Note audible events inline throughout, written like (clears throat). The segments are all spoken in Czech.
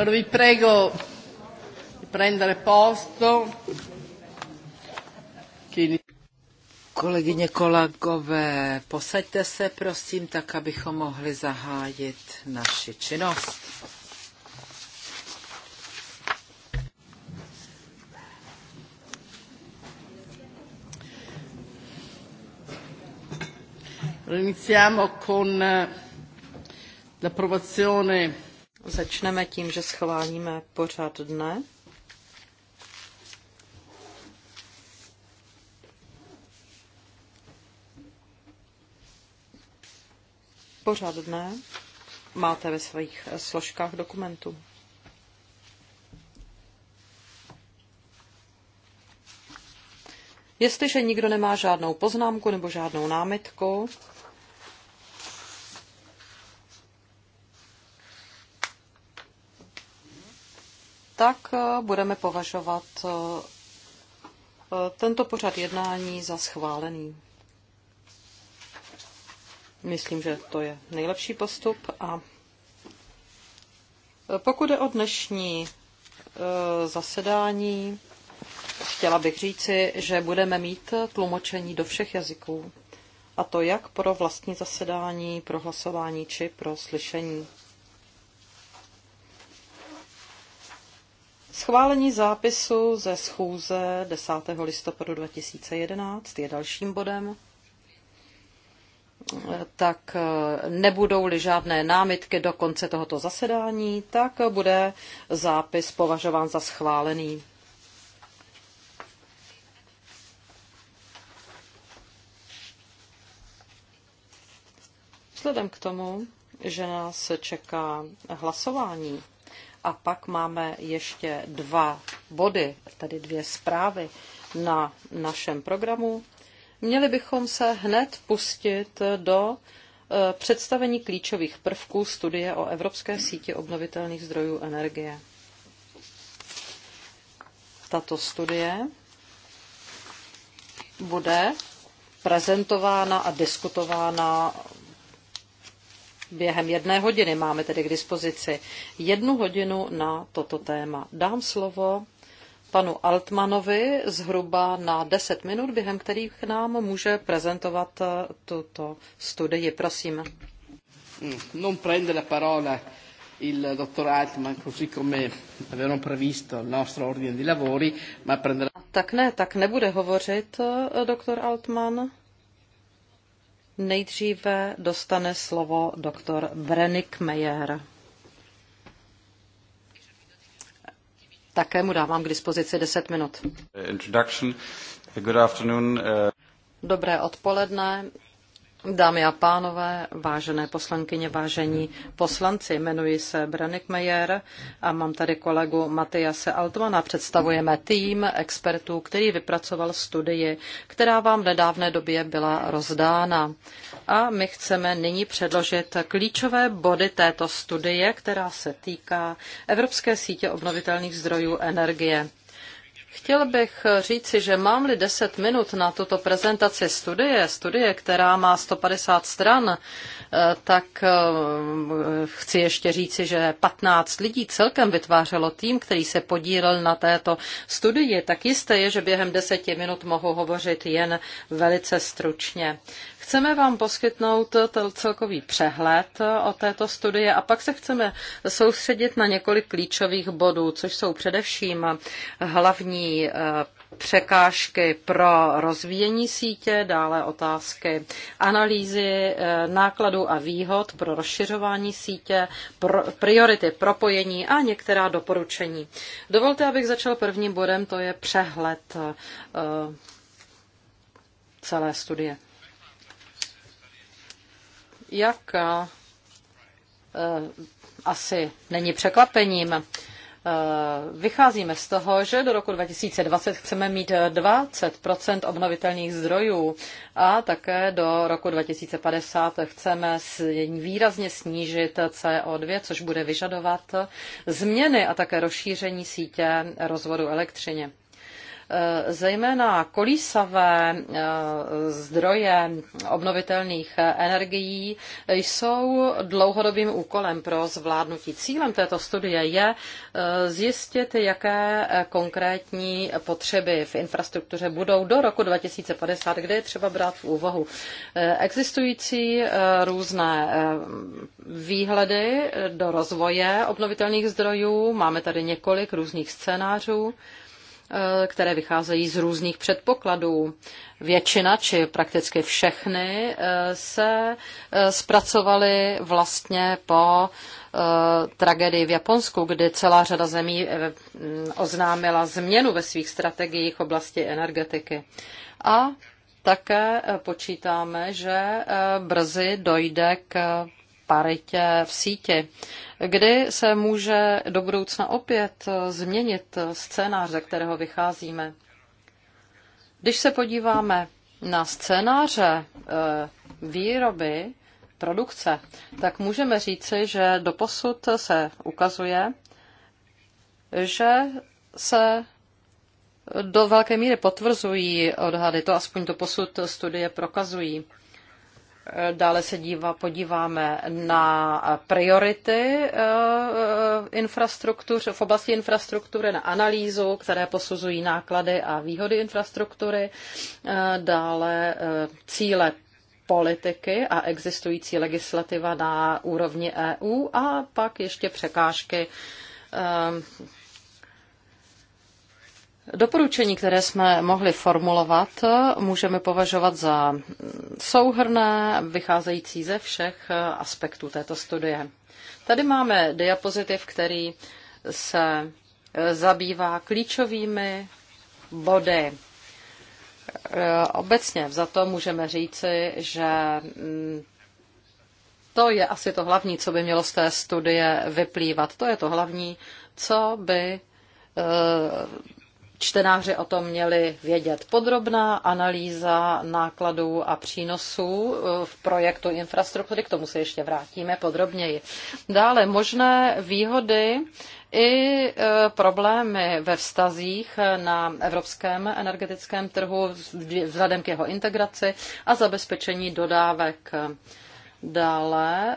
Allora vi prego di prendere posto. Kolegyně, kolegové, posaďte se prosím tak, abychom mohli zahájit naši činnost. Iniziamo con eh, l'approvazione Začneme tím, že schválíme pořad dne. Pořad dne máte ve svých složkách dokumentů. Jestliže nikdo nemá žádnou poznámku nebo žádnou námitku, tak eh, budeme považovat eh, eh, tento pořad jednání za schválený. Myslím, že to je nejlepší postup. A pokud je o dnešní zasedání, chtěla bych říci, že budeme mít tlumočení do všech jazyků. A to jak pro vlastní zasedání, pro hlasování či pro slyšení. Schválení zápisu ze schůze 10. listopadu 2011 je dalším bodem. Tak eh, nebudou-li žádné námitky do konce tohoto zasedání, tak bude zápis považován za schválený. Vzhledem k tomu, že nás čeká hlasování a pak máme ještě dva body, tedy dvě zprávy na našem programu. Měli bychom se hned pustit do eh, představení klíčových prvků studie o Evropské síti obnovitelných zdrojů energie. Tato studie bude prezentována a diskutována během jedné hodiny. Máme tedy k dispozici jednu hodinu na toto téma. Dám slovo panu Altmanovi zhruba na 10 minut, během kterých nám může prezentovat eh, tuto studii. Prosím. Mm, non prende la parola il dottor Altman così come avevano previsto il nostro ordine di lavori, ma prenderà... Tak ne, tak nebude hovořit eh, doktor Altman, Nejdříve dostane slovo doktor Brenik Meyer. Také mu dávám k dispozici 10 minut. Introduction. Good afternoon. Eh, Dobré odpoledne. Dámy a pánové, vážené poslankyně, vážení poslanci, jmenuji se Branik Meyer a mám tady kolegu Matyase Altmana. Představujeme tým expertů, který vypracoval studii, která vám v nedávné době byla rozdána. A my chceme nyní předložit klíčové body této studie, která se týká Evropské sítě obnovitelných zdrojů energie. Chtěl bych říci, že mám-li 10 minut na tuto prezentaci studie, studie, která má 150 stran, eh, tak eh, chci ještě říci, že 15 lidí celkem vytvářelo tým, který se podílel na této studii. Tak jisté je, že během 10 minut mohu hovořit jen velice stručně. Chceme vám poskytnout celkový přehled o této studii a pak se chceme soustředit na několik klíčových bodů, což jsou především hlavní eh, překážky pro rozvíjení sítě, dále otázky analýzy eh, nákladů a výhod pro rozšiřování sítě, priority propojení a některá doporučení. Dovolte, abych začal prvním bodem, to je přehled eh, celé studie. Jak eh, asi není překvapením, eh, vycházíme z toho, že do roku 2020 chceme mít 20 obnovitelných zdrojů a také do roku 2050 chceme výrazně snížit CO2, což bude vyžadovat změny a také rozšíření sítě rozvodu elektřiny. Eh, zejména kolísavé eh, zdroje obnovitelných energií jsou dlouhodobým úkolem pro zvládnutí. Cílem této studie je eh, zjistit, jaké konkrétní potřeby v infrastruktuře budou do roku 2050, kde je třeba brát v úvahu existující různé výhledy do rozvoje obnovitelných zdrojů. Máme tady několik různých scénářů. Eh, které vycházejí z různých předpokladů. Většina či prakticky všechny eh, se eh, zpracovaly vlastně po tragédii v Japonsku, kdy celá řada zemí mm, oznámila změnu ve svých strategiích v oblasti energetiky. A také počítáme, že brzy dojde k paritě v síti, kdy se může do budoucna opět změnit scénář, ze kterého vycházíme. Když se podíváme na scénáře eh, výroby, produkce, tak můžeme říci, že doposud se ukazuje, že se do velké míry potvrzují odhady, to aspoň to posud studie prokazují. Dále se dívá, podíváme na priority eh, eh, infrastruktur, v oblasti infrastruktury, na analýzu, které posuzují náklady a výhody infrastruktury. Eh, dále cíle politiky a existující legislativa na úrovni EU a pak ještě překážky Doporučení, které jsme mohli formulovat, můžeme považovat za souhrné, vycházející ze všech aspektů této studie. Tady máme diapozitiv, který se zabývá klíčovými body. Obecně za to můžeme říci, že to je asi to hlavní, co by mělo z té studie vyplývat. To je to hlavní, co by eh, čtenáři o tom měli vědět. Podrobná analýza nákladů a přínosů e, v projektu infrastruktury, k tomu se ještě vrátíme podrobněji. Dále možné výhody i e, problémy ve vztazích na evropském energetickém trhu vzhledem k jeho integraci a zabezpečení dodávek. Dále e,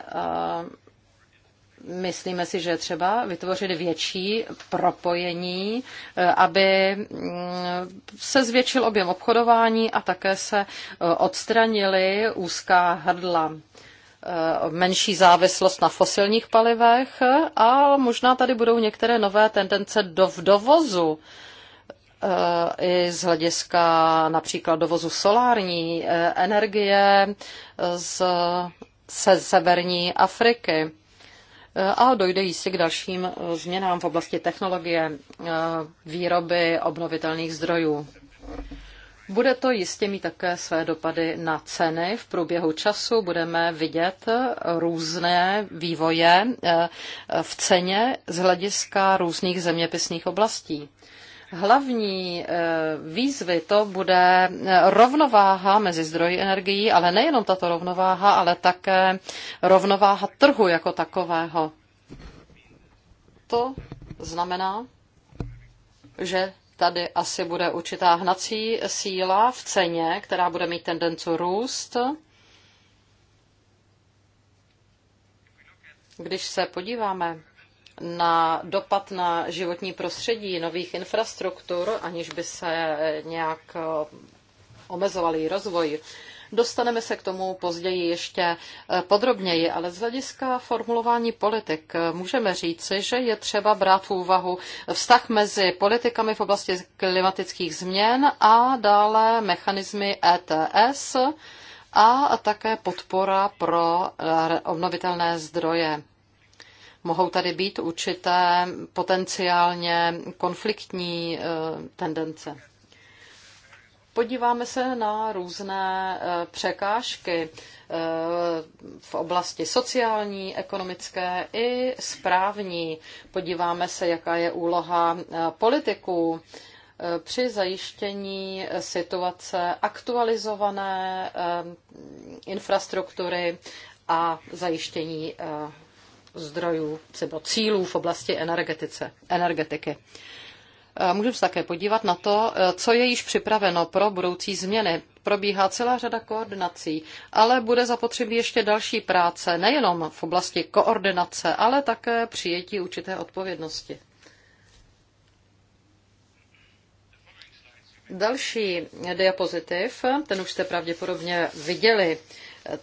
Myslíme si, že třeba vytvořit větší propojení, eh, aby mm, se zvětšil objem obchodování a také se eh, odstranily úzká hrdla eh, menší závislost na fosilních palivech a možná tady budou některé nové tendence do dovozu i z hlediska například dovozu solární energie z, se severní Afriky. Eh, a dojde jistě k dalším eh, změnám v oblasti technologie, eh, výroby obnovitelných zdrojů. Bude to jistě mít také své dopady na ceny. V průběhu času budeme vidět různé vývoje v ceně z hlediska různých zeměpisných oblastí hlavní eh, výzvy to bude eh, rovnováha mezi zdroji energií, ale nejenom tato rovnováha, ale také rovnováha trhu jako takového. To znamená, že tady asi bude určitá hnací síla v ceně, která bude mít tendenci růst. Když se podíváme na dopad na životní prostředí nových infrastruktur, aniž by se nějak eh, omezovalý rozvoj. Dostaneme se k tomu později ještě eh, podrobněji, ale z hlediska formulování politik eh, můžeme říci, že je třeba brát v úvahu vztah mezi politikami v oblasti klimatických změn a dále mechanismy ETS a také podpora pro obnovitelné zdroje. Mohou tady být určité potenciálně konfliktní eh, tendence. Podíváme se na různé eh, překážky eh, v oblasti sociální, ekonomické i správní. Podíváme se, jaká je úloha politiků při zajištění situace aktualizované infrastruktury a zajištění zdrojů nebo cílů v oblasti energetice, energetiky. Můžeme se také podívat na to, co je již připraveno pro budoucí změny. Probíhá celá řada koordinací, ale bude zapotřebí ještě další práce, nejenom v oblasti koordinace, ale také přijetí určité odpovědnosti. Další diapozitiv, ten už jste pravděpodobně viděli,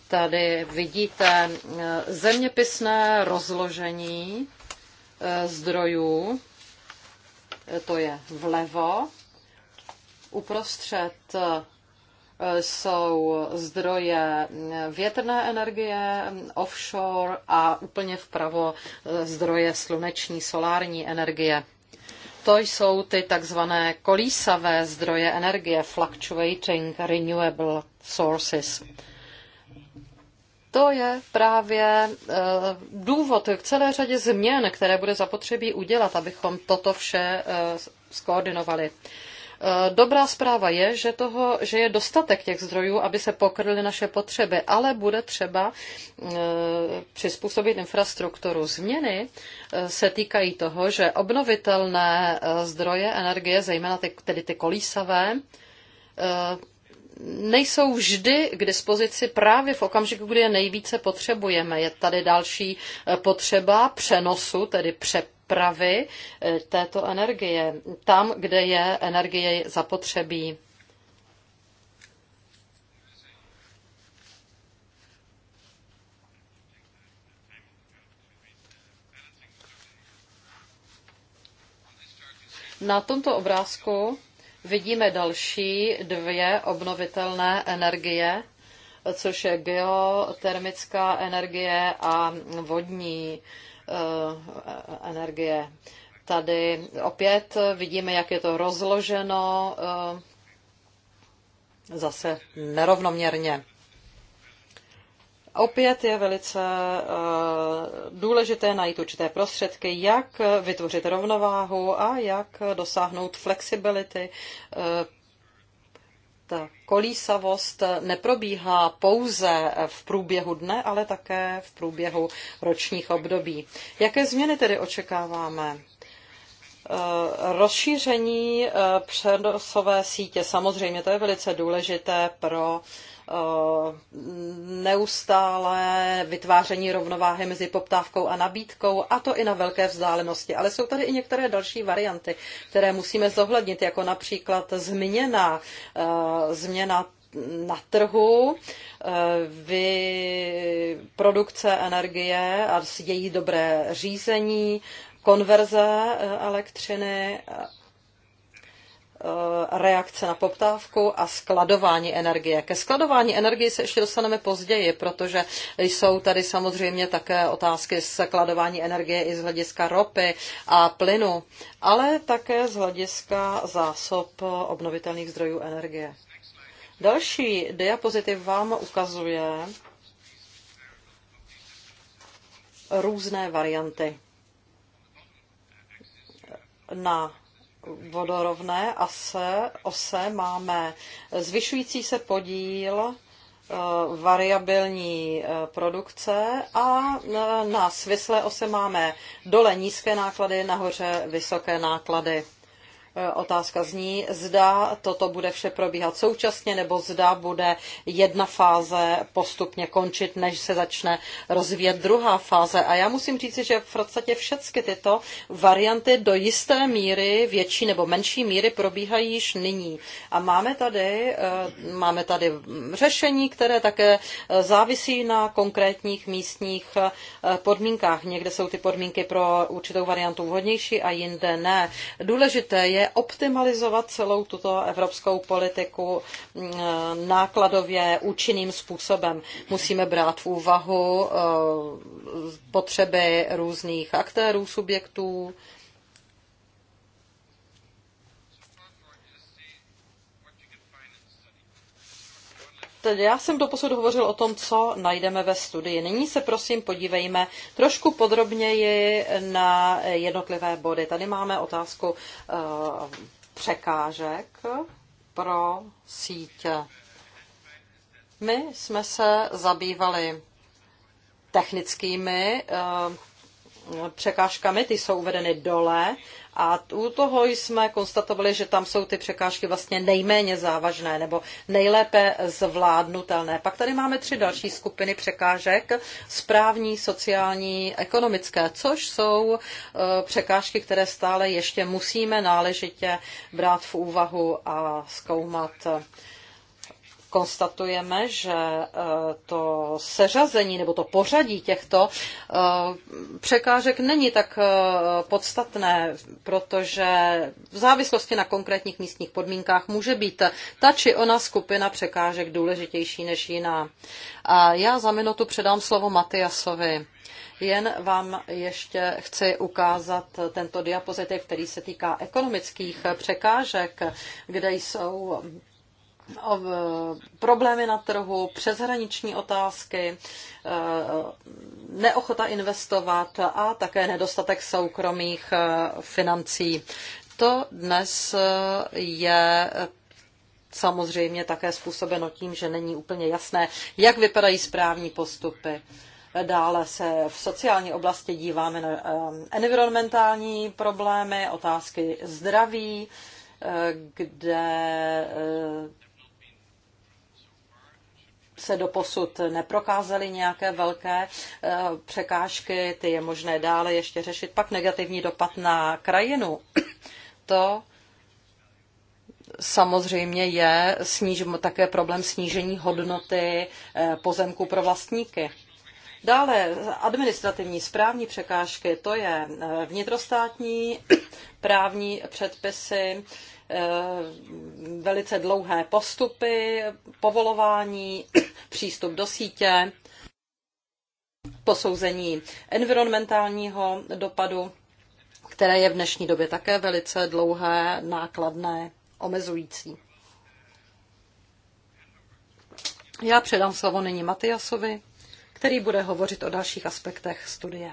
Tady vidíte eh, zeměpisné rozložení eh, zdrojů, eh, to je vlevo. Uprostřed jsou zdroje větrné energie, offshore a úplně vpravo zdroje sluneční, solární energie. To jsou ty takzvané kolísavé zdroje energie, fluctuating renewable sources. To je právě eh, důvod k celé řadě změn, které bude zapotřebí udělat, abychom toto vše eh, skoordinovali. Eh, dobrá zpráva je, že, toho, že je dostatek těch zdrojů, aby se pokryly naše potřeby, ale bude třeba přizpůsobit infrastrukturu. Změny se týkají toho, že obnovitelné zdroje energie, zejména ty, tedy ty kolísavé, nejsou vždy k dispozici právě v okamžiku, kdy je nejvíce potřebujeme. Je tady další eh, potřeba přenosu, tedy přepravy eh, této energie, tam, kde je energie zapotřebí. Na tomto obrázku Vidíme další dvě obnovitelné energie, což je geotermická energie a vodní eh, energie. Tady opět vidíme, jak je to rozloženo eh, zase nerovnoměrně. Opět je velice eh, důležité najít určité prostředky, jak vytvořit rovnováhu a jak dosáhnout flexibility. Eh, ta kolísavost neprobíhá pouze v průběhu dne, ale také v průběhu ročních období. Jaké změny tedy očekáváme? Eh, rozšíření přenosové sítě, samozřejmě to je velice důležité pro uh, Eh, neustále vytváření rovnováhy mezi poptávkou a nabídkou, a to i na velké vzdálenosti. Ale jsou tady i některé další varianty, které musíme zohlednit, jako například změna, eh, změna na trhu, eh, vy, produkce energie a její dobré řízení, konverze elektřiny Eh, reakce na poptávku a skladování energie. Ke skladování energie se ještě dostaneme později, protože jsou tady samozřejmě také otázky skladování energie i z hlediska ropy a plynu, ale také z hlediska zásob obnovitelných zdrojů energie. Další diapozitiv vám ukazuje různé varianty. Na vodorovné ase, ose máme zvyšující se podíl eh, variabilní eh, produkce a eh, na svislé ose máme dole nízké náklady, nahoře vysoké náklady. Eh, otázka zní, zda toto bude vše probíhat současně, nebo zda bude jedna fáze postupně končit, než se začne rozvíjet druhá fáze. A já musím říci, že v podstatě všechny tyto varianty do jisté míry, větší nebo menší míry, probíhají již nyní. A máme tady, eh, máme tady řešení, které také eh, závisí na konkrétních místních podmínkách. Někde jsou ty podmínky pro určitou variantu vhodnější a jinde ne. Důležité je, je optimalizovat celou tuto evropskou politiku mm, nákladově účinným způsobem. Musíme brát v úvahu eh, potřeby různých aktérů, subjektů, já jsem doposud hovořil o tom, co najdeme ve studii. Nyní se prosím podívejme trošku podrobněji na jednotlivé body. Tady máme otázku eh, překážek pro sítě. My jsme se zabývali technickými eh, překážkami, ty jsou uvedeny dole a u toho jsme konstatovali, že tam jsou ty překážky vlastně nejméně závažné nebo nejlépe zvládnutelné. Pak tady máme tři další skupiny překážek. Správní, sociální, ekonomické, což jsou e, překážky, které stále ještě musíme náležitě brát v úvahu a zkoumat konstatujeme, že eh, to seřazení nebo to pořadí těchto eh, překážek není tak eh, podstatné, protože v závislosti na konkrétních místních podmínkách může být ta či ona skupina překážek důležitější než jiná. A já za minutu předám slovo Matyjasovi. Jen vám ještě chci ukázat tento diapozitiv, který se týká ekonomických překážek, kde jsou problémy na trhu, přeshraniční otázky, e, neochota investovat a také nedostatek soukromých e, financí. To dnes e, je samozřejmě také způsobeno tím, že není úplně jasné, jak vypadají správní postupy. Dále se v sociální oblasti díváme na environmentální problémy, otázky zdraví, kde se doposud neprokázaly nějaké velké eh, překážky, ty je možné dále ještě řešit. Pak negativní dopad na krajinu. (clears throat) To samozřejmě je sníž, také problém snížení hodnoty eh, pozemku pro vlastníky. Dále administrativní správní překážky, to je eh, vnitrostátní (clears throat) právní předpisy, Eh, velice dlouhé postupy, povolování, (clears throat) přístup do sítě, posouzení environmentálního dopadu, které je v dnešní době také velice dlouhé, nákladné, omezující. Já předám slovo nyní Matiasovi, který bude hovořit o dalších aspektech studie.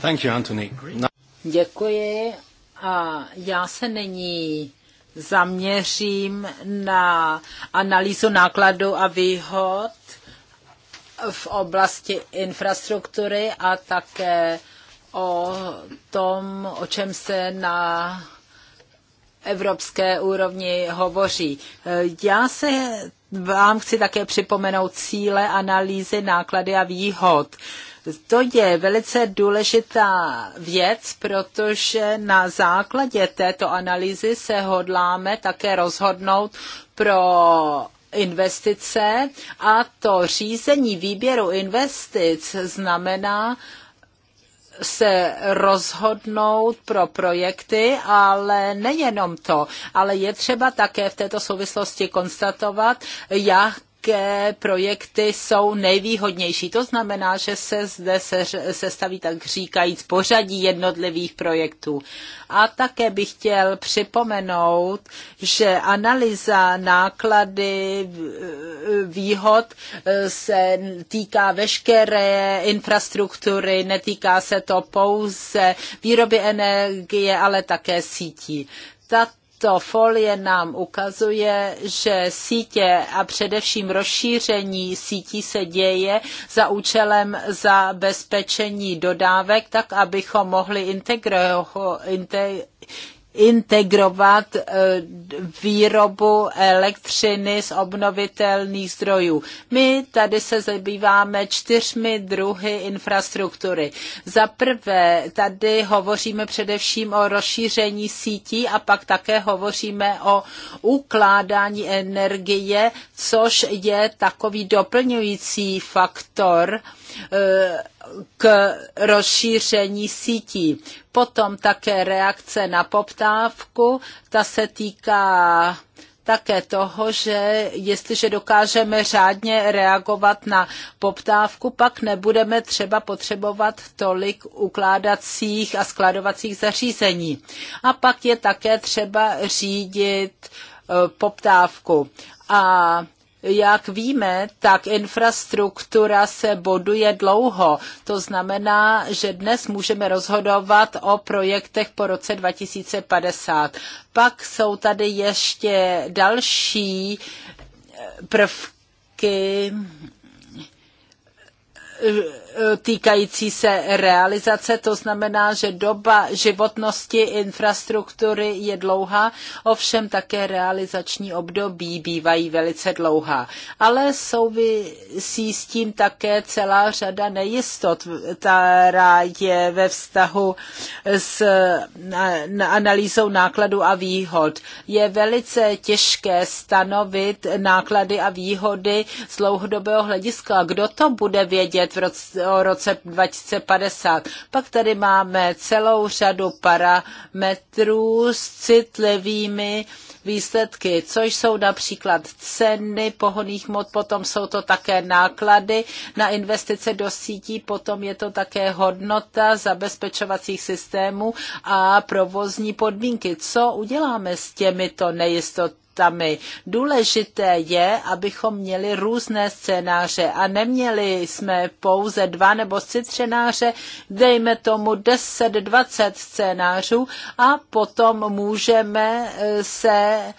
Thank you, Anthony. Děkuji a já se není zaměřím na analýzu nákladů a výhod v oblasti infrastruktury a také o tom, o čem se na evropské úrovni hovoří. Já se vám chci také připomenout cíle analýzy náklady a výhod. To je velice důležitá věc, protože na základě této analýzy se hodláme také rozhodnout pro investice a to řízení výběru investic znamená, se rozhodnout pro projekty, ale nejenom to, ale je třeba také v této souvislosti konstatovat, jak jaké projekty jsou nejvýhodnější. To znamená, že se zde sestaví tak říkajíc pořadí jednotlivých projektů. A také bych chtěl připomenout, že analýza náklady výhod e, se týká veškeré infrastruktury, netýká se to pouze výroby energie, ale také sítí. Tato tato folie nám ukazuje, že sítě a především rozšíření sítí se děje za účelem zabezpečení dodávek, tak abychom mohli integrovat integrovat eh, výrobu elektřiny z obnovitelných zdrojů. My tady se zabýváme čtyřmi druhy infrastruktury. Za prvé, tady hovoříme především o rozšíření sítí a pak také hovoříme o ukládání energie, což je takový doplňující faktor, eh, k rozšíření sítí. Potom také reakce na poptávku, ta se týká také toho, že jestliže dokážeme řádně reagovat na poptávku, pak nebudeme třeba potřebovat tolik ukládacích a skladovacích zařízení. A pak je také třeba řídit eh, poptávku. A jak víme, tak infrastruktura se boduje dlouho. To znamená, že dnes můžeme rozhodovat o projektech po roce 2050. Pak jsou tady ještě další eh, prvky, eh, E, týkající se realizace, to znamená, že doba životnosti infrastruktury je dlouhá, ovšem také realizační období bývají velice dlouhá. Ale souvisí s tím také celá řada nejistot, která je ve vztahu s analýzou nákladů a výhod. Je velice těžké stanovit náklady a výhody z dlouhodobého hlediska. Kdo to bude vědět v roce o roce 2050. Pak tady máme celou řadu parametrů s citlivými výsledky, což jsou například ceny pohoných mod, potom jsou to také náklady na investice do sítí, potom je to také hodnota zabezpečovacích systémů a provozní podmínky. Co uděláme s těmito nejistotami? variantami. Důležité je, abychom měli různé scénáře a neměli jsme pouze dva nebo tři scénáře, dejme tomu 10-20 scénářů a potom můžeme eh, se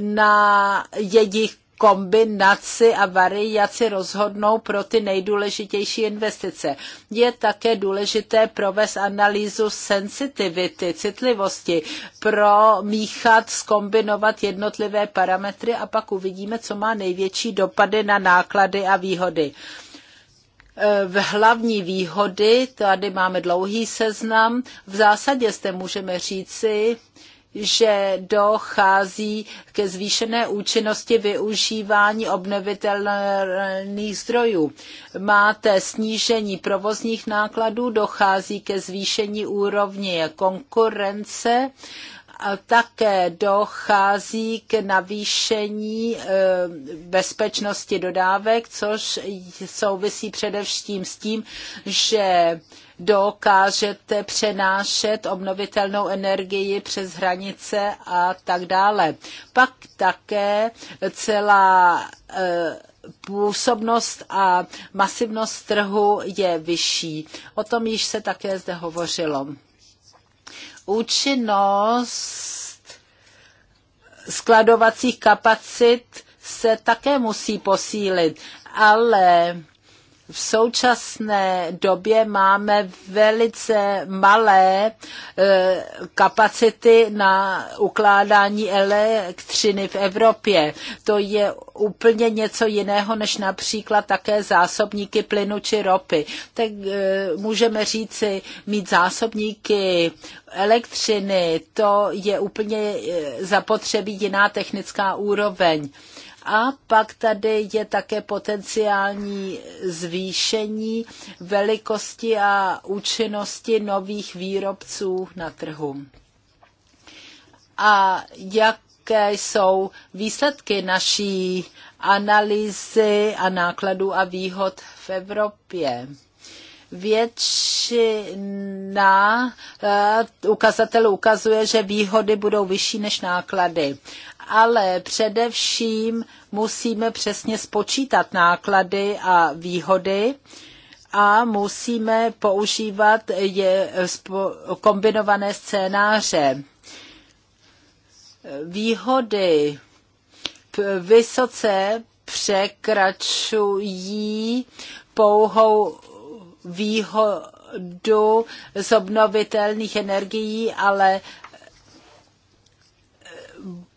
na jejich kombinaci a variaci rozhodnou pro ty nejdůležitější investice. Je také důležité provést analýzu sensitivity, citlivosti, promíchat, skombinovat jednotlivé parametry a pak uvidíme, co má největší dopady na náklady a výhody. V hlavní výhody, tady máme dlouhý seznam, v zásadě zde můžeme říci, že dochází ke zvýšené účinnosti využívání obnovitelných zdrojů. Máte snížení provozních nákladů, dochází ke zvýšení úrovně konkurence také dochází k navýšení eh, bezpečnosti dodávek, což souvisí především s tím, že dokážete přenášet obnovitelnou energii přes hranice a tak dále. Pak také celá eh, působnost a masivnost trhu je vyšší. O tom již se také zde hovořilo. Účinnost skladovacích kapacit se také musí posílit, ale v současné době máme velice malé e, kapacity na ukládání elektřiny v Evropě. To je úplně něco jiného než například také zásobníky plynu či ropy. Tak e, můžeme říci, mít zásobníky elektřiny, to je úplně e, zapotřebí jiná technická úroveň. A pak tady je také potenciální zvýšení velikosti a účinnosti nových výrobců na trhu. A jaké jsou výsledky naší analýzy a nákladů a výhod v Evropě? většina eh, ukazatelů ukazuje, že výhody budou vyšší než náklady ale především musíme přesně spočítat náklady a výhody a musíme používat je kombinované scénáře. Výhody vysoce překračují pouhou výhodu z obnovitelných energií, ale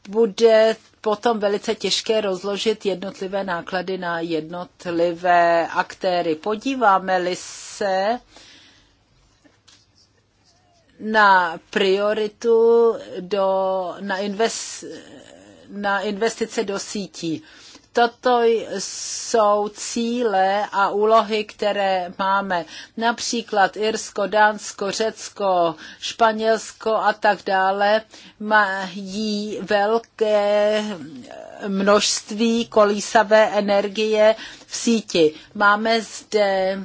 bude potom velice těžké rozložit jednotlivé náklady na jednotlivé aktéry. Podíváme-li se na prioritu do, na, invest, na investice do sítí. Toto jsou cíle a úlohy, které máme. Například Irsko, Dánsko, Řecko, Španělsko a tak dále mají velké množství kolísavé energie v síti. Máme zde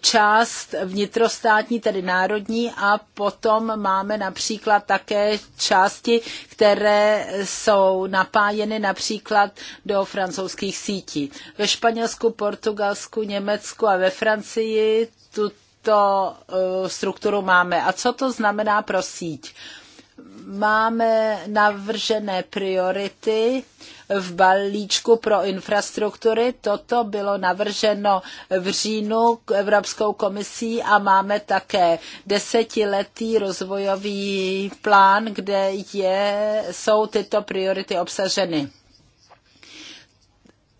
část vnitrostátní, tedy národní a potom máme například také části, které jsou napájeny například do francouzských sítí. Ve Španělsku, Portugalsku, Německu a ve Francii tuto eh, strukturu máme. A co to znamená pro síť? máme navržené priority v balíčku pro infrastruktury. Toto bylo navrženo v říjnu Evropskou komisí a máme také desetiletý rozvojový plán, kde je, jsou tyto priority obsaženy.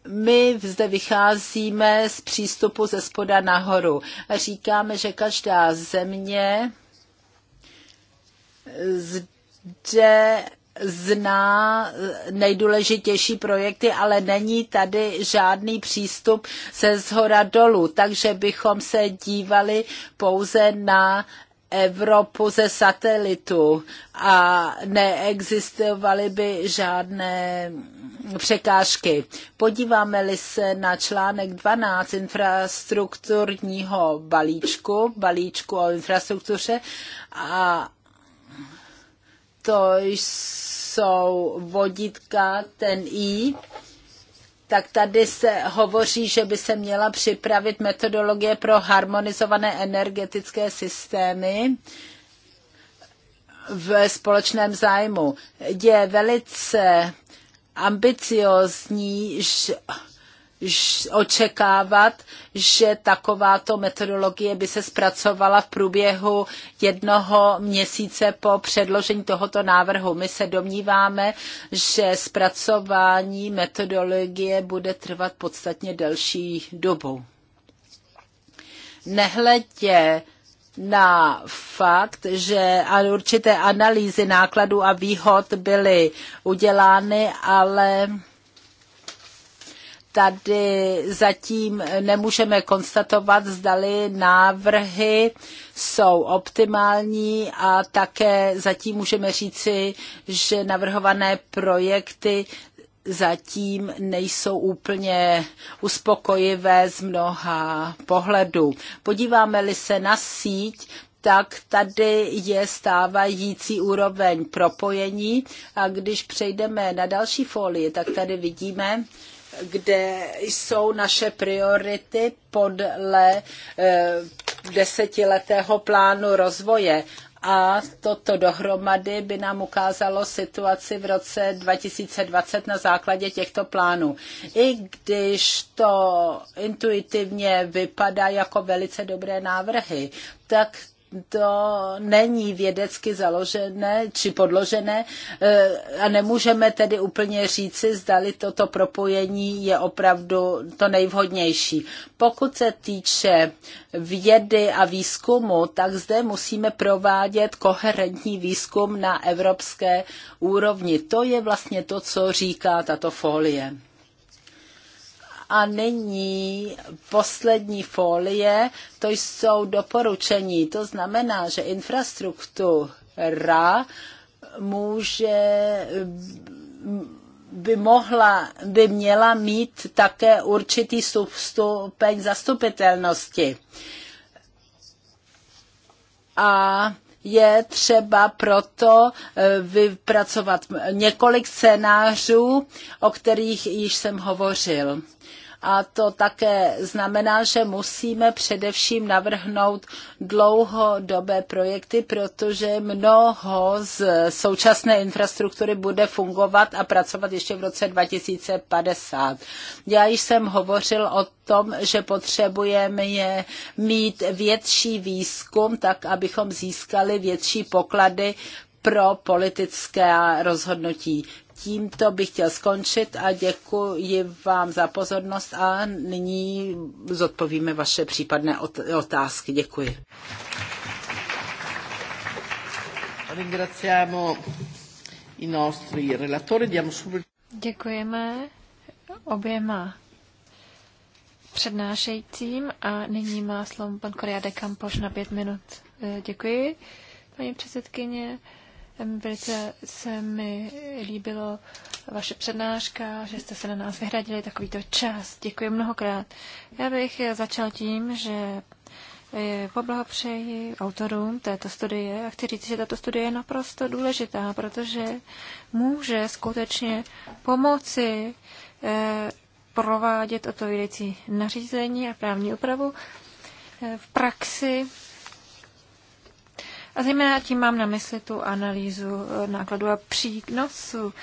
My zde vycházíme z přístupu ze spoda nahoru a říkáme, že každá země zde zná nejdůležitější projekty, ale není tady žádný přístup se zhora dolů, takže bychom se dívali pouze na Evropu ze satelitu a neexistovaly by žádné překážky. Podíváme-li se na článek 12 infrastrukturního balíčku, balíčku o infrastruktuře a to jsou vodítka, ten I, tak tady se hovoří, že by se měla připravit metodologie pro harmonizované energetické systémy v společném zájmu. Je velice ambiciozní, že očekávat, že takováto metodologie by se zpracovala v průběhu jednoho měsíce po předložení tohoto návrhu. My se domníváme, že zpracování metodologie bude trvat podstatně delší dobu. Nehledě na fakt, že určité analýzy nákladů a výhod byly udělány, ale tady zatím nemůžeme konstatovat, zdali návrhy jsou optimální a také zatím můžeme říci, že navrhované projekty zatím nejsou úplně uspokojivé z mnoha pohledů. Podíváme-li se na síť, tak tady je stávající úroveň propojení a když přejdeme na další folii, tak tady vidíme, kde jsou naše priority podle eh, desetiletého plánu rozvoje a toto dohromady by nám ukázalo situaci v roce 2020 na základě těchto plánů. I když to intuitivně vypadá jako velice dobré návrhy, tak to není vědecky založené či podložené eh, a nemůžeme tedy úplně říci, zdali toto propojení je opravdu to nejvhodnější. Pokud se týče vědy a výzkumu, tak zde musíme provádět koherentní výzkum na evropské úrovni. To je vlastně to, co říká tato folie. A nyní poslední folie, to jsou doporučení. To znamená, že infrastruktura může by mohla, by měla mít také určitý stupeň zastupitelnosti. A je třeba proto eh, vypracovat několik scénářů, o kterých již jsem hovořil. A to také znamená, že musíme především navrhnout dlouhodobé projekty, protože mnoho z současné infrastruktury bude fungovat a pracovat ještě v roce 2050. Já již jsem hovořil o tom, že potřebujeme je mít větší výzkum, tak abychom získali větší poklady pro politické rozhodnutí tímto bych chtěl skončit a děkuji vám za pozornost a nyní zodpovíme vaše případné otázky. Děkuji. Děkujeme oběma přednášejícím a nyní má slovo pan Koriade Kampoš na pět minut. Eh, děkuji, paní předsedkyně. Velice se mi líbilo vaše přednáška, že jste se na nás vyhradili takovýto čas. Děkuji mnohokrát. Já bych začal tím, že eh, poblahopřeji autorům této studie a chci říct, že tato studie je naprosto důležitá, protože může skutečně pomoci eh, provádět odpovídající nařízení a právní úpravu eh, v praxi a zejména tím mám na mysli tu analýzu eh, nákladu a přínosu.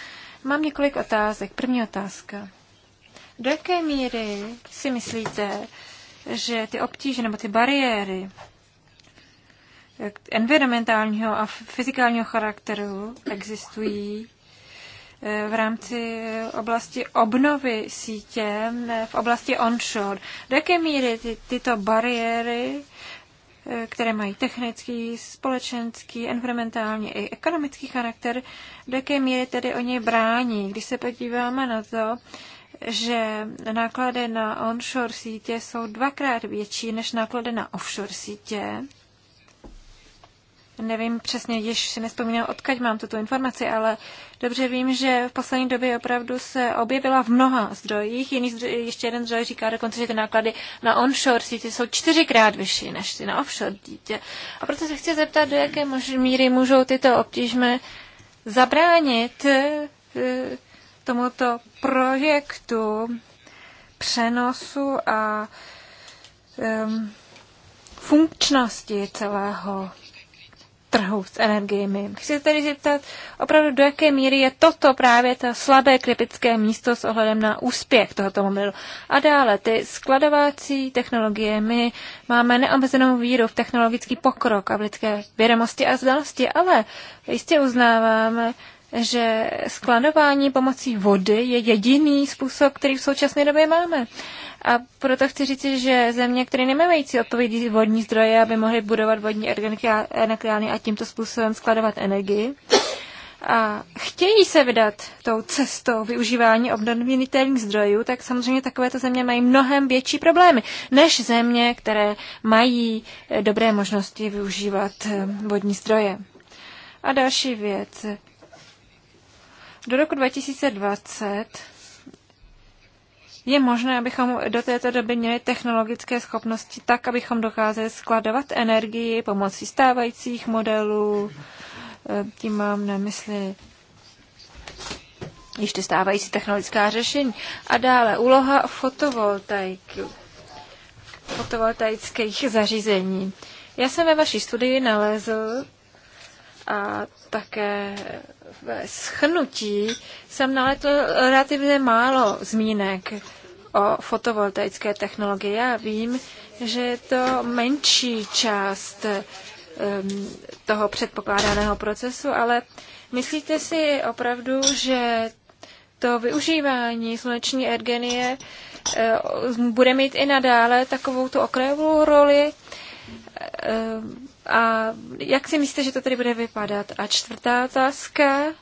Mám několik otázek. První otázka. Do jaké míry si myslíte, že ty obtíže nebo ty bariéry eh, environmentálního a fyzikálního charakteru existují eh, v rámci oblasti obnovy sítě v oblasti onshore. Do jaké míry ty, tyto bariéry které mají technický, společenský, environmentální i ekonomický charakter, do jaké míry tedy něj brání. Když se podíváme na to, že náklady na onshore sítě jsou dvakrát větší než náklady na offshore sítě, nevím přesně, již si nespomínám, odkaď mám tuto informaci, ale dobře vím, že v poslední době opravdu se objevila v mnoha zdrojích. Jiný zdroj, ještě jeden zdroj říká dokonce, že ty náklady na onshore sítě jsou čtyřikrát vyšší než ty na offshore dítě. A proto se chci zeptat, do jaké míry můžou tyto obtížme zabránit eh, tomuto projektu přenosu a um, funkčnosti celého trhu s energiemi. Chci se tedy zeptat opravdu, do jaké míry je toto právě to slabé kritické místo s ohledem na úspěch tohoto mobilu. A dále, ty skladovací technologie, my máme neomezenou víru v technologický pokrok a v lidské vědomosti a znalosti, ale jistě uznáváme, že skladování pomocí vody je jediný způsob, který v současné době máme. A proto chci říct, že země, které nemající odpovědí vodní zdroje, aby mohly budovat vodní energiány a tímto způsobem skladovat energii, a chtějí se vydat tou cestou využívání obnovitelných zdrojů, tak samozřejmě takovéto země mají mnohem větší problémy než země, které mají eh, dobré možnosti využívat eh, vodní zdroje. A další věc. Do roku 2020 je možné, abychom do této doby měli technologické schopnosti tak, abychom dokázali skladovat energii pomocí stávajících modelů. E, tím mám na mysli ještě stávající technologická řešení. A dále úloha fotovoltaiky, fotovoltaických zařízení. Já jsem ve vaší studii nalezl a také ve schnutí jsem naletl relativně málo zmínek o fotovoltaické technologie. Já vím, že je to menší část um, toho předpokládaného procesu, ale myslíte si opravdu, že to využívání sluneční ergenie ehm, bude mít i nadále takovou tu okrajovou roli? Ehm, a jak si myslíte, že to tedy bude vypadat? A čtvrtá otázka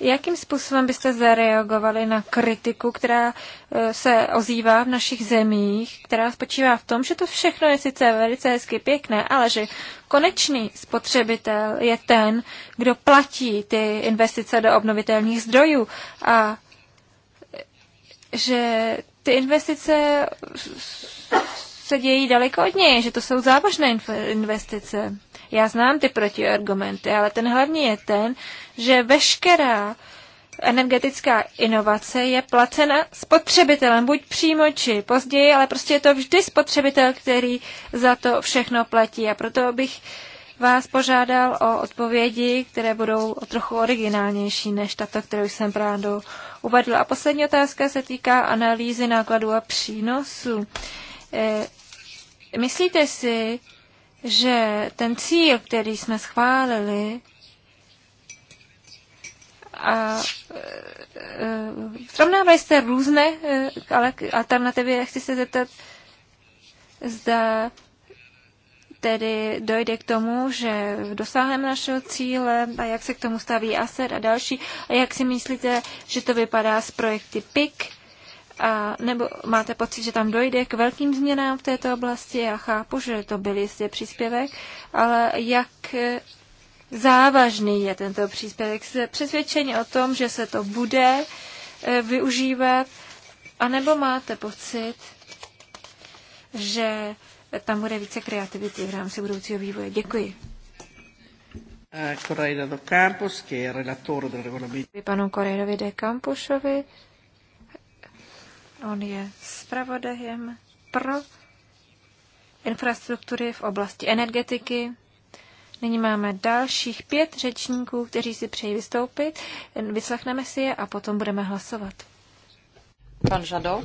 Jakým způsobem byste zareagovali na kritiku, která e, se ozývá v našich zemích, která spočívá v tom, že to všechno je sice velice hezky pěkné, ale že konečný spotřebitel je ten, kdo platí ty investice do obnovitelných zdrojů a že ty investice se dějí daleko od něj, že to jsou závažné investice. Já znám ty protiargumenty, ale ten hlavní je ten, že veškerá energetická inovace je placena spotřebitelem, buď přímo či později, ale prostě je to vždy spotřebitel, který za to všechno platí. A proto bych vás požádal o odpovědi, které budou trochu originálnější než tato, kterou jsem právě uvedl. A poslední otázka se týká analýzy nákladů a přínosů. E, myslíte si, že ten cíl, který jsme schválili, a e, e srovnávali jste různé e, ale alternativy. Chci se zeptat, zda tedy dojde k tomu, že dosáhneme našeho cíle a jak se k tomu staví ASER a další a jak si myslíte, že to vypadá s projekty PIK a nebo máte pocit, že tam dojde k velkým změnám v této oblasti? Já chápu, že to byl jistě příspěvek, ale jak závažný je tento příspěvek? Jste přesvědčení o tom, že se to bude eh, využívat, a nebo máte pocit, že tam bude více kreativity v rámci budoucího vývoje? Děkuji. Eh, Correira do Campos, che è relatore del regolamento. Panu Correirovi de Camposovi, On je zpravodajem pro infrastruktury v oblasti energetiky. Nyní máme dalších pět řečníků, kteří si přejí vystoupit. Vyslechneme si je a potom budeme hlasovat. Pan Žado,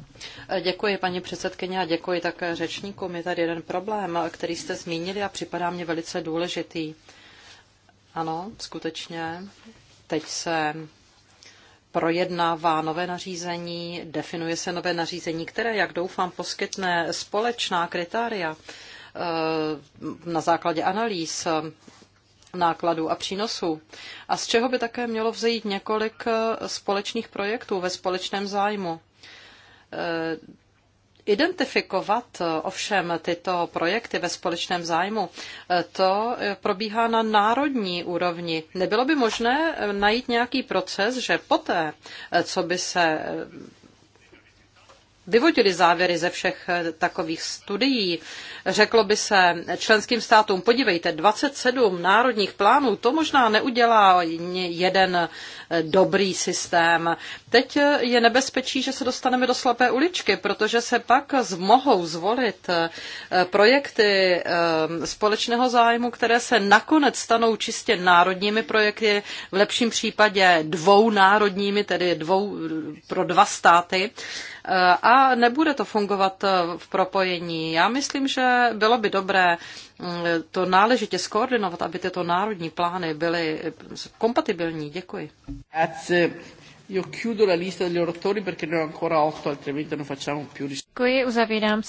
děkuji paní předsedkyně a děkuji také řečníkům. Je tady jeden problém, který jste zmínili a připadá mě velice důležitý. Ano, skutečně. Teď se projednává nové nařízení, definuje se nové nařízení, které, jak doufám, poskytne společná kritéria eh, na základě analýz eh, nákladů a přínosů. A z čeho by také mělo vzejít několik eh, společných projektů ve společném zájmu. Identifikovat eh, ovšem tyto projekty ve společném zájmu, eh, to eh, probíhá na národní úrovni. Nebylo by možné najít nějaký proces, že poté, co by se vyvodili závěry ze všech eh, takových studií. Řeklo by se členským státům, podívejte, 27 národních plánů, to možná neudělá jeden eh, dobrý systém. Teď eh, je nebezpečí, že se dostaneme do slepé uličky, protože se pak mohou zvolit projekty společného zájmu, které se nakonec stanou čistě národními projekty, v lepším případě dvou národními, tedy dvou pro dva státy a nebude to fungovat eh, v propojení. Já myslím, že bylo by dobré mm, to náležitě skoordinovat, aby tyto národní plány byly kompatibilní. Děkuji. Io chiudo la lista degli oratori perché ne ho ancora otto, altrimenti non facciamo più Děkuji, uzavírám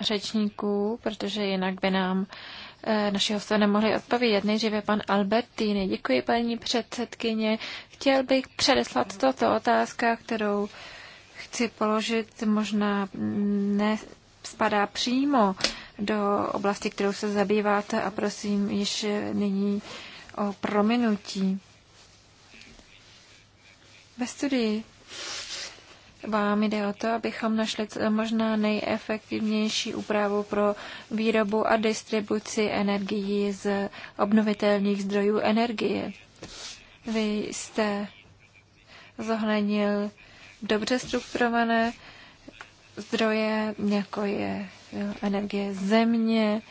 řečníků, protože jinak by nám eh, naši hosté nemohli odpovědět. Nejdříve pan Albertini. Děkuji, paní předsedkyně. Chtěl bych předeslat toto otázka, kterou chci položit, možná nespadá přímo do oblasti, kterou se zabýváte a prosím již nyní o prominutí. Ve studii vám jde o to, abychom našli možná nejefektivnější úpravu pro výrobu a distribuci energií z obnovitelných zdrojů energie. Vy jste zohlednil dobře strukturované zdroje, jako je energie země,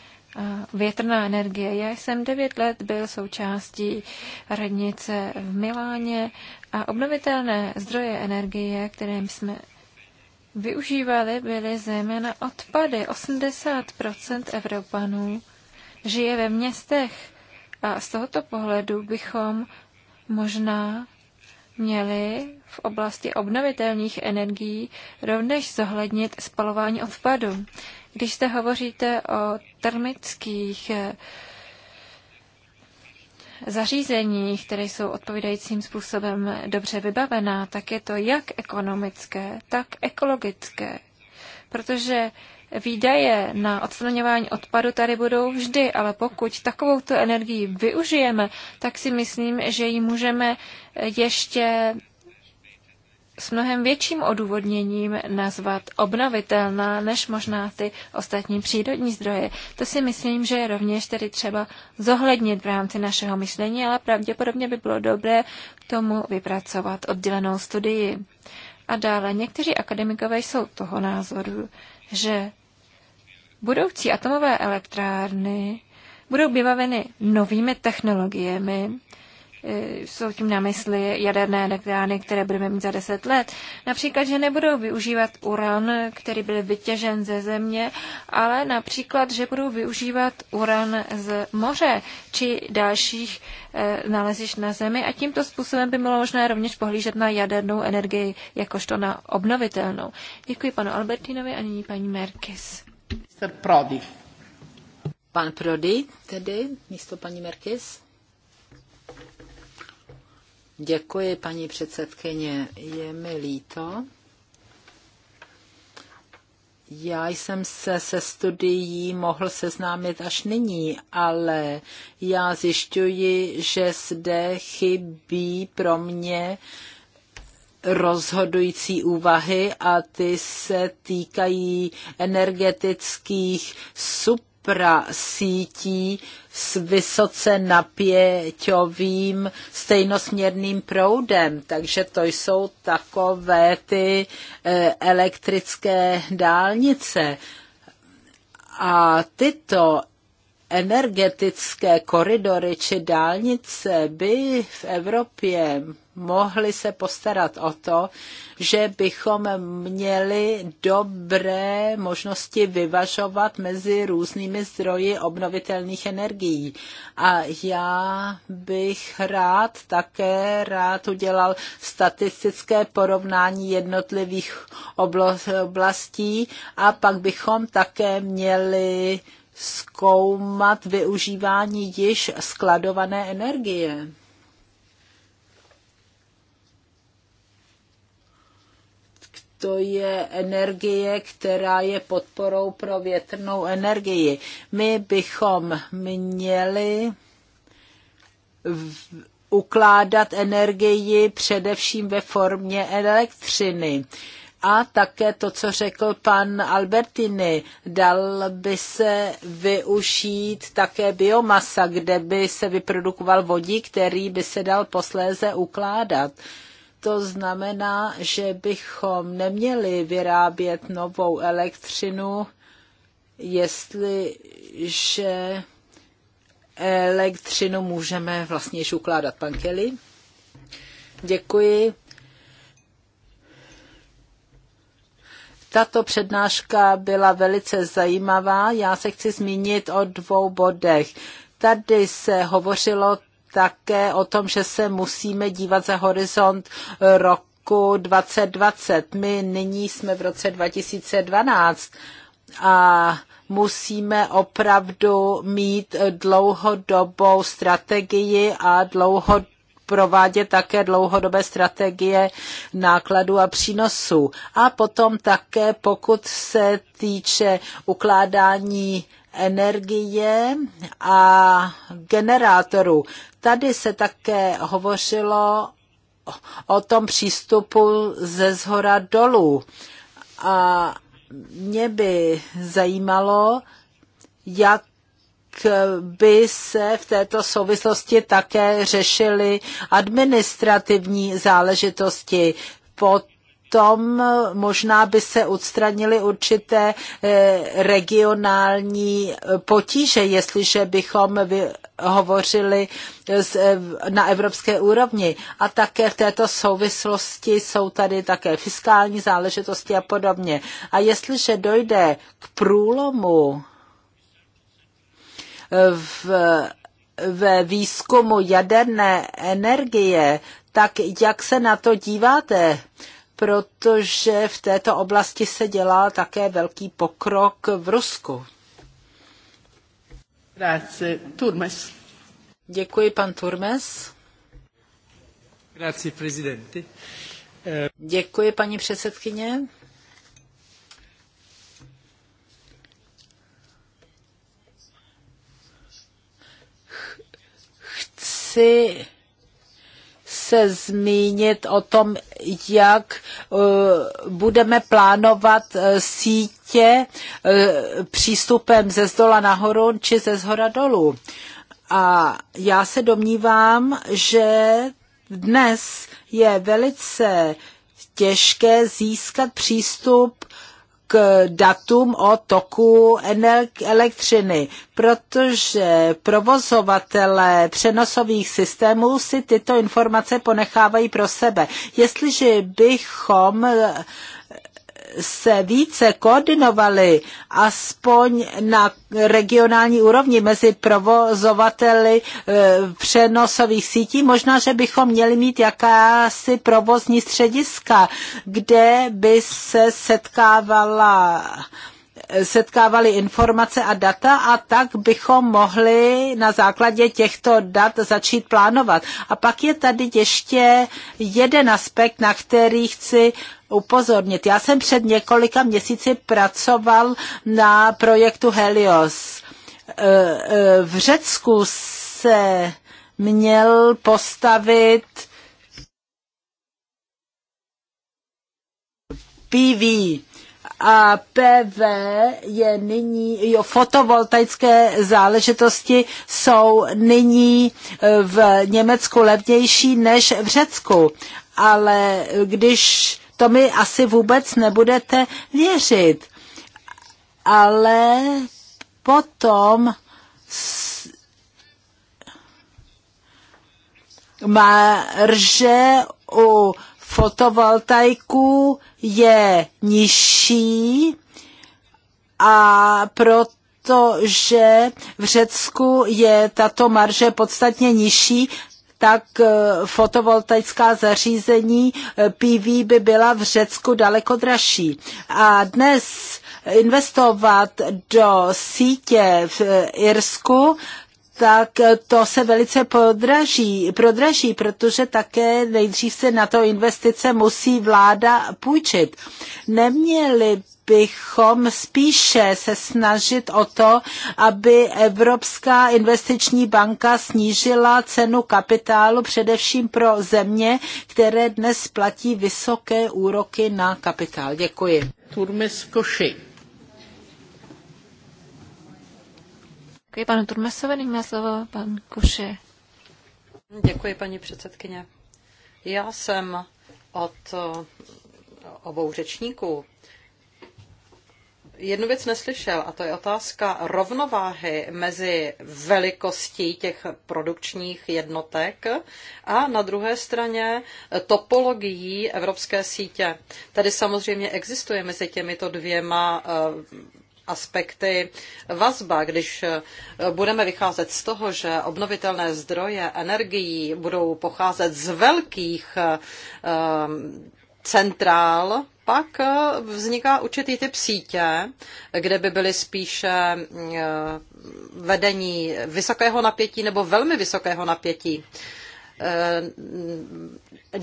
větrná energie. Já jsem devět let byl součástí radnice v Miláně a obnovitelné zdroje energie, které jsme využívali, byly zejména odpady. 80% Evropanů žije ve městech a z tohoto pohledu bychom možná měli v oblasti obnovitelných energií rovněž zohlednit spalování odpadu. Když se hovoříte o termických eh, zařízení, které jsou odpovídajícím způsobem dobře vybavená, tak je to jak ekonomické, tak ekologické. Protože výdaje na odstraňování odpadu tady budou vždy, ale pokud takovou tu energii využijeme, tak si myslím, že ji můžeme ještě s mnohem větším odůvodněním nazvat obnovitelná než možná ty ostatní přírodní zdroje. To si myslím, že je rovněž tedy třeba zohlednit v rámci našeho myšlení, ale pravděpodobně by bylo dobré k tomu vypracovat oddělenou studii. A dále někteří akademikové jsou toho názoru, že budoucí atomové elektrárny budou vybaveny novými technologiemi, E, jsou tím na mysli jaderné elektrárny, které budeme mít za deset let. Například, že nebudou využívat uran, který byl vytěžen ze země, ale například, že budou využívat uran z moře či dalších e, nalezišť na zemi a tímto způsobem by bylo možné rovněž pohlížet na jadernou energii jakožto na obnovitelnou. Děkuji panu Albertinovi a nyní paní Merkis. Prodi. Pan Prodi, tedy místo paní Merkis. Děkuji, paní předsedkyně. Je mi líto. Já jsem se se studií mohl seznámit až nyní, ale já zjišťuji, že zde chybí pro mě rozhodující úvahy a ty se týkají energetických super sítí s vysoce napěťovým stejnosměrným proudem. Takže to jsou takové ty eh, elektrické dálnice. A tyto energetické koridory či dálnice by v Evropě mohli se postarat o to, že bychom měli dobré možnosti vyvažovat mezi různými zdroji obnovitelných energií. A já bych rád také rád udělal statistické porovnání jednotlivých oblastí a pak bychom také měli zkoumat využívání již skladované energie. to je energie, která je podporou pro větrnou energii. My bychom měli ukládat energii především ve formě elektřiny. A také to, co řekl pan Albertini, dal by se využít také biomasa, kde by se vyprodukoval vodík, který by se dal posléze ukládat. To znamená, že bychom neměli vyrábět novou elektřinu, jestliže elektřinu můžeme vlastně již ukládat. Pan Kelly? Děkuji. Tato přednáška byla velice zajímavá. Já se chci zmínit o dvou bodech. Tady se hovořilo také o tom, že se musíme dívat za horizont roku 2020. My nyní jsme v roce 2012 a musíme opravdu mít dlouhodobou strategii a dlouhodobou provádět také dlouhodobé strategie nákladů a přínosů. A potom také, pokud se týče ukládání energie a generátorů. Tady se také hovořilo o tom přístupu ze zhora dolů. A mě by zajímalo, jak by se v této souvislosti také řešily administrativní záležitosti pod tom možná by se odstranily určité eh, regionální potíže, jestliže bychom hovořili eh, na evropské úrovni. A také v této souvislosti jsou tady také fiskální záležitosti a podobně. A jestliže dojde k průlomu eh, v ve výzkumu jaderné energie, tak jak se na to díváte? protože v této oblasti se dělá také velký pokrok v Rusku. Grazie. Turmes. Děkuji, pan Turmes. Grazie, eh, Děkuji, paní předsedkyně. Chci se zmínit o tom, jak eh, budeme plánovat eh, sítě eh, přístupem ze zdola nahoru či ze zhora dolů. A já se domnívám, že dnes je velice těžké získat přístup k datům o toku elektřiny, protože provozovatele přenosových systémů si tyto informace ponechávají pro sebe. Jestliže bychom se více koordinovaly aspoň na regionální úrovni mezi provozovateli eh, přenosových sítí, možná, že bychom měli mít jakási provozní střediska, kde by se setkávala setkávali informace a data a tak bychom mohli na základě těchto dat začít plánovat. A pak je tady ještě jeden aspekt, na který chci upozornit. Já jsem před několika měsíci pracoval na projektu Helios. E, e, v Řecku se měl postavit PV a PV je nyní, jo, fotovoltaické záležitosti jsou nyní e, v Německu levnější než v Řecku. Ale když to mi asi vůbec nebudete věřit. Ale potom marže u fotovoltaiků je nižší a proto protože v Řecku je tato marže podstatně nižší, tak eh, fotovoltaická zařízení eh, PV by byla v Řecku daleko dražší. A dnes investovat do sítě v eh, Irsku tak to se velice podraží, prodraží, protože také nejdřív se na to investice musí vláda půjčit. Neměli bychom spíše se snažit o to, aby Evropská investiční banka snížila cenu kapitálu především pro země, které dnes platí vysoké úroky na kapitál. Děkuji. Turmes Koši. Děkuji panu Turmesovi, nyní má slovo pan Koše. Děkuji, paní předsedkyně. Já jsem od obou řečníků jednu věc neslyšel, a to je otázka rovnováhy mezi velikostí těch produkčních jednotek a na druhé straně topologií evropské sítě. Tady samozřejmě existuje mezi těmito dvěma eh, aspekty vazba, když eh, budeme vycházet z toho, že obnovitelné zdroje energií budou pocházet z velkých eh, centrál, pak eh, vzniká určitý typ sítě, kde by byly spíše eh, vedení vysokého napětí nebo velmi vysokého napětí. Eh,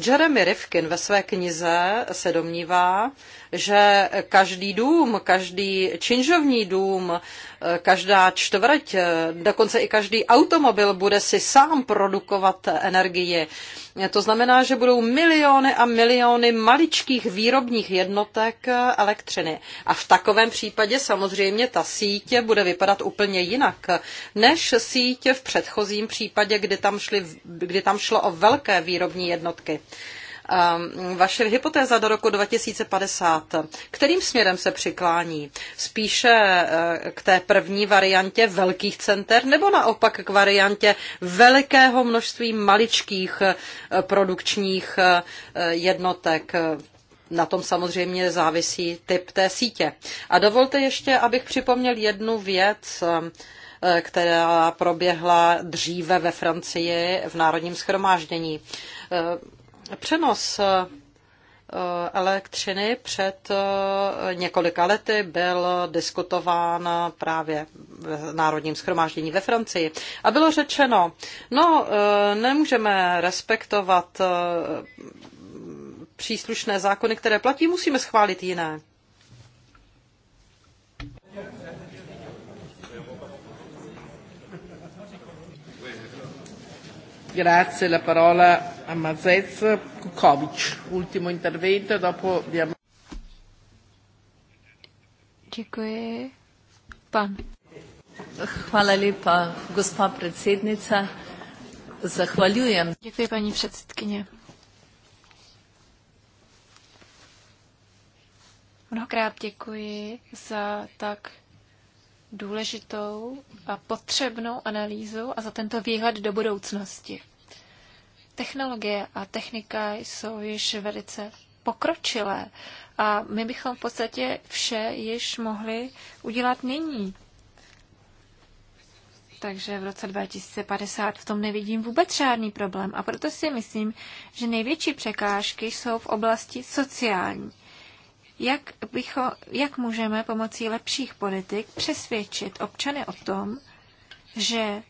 Jeremy Rifkin ve své knize se domnívá, že každý dům, každý činžovní dům, každá čtvrť, dokonce i každý automobil bude si sám produkovat energii. To znamená, že budou miliony a miliony maličkých výrobních jednotek elektřiny. A v takovém případě samozřejmě ta sítě bude vypadat úplně jinak, než sítě v předchozím případě, kdy tam, šli, kdy tam šlo o velké výrobní jednotky. Um, vaše hypotéza do roku 2050, kterým směrem se přiklání? Spíše uh, k té první variantě velkých center nebo naopak k variantě velikého množství maličkých uh, produkčních uh, jednotek? Na tom samozřejmě závisí typ té sítě. A dovolte ještě, abych připomněl jednu věc, um, eh, která proběhla dříve ve Francii v Národním schromáždění. Eh, Přenos eh, eh, elektřiny před eh, několika lety byl diskutován právě v Národním schromáždění ve Francii. A bylo řečeno, no, nemůžeme respektovat příslušné zákony, které platí, musíme schválit jiné. Grazie, la parola Amazez Kukovic. Ultimo intervento, dopo diamo... Děkuji. Pan. Hvala lepa, gospa predsednica. Zahvaljujem. Děkuji, paní předsedkyně. Mnohokrát děkuji za tak důležitou a potřebnou analýzu a za tento výhled do budoucnosti. Technologie a technika jsou již velice pokročilé a my bychom v podstatě vše již mohli udělat nyní. Takže v roce 2050 v tom nevidím vůbec žádný problém a proto si myslím, že největší překážky jsou v oblasti sociální. Jak, bycho, jak můžeme pomocí lepších politik přesvědčit občany o tom, že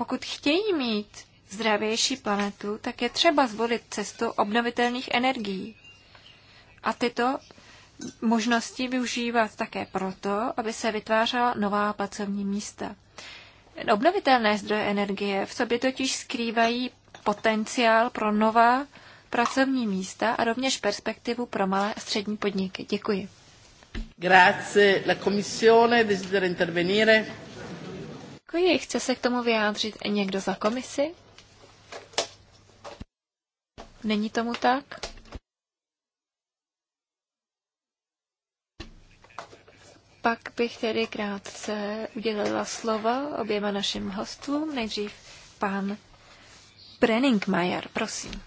Pokud chtějí mít zdravější planetu, tak je třeba zvolit cestu obnovitelných energií. A tyto možnosti využívat také proto, aby se vytvářela nová pracovní místa. Obnovitelné zdroje energie v sobě totiž skrývají potenciál pro nová pracovní místa a rovněž perspektivu pro malé a střední podniky. Děkuji. Grazie. La Commissione desidera intervenire. Děkuji. Chce se k tomu vyjádřit někdo za komisi? Není tomu tak? Pak bych tedy krátce udělala slova oběma našim hostům. Nejdřív pan Brenningmajer, prosím.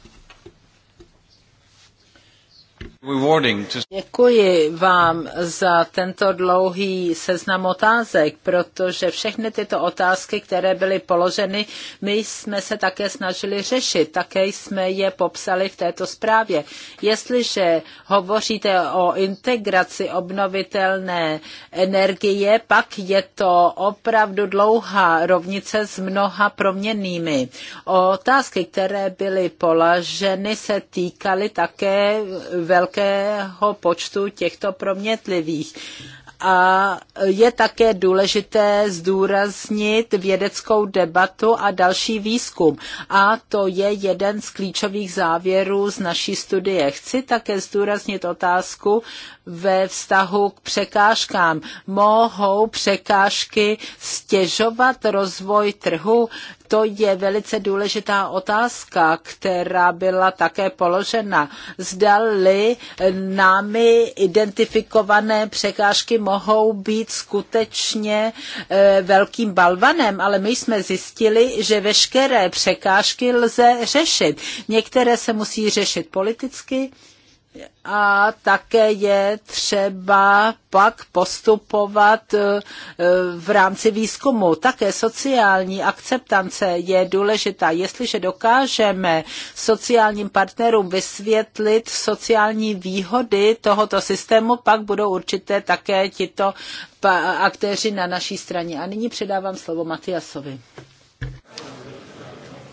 Děkuji vám za tento dlouhý seznam otázek, protože všechny tyto otázky, které byly položeny, my jsme se také snažili řešit, také jsme je popsali v této zprávě. Jestliže hovoříte o integraci obnovitelné energie, pak je to opravdu dlouhá rovnice s mnoha proměnými. Otázky, které byly položeny, se týkaly také velkého velkého počtu těchto promětlivých a je také důležité zdůraznit vědeckou debatu a další výzkum. A to je jeden z klíčových závěrů z naší studie. Chci také zdůraznit otázku, ve vztahu k překážkám. Mohou překážky stěžovat rozvoj trhu? To je velice důležitá otázka, která byla také položena. Zdali námi identifikované překážky mohou být skutečně e, velkým balvanem, ale my jsme zjistili, že veškeré překážky lze řešit. Některé se musí řešit politicky, a také je třeba pak postupovat eh, eh, v rámci výzkumu. Také sociální akceptance je důležitá. Jestliže dokážeme sociálním partnerům vysvětlit sociální výhody tohoto systému, pak budou určité také tito aktéři na naší straně. A nyní předávám slovo Matiasovi.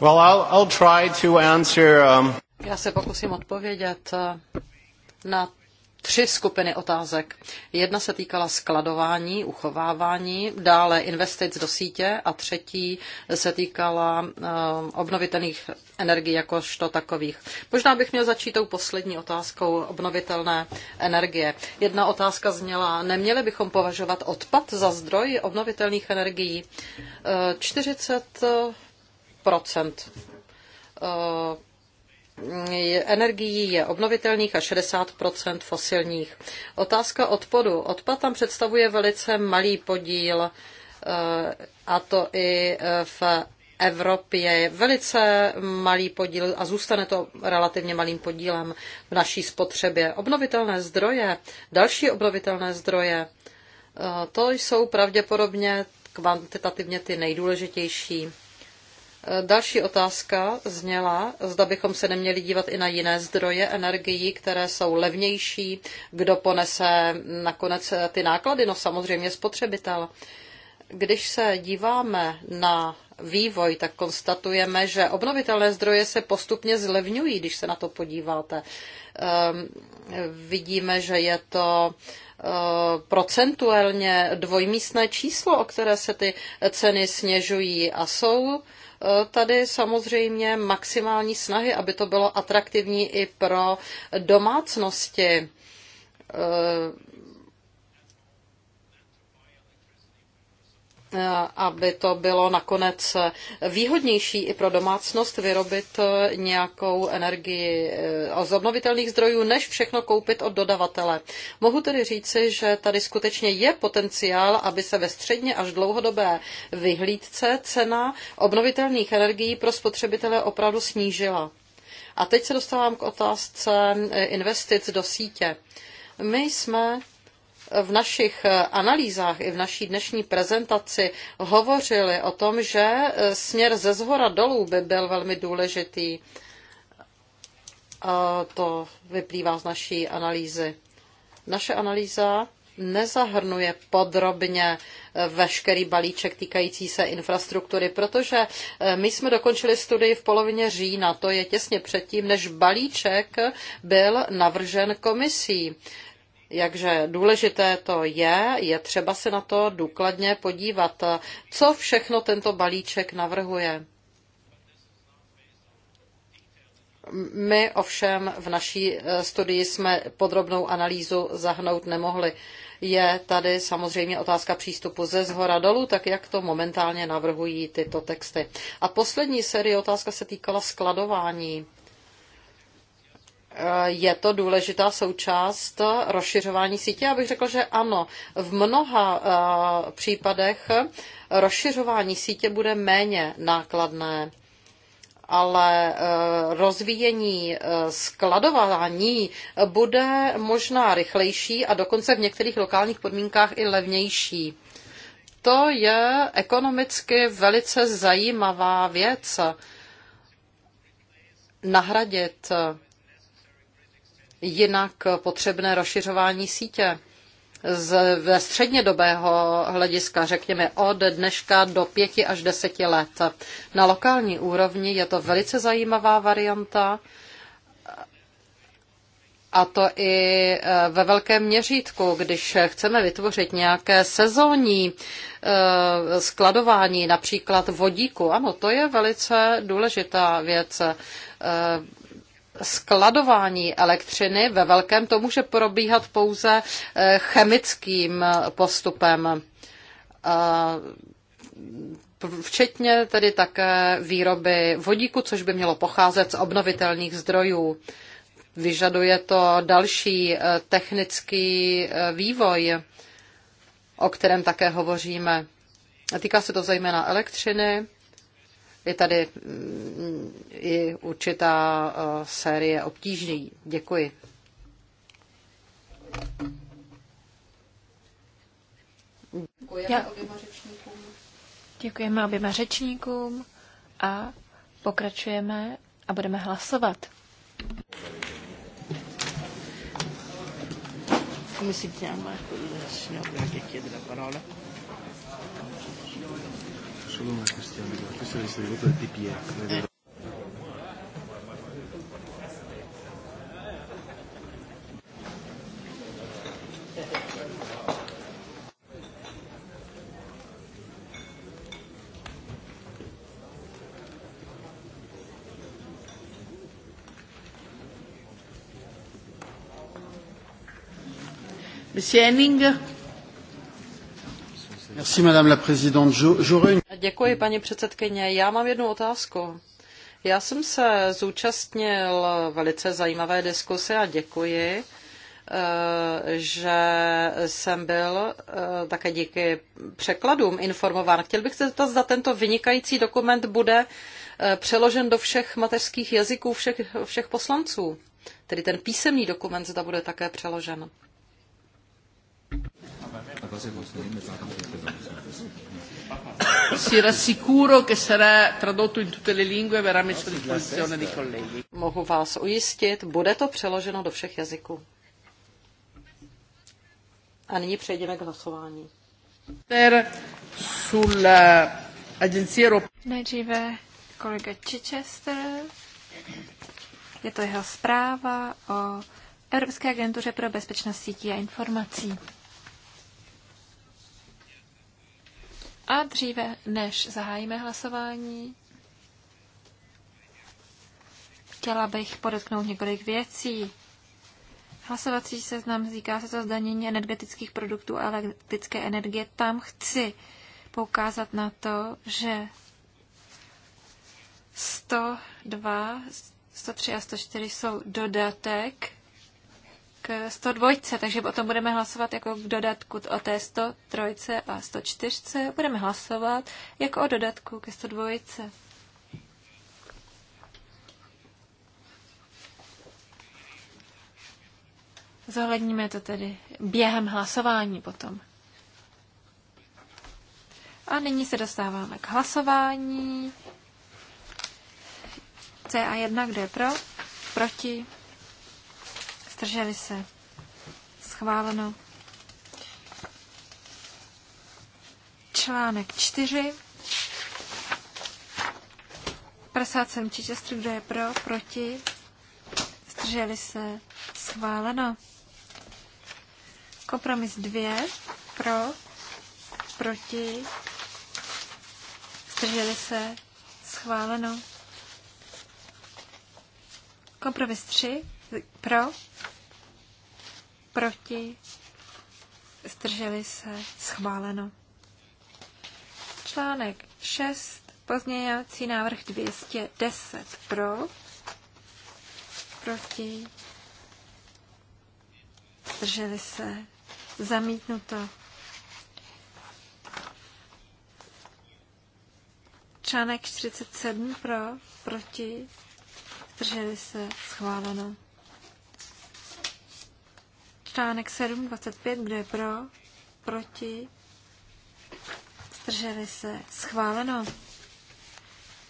Well, I'll, I'll try to answer, um... Já se pokusím odpovědět eh, na tři skupiny otázek. Jedna se týkala skladování, uchovávání, dále investic do sítě a třetí se týkala eh, obnovitelných energií jakožto takových. Možná bych měl začít tou poslední otázkou obnovitelné energie. Jedna otázka zněla, neměli bychom považovat odpad za zdroj obnovitelných energií? 40 eh, eh, procent energií je obnovitelných a 60 fosilních. Otázka odpadu. Odpad tam představuje velice malý podíl, eh, a to i eh, v Evropě je velice malý podíl a zůstane to relativně malým podílem v naší spotřebě. Obnovitelné zdroje, další obnovitelné zdroje, eh, to jsou pravděpodobně kvantitativně ty nejdůležitější. Eh, další otázka zněla, zda bychom se neměli dívat i na jiné zdroje energií, které jsou levnější, kdo ponese nakonec eh, ty náklady, no samozřejmě spotřebitel. Když se díváme na vývoj, tak konstatujeme, že obnovitelné zdroje se postupně zlevňují, když se na to podíváte. Ehm, vidíme, že je to eh, procentuálně dvojmístné číslo, o které se ty ceny snižují a jsou tady samozřejmě maximální snahy, aby to bylo atraktivní i pro domácnosti aby to bylo nakonec výhodnější i pro domácnost vyrobit nějakou energii z obnovitelných zdrojů, než všechno koupit od dodavatele. Mohu tedy říci, že tady skutečně je potenciál, aby se ve středně až dlouhodobé vyhlídce cena obnovitelných energií pro spotřebitele opravdu snížila. A teď se dostávám k otázce investic do sítě. My jsme v našich eh, analýzách i v naší dnešní prezentaci hovořili o tom, že eh, směr ze zhora dolů by byl velmi důležitý. To vyplývá z naší analýzy. Naše analýza nezahrnuje podrobně eh, veškerý balíček týkající se infrastruktury, protože my jsme dokončili studii v polovině října, to je těsně předtím, než balíček byl navržen komisí. Jakže důležité to je, je třeba se na to důkladně podívat, co všechno tento balíček navrhuje. My ovšem v naší eh, studii jsme podrobnou analýzu zahnout nemohli. Je tady samozřejmě otázka přístupu ze zhora dolů, tak jak to momentálně navrhují tyto texty. A poslední série otázka se týkala skladování Eh, je to důležitá součást rozšiřování sítě? Já bych řekl, že ano. V mnoha eh, případech rozšiřování sítě bude méně nákladné ale eh, rozvíjení skladování bude možná rychlejší a dokonce v některých lokálních podmínkách i levnější. To je ekonomicky velice zajímavá věc. Nahradit jinak potřebné rozšiřování sítě. Z, ve střednědobého hlediska, řekněme od dneška do pěti až deseti let. Na lokální úrovni je to velice zajímavá varianta a to i e, ve velkém měřítku, když chceme vytvořit nějaké sezónní e, skladování, například vodíku. Ano, to je velice důležitá věc. E, skladování elektřiny ve velkém to může probíhat pouze eh, chemickým eh, postupem, eh, včetně tedy také výroby vodíku, což by mělo pocházet z obnovitelných zdrojů. Vyžaduje to další technický vývoj, o kterém také hovoříme. Týká se to zejména elektřiny, je tady mm, i určitá eh, série obtížný. Děkuji. Děkujeme oběma řečníkům. Děkujeme oběma řečníkům a pokračujeme a budeme hlasovat. Come si chiama quel signore che chiede la parola? solo una questione, questo è il voto del PPE. Monsieur Henning. Merci Madame la Présidente. J'aurais une Děkuji, paní předsedkyně. Já mám jednu otázku. Já jsem se zúčastnil velice zajímavé diskuse a děkuji, eh, že jsem byl eh, také díky překladům informován. Chtěl bych se zeptat, zda tento vynikající dokument bude eh, přeložen do všech mateřských jazyků všech, všech poslanců. Tedy ten písemný dokument zda bude také přeložen si rassicuro che sarà tradotto in tutte le lingue e verrà messo a disposizione dei colleghi. Mohu vás ujistit, bude to přeloženo do všech jazyků. A nyní přejdeme k hlasování. Per Sulla eh, agenzia europea. Nejdříve kolega Chichester. Je to jeho zpráva o Evropské agentuře pro bezpečnost sítí a informací. A dříve, než zahájíme hlasování, chtěla bych podotknout několik věcí. Hlasovací seznam zíká se to zdanění energetických produktů a elektrické energie. Tam chci poukázat na to, že 102, 103 a 104 jsou dodatek 102, takže o tom budeme hlasovat jako k dodatku o té 103 a 104. Budeme hlasovat jako o dodatku ke 102. Zohledníme to tedy během hlasování potom. A nyní se dostáváme k hlasování. CA1, kdo je pro? Proti? Zdrželi se. Schváleno. Článek 4. 57 Čičestr, kdo je pro, proti, zdrželi se, schváleno. Kompromis 2, pro, proti, zdrželi se, schváleno. Kompromis 3, pro, proti, zdrželi se, schváleno. Článek 6, pozměňovací návrh 210 pro, proti, zdrželi se, zamítnuto. Článek 47 pro, proti, zdrželi se, schváleno. Článek 7, 25, kdo je pro, proti, zdrželi se, schváleno.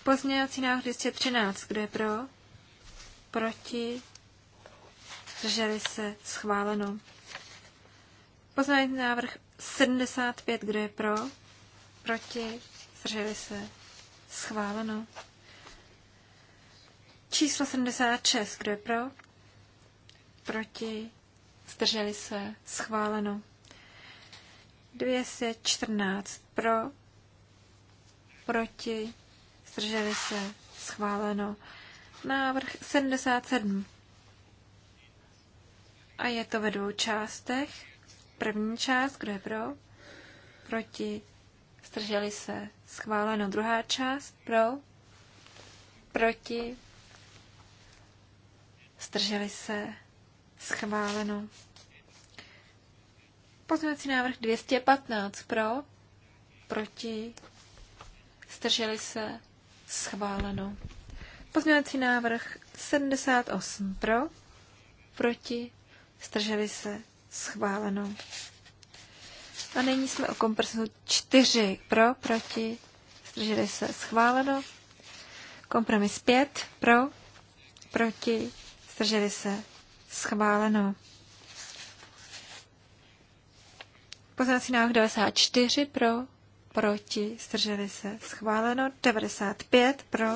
Pozměňovací návrh 213, kdo je pro, proti, zdrželi se, schváleno. Pozměňovací návrh 75, kdo je pro, proti, zdrželi se, schváleno. Číslo 76, kdo je pro, proti, zdrželi se, schváleno. 214 pro, proti, zdrželi se, schváleno. Návrh 77. A je to ve dvou částech. První část, kdo je pro, proti, zdrželi se, schváleno. Druhá část, pro, proti, zdrželi se, Schváleno. Pozměňovací návrh 215 pro, proti, strželi se, schváleno. Pozměňovací návrh 78 pro, proti, strželi se, schváleno. A nyní jsme o kompresu 4 pro, proti, strželi se, schváleno. Kompromis 5 pro, proti, strželi se, Schváleno. Poznací návrh 94 pro, proti, strželi se. Schváleno. 95 pro,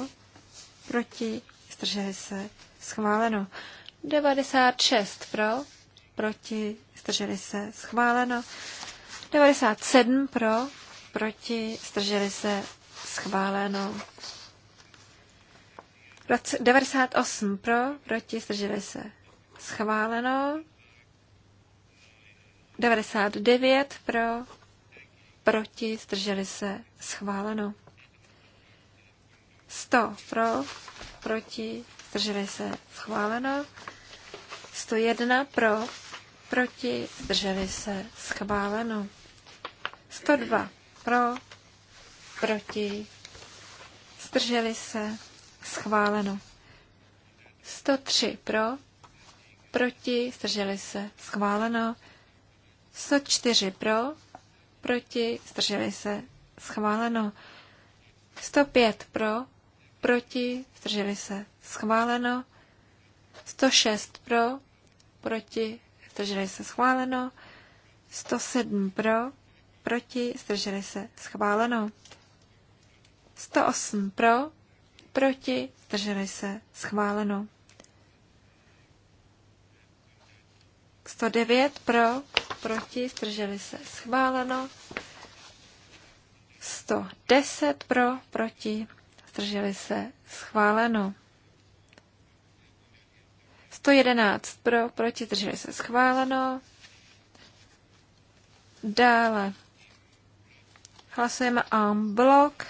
proti, strželi se. Schváleno. 96 pro, proti, strželi se. Schváleno. 97 pro, proti, strželi se. Schváleno. 98 pro, proti, strželi se. Schváleno. 99 pro, proti, zdrželi se, schváleno. 100 pro, proti, zdrželi se, schváleno. 101 pro, proti, zdrželi se, schváleno. 102 pro, proti, zdrželi se, schváleno. 103 pro, proti, zdrželi se, schváleno. 104 pro, proti, zdrželi se, schváleno. 105 pro, proti, zdrželi se, schváleno. 106 pro, proti, zdrželi se, schváleno. 107 pro, proti, zdrželi se, schváleno. 108 pro, proti, zdrželi se, schváleno. 109 pro, proti, zdrželi se, schváleno. 110 pro, proti, zdrželi se, schváleno. 111 pro, proti, zdrželi se, schváleno. Dále hlasujeme en blok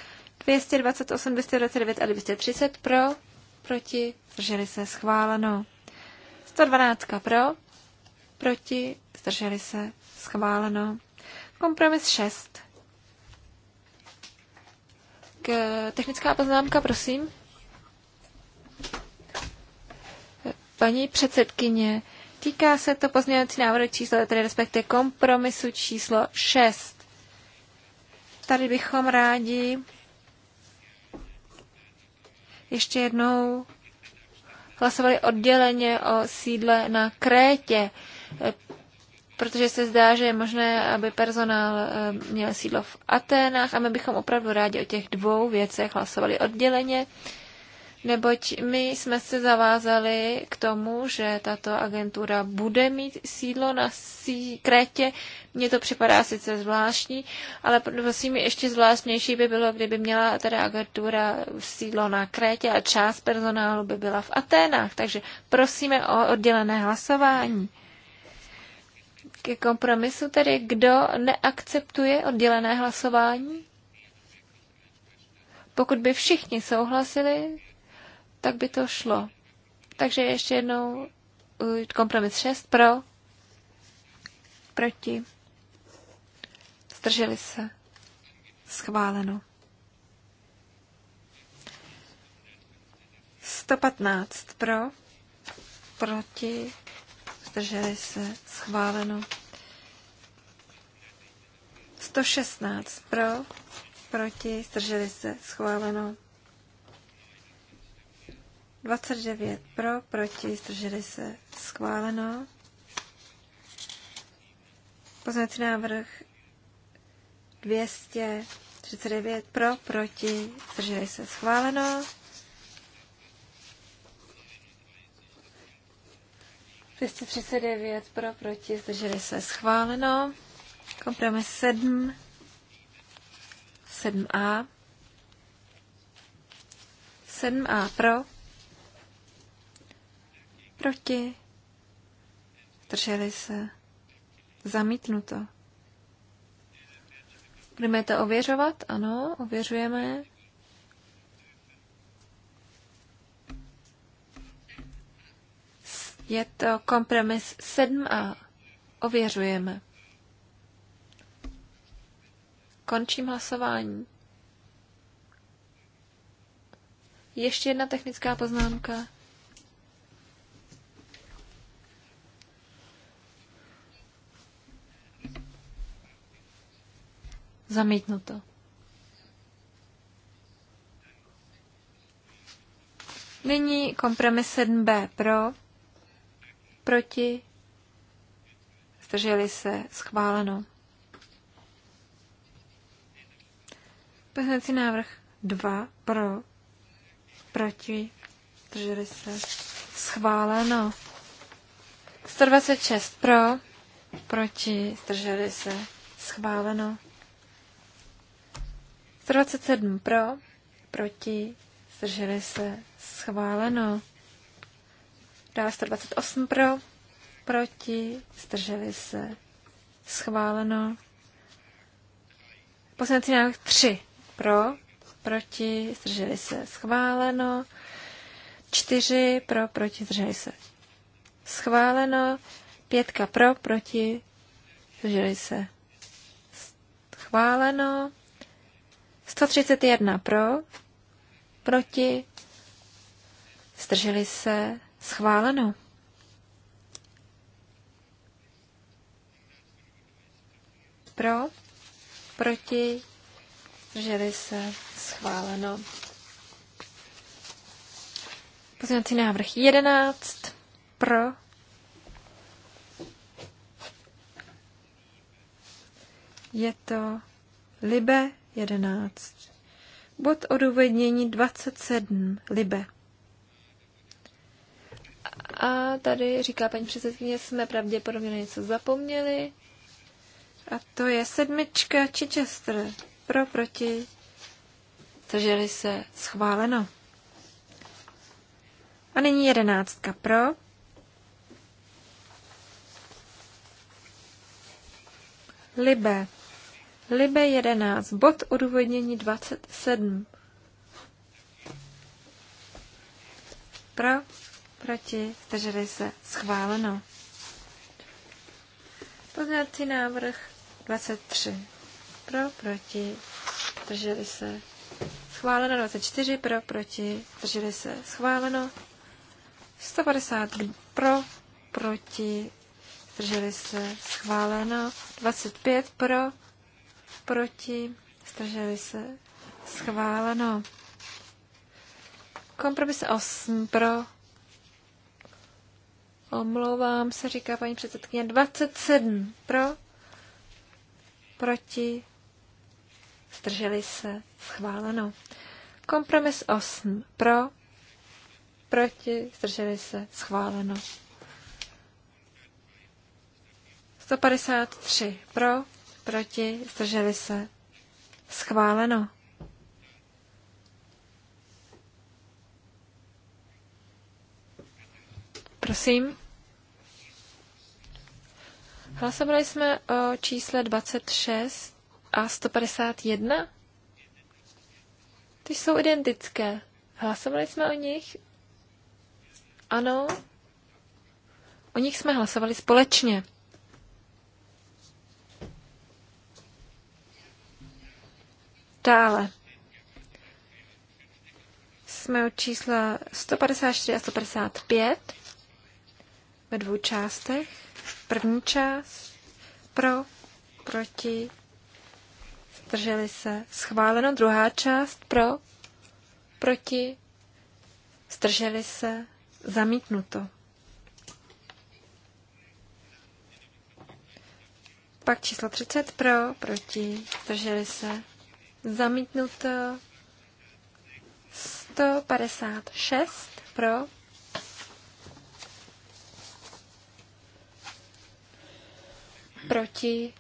228, 229 a 230 pro, proti, zdrželi se, schváleno. 112 pro, proti, zdrželi se, schváleno. Kompromis 6. K, technická poznámka, prosím. Paní předsedkyně, týká se to pozměňovací návrh číslo, tedy respektive kompromisu číslo 6. Tady bychom rádi ještě jednou hlasovali odděleně o sídle na Krétě. Eh, protože se zdá, že je možné, aby personál eh, měl sídlo v Aténách a my bychom opravdu rádi o těch dvou věcech hlasovali odděleně, neboť my jsme se zavázali k tomu, že tato agentura bude mít sídlo na sí- Krétě. Mně to připadá sice zvláštní, ale prosím, ještě zvláštnější by bylo, kdyby měla teda agentura sídlo na Krétě a část personálu by byla v Aténách. Takže prosíme o oddělené hlasování k kompromisu, tedy kdo neakceptuje oddělené hlasování? Pokud by všichni souhlasili, tak by to šlo. Takže ještě jednou uh, kompromis 6 pro, proti, zdrželi se, schváleno. 115 pro, proti, zdrželi se, schváleno. 116 pro, proti, zdrželi se, schváleno. 29 pro, proti, zdrželi se, schváleno. Poznací návrh 239 pro, proti, zdrželi se, schváleno. 239 pro, proti, zdrželi se schváleno. Kompromis 7, 7a. 7a pro, proti, zdrželi se zamítnuto. Budeme to ověřovat? Ano, ověřujeme. Je to kompromis 7a. Ověřujeme. Končím hlasování. Ještě jedna technická poznámka. Zamítnuto. Nyní kompromis 7b pro, Proti? Zdrželi se? Schváleno. Pozměňovací návrh 2 pro, proti, zdrželi se, schváleno. 126 pro, proti, zdrželi se, schváleno. 127 pro, proti, zdrželi se, schváleno. Dále 128 pro, proti, zdrželi se, schváleno. Poslanecí návrh 3 pro, proti, zdrželi se, schváleno. 4 pro, proti, zdrželi se, schváleno. 5 pro, proti, zdrželi se, schváleno. 131 pro, proti, zdrželi se, Schváleno. Pro, proti, drželi se, schváleno. Pozměňovací návrh 11, pro, je to Libe 11. Bod odůvodnění 27 Libe. A tady říká paní předsedkyně, jsme pravděpodobně na něco zapomněli. A to je sedmička Chichester. Pro, proti. Drželi se. Schváleno. A nyní jedenáctka pro. Libe. Libe 11. Bod odůvodnění 27. Pro Proti? Zdrželi se? Schváleno. Pozměňovací návrh 23. Pro, proti, zdrželi se. Schváleno 24, pro, proti, zdrželi se. Schváleno 150, pro, proti, zdrželi se. Schváleno 25, pro, proti, zdrželi se. Schváleno. Kompromis 8, pro, Omlouvám se, říká paní předsedkyně. 27 pro, proti, zdrželi se, schváleno. Kompromis 8 pro, proti, zdrželi se, schváleno. 153 pro, proti, zdrželi se, schváleno. Prosím. Hlasovali jsme o čísle 26 a 151. Ty jsou identické. Hlasovali jsme o nich? Ano. O nich jsme hlasovali společně. Dále jsme od čísla 154 a 155 ve dvou částech. První část pro, proti, zdrželi se. Schváleno druhá část pro, proti, zdrželi se. Zamítnuto. Pak číslo 30 pro, proti, zdrželi se. Zamítnuto. 156 pro, proti,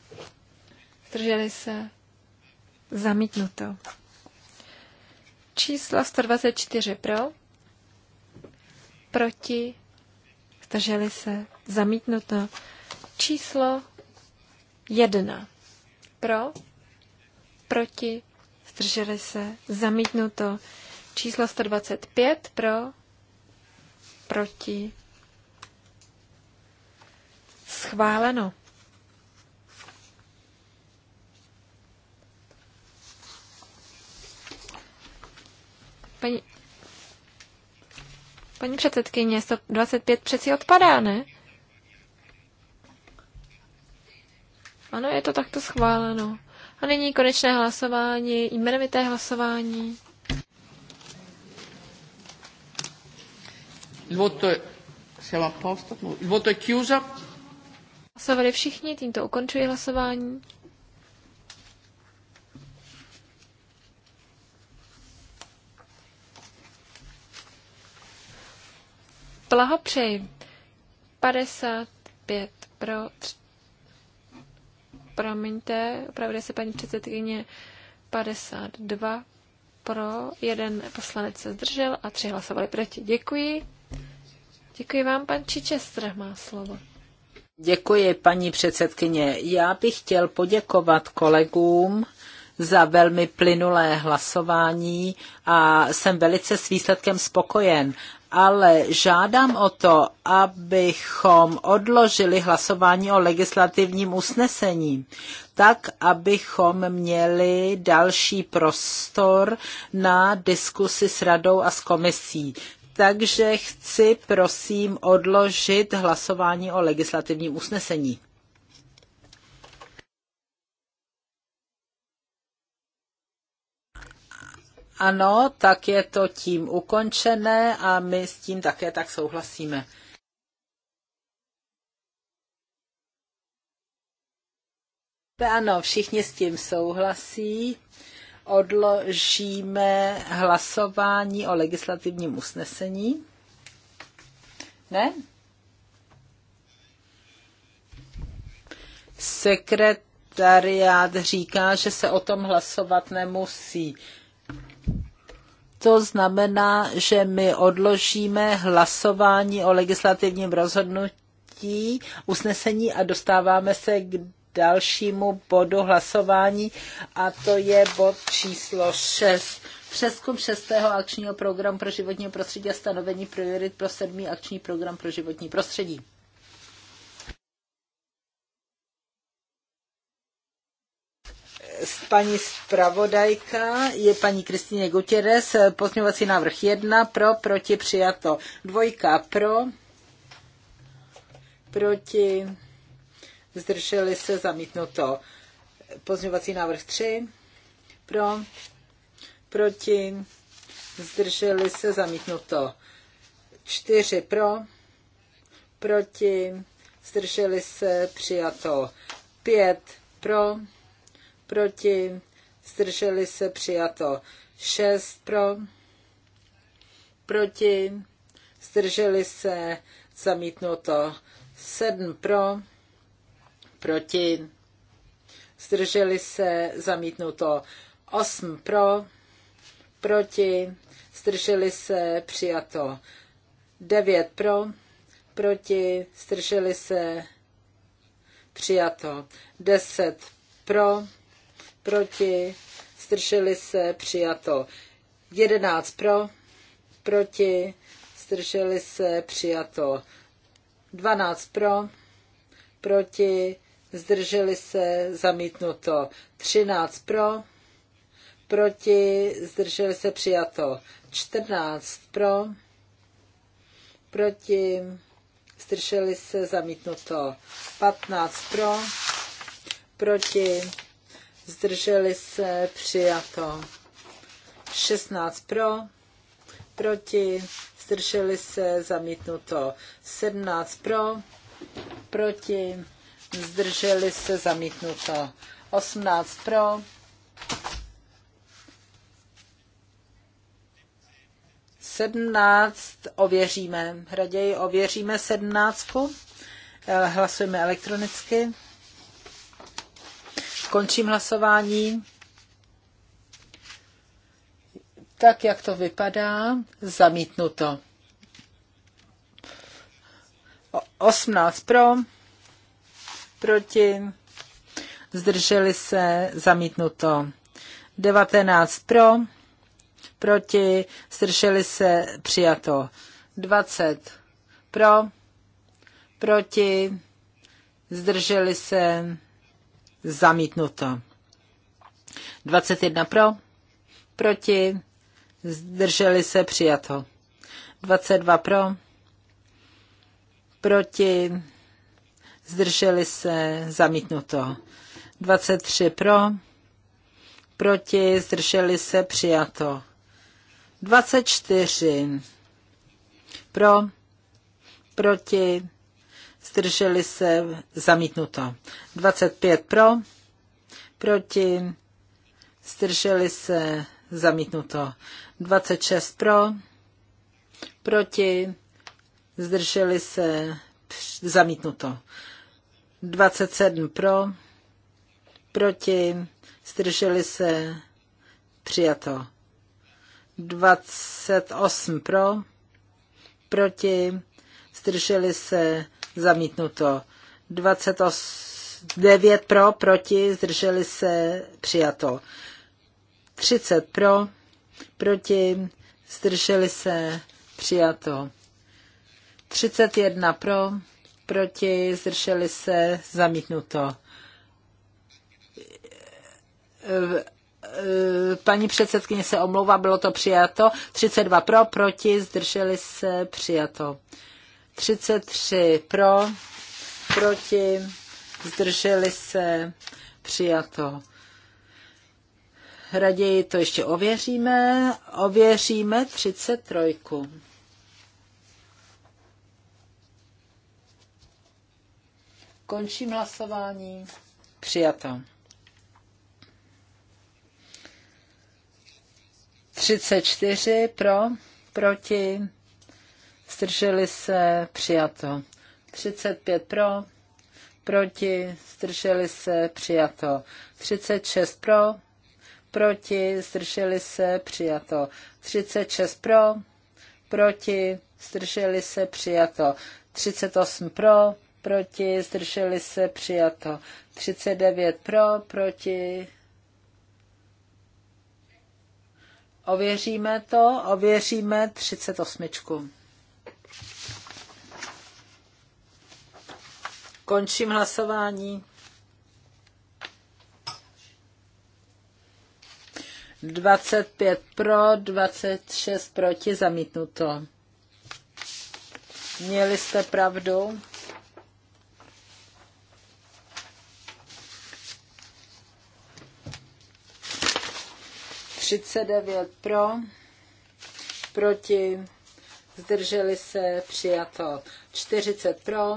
zdrželi se, zamítnuto. Číslo 124 pro, proti, zdrželi se, zamítnuto. Číslo 1 pro, proti, zdrželi se, zamítnuto. Číslo 125 pro, proti, schváleno. Paní, paní předsedkyně, 125 přeci odpadá, ne? Ano, je to takto schváleno. A nyní konečné hlasování, jmenovité hlasování. Il voto se la posta, il voto è Hlasovali všichni, tímto ukončuji hlasování. blahopřeji. 55 pro... Promiňte, opravdu se paní předsedkyně 52 pro, jeden poslanec se zdržel a tři hlasovali proti. Děkuji. Děkuji vám, pan Čičestr má slovo. Děkuji, paní předsedkyně. Já bych chtěl poděkovat kolegům za velmi plynulé hlasování a jsem velice s výsledkem spokojen ale žádám o to, abychom odložili hlasování o legislativním usnesení, tak abychom měli další prostor na diskusi s radou a s komisí. Takže chci prosím odložit hlasování o legislativním usnesení. Ano, tak je to tím ukončené a my s tím také tak souhlasíme. Ano, všichni s tím souhlasí. Odložíme hlasování o legislativním usnesení. Ne? Sekretariát říká, že se o tom hlasovat nemusí. To znamená, že my odložíme hlasování o legislativním rozhodnutí, usnesení a dostáváme se k dalšímu bodu hlasování a to je bod číslo 6. Přeskum 6. akčního programu pro životní prostředí a stanovení priorit pro 7. akční program pro životní prostředí. paní zpravodajka je paní Kristýně Gutierrez. Pozměňovací návrh 1 pro, proti přijato. Dvojka pro, proti, zdrželi se zamítnuto. Pozměňovací návrh 3 pro, proti, zdrželi se zamítnuto. 4 pro, proti, zdrželi se přijato. 5 pro, proti, zdrželi se přijato 6 pro, proti, zdrželi se zamítnuto 7 pro, proti, zdrželi se zamítnuto 8 pro, proti, zdrželi se přijato 9 pro, proti, zdrželi se přijato 10 pro, proti, zdrželi se, přijato. 11 pro, proti, zdrželi se, přijato. 12 pro, proti, zdrželi se, zamítnuto. 13 pro, proti, zdrželi se, přijato. 14 pro, proti, zdrželi se, zamítnuto. 15 pro, proti, zdrželi se, přijato. 16 pro, proti, zdrželi se, zamítnuto. 17 pro, proti, zdrželi se, zamítnuto. 18 pro, Sedmnáct ověříme. Raději ověříme sedmnáctku. Eh, hlasujeme elektronicky. Končím hlasování. Tak, jak to vypadá, zamítnuto. 18 pro, proti, zdrželi se, zamítnuto. 19 pro, proti, zdrželi se, přijato. 20 pro, proti, zdrželi se, zamítnuto. 21 pro, proti, zdrželi se přijato. 22 pro, proti, zdrželi se zamítnuto. 23 pro, proti, zdrželi se přijato. 24 pro, proti, zdrželi se, zamítnuto. 25 pro, proti, zdrželi se, zamítnuto. 26 pro, proti, zdrželi se, zamítnuto. 27 pro, proti, zdrželi se, přijato. 28 pro, proti, zdrželi se, zamítnuto. 29 pro, proti, zdrželi se, přijato. 30 pro, proti, zdrželi se, přijato. 31 pro, proti, zdrželi se, zamítnuto. Paní předsedkyně se omlouvá, bylo to přijato. 32 pro, proti, zdrželi se, přijato. 33 pro, proti, zdrželi se, přijato. Raději to ještě ověříme. Ověříme 33. Končím hlasování. Přijato. 34 pro, proti zdrželi se, přijato. 35 pro, proti, zdrželi se, přijato. 36 pro, proti, zdrželi se, přijato. 36 pro, proti, zdrželi se, přijato. 38 pro, proti, zdrželi se, přijato. 39 pro, proti. Ověříme to, ověříme 38. Končím hlasování. 25 pro, 26 proti, zamítnuto. Měli jste pravdu. Třicet devět pro, proti, zdrželi se, přijato. Čtyřicet pro,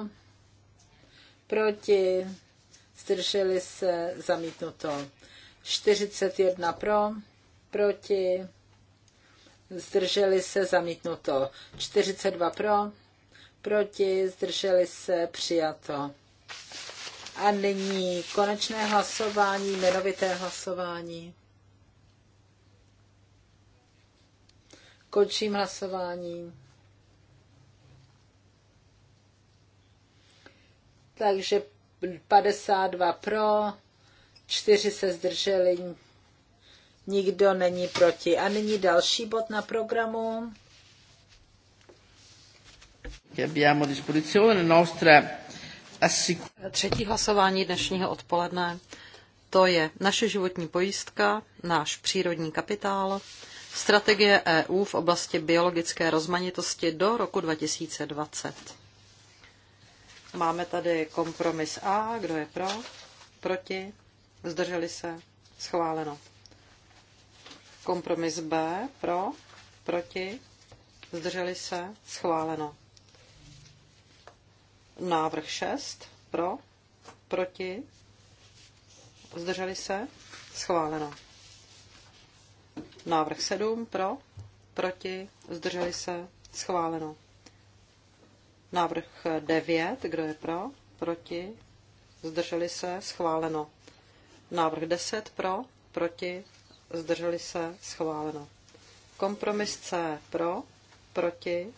proti, zdrželi se, zamítnuto. 41 pro, proti, zdrželi se, zamítnuto. 42 pro, proti, zdrželi se, přijato. A nyní konečné hlasování, jmenovité hlasování. Končím hlasování. takže 52 pro, 4 se zdrželi, nikdo není proti. A nyní další bod na programu. Třetí hlasování dnešního odpoledne. To je naše životní pojistka, náš přírodní kapitál, strategie EU v oblasti biologické rozmanitosti do roku 2020. Máme tady kompromis A. Kdo je pro? Proti? Zdrželi se? Schváleno. Kompromis B. Pro? Proti? Zdrželi se? Schváleno. Návrh 6. Pro? Proti? Zdrželi se? Schváleno. Návrh 7. Pro? Proti? Zdrželi se? Schváleno. Návrh 9, kdo je pro? Proti? Zdrželi se? Schváleno. Návrh 10 pro? Proti? Zdrželi se? Schváleno. Kompromis C pro? Proti?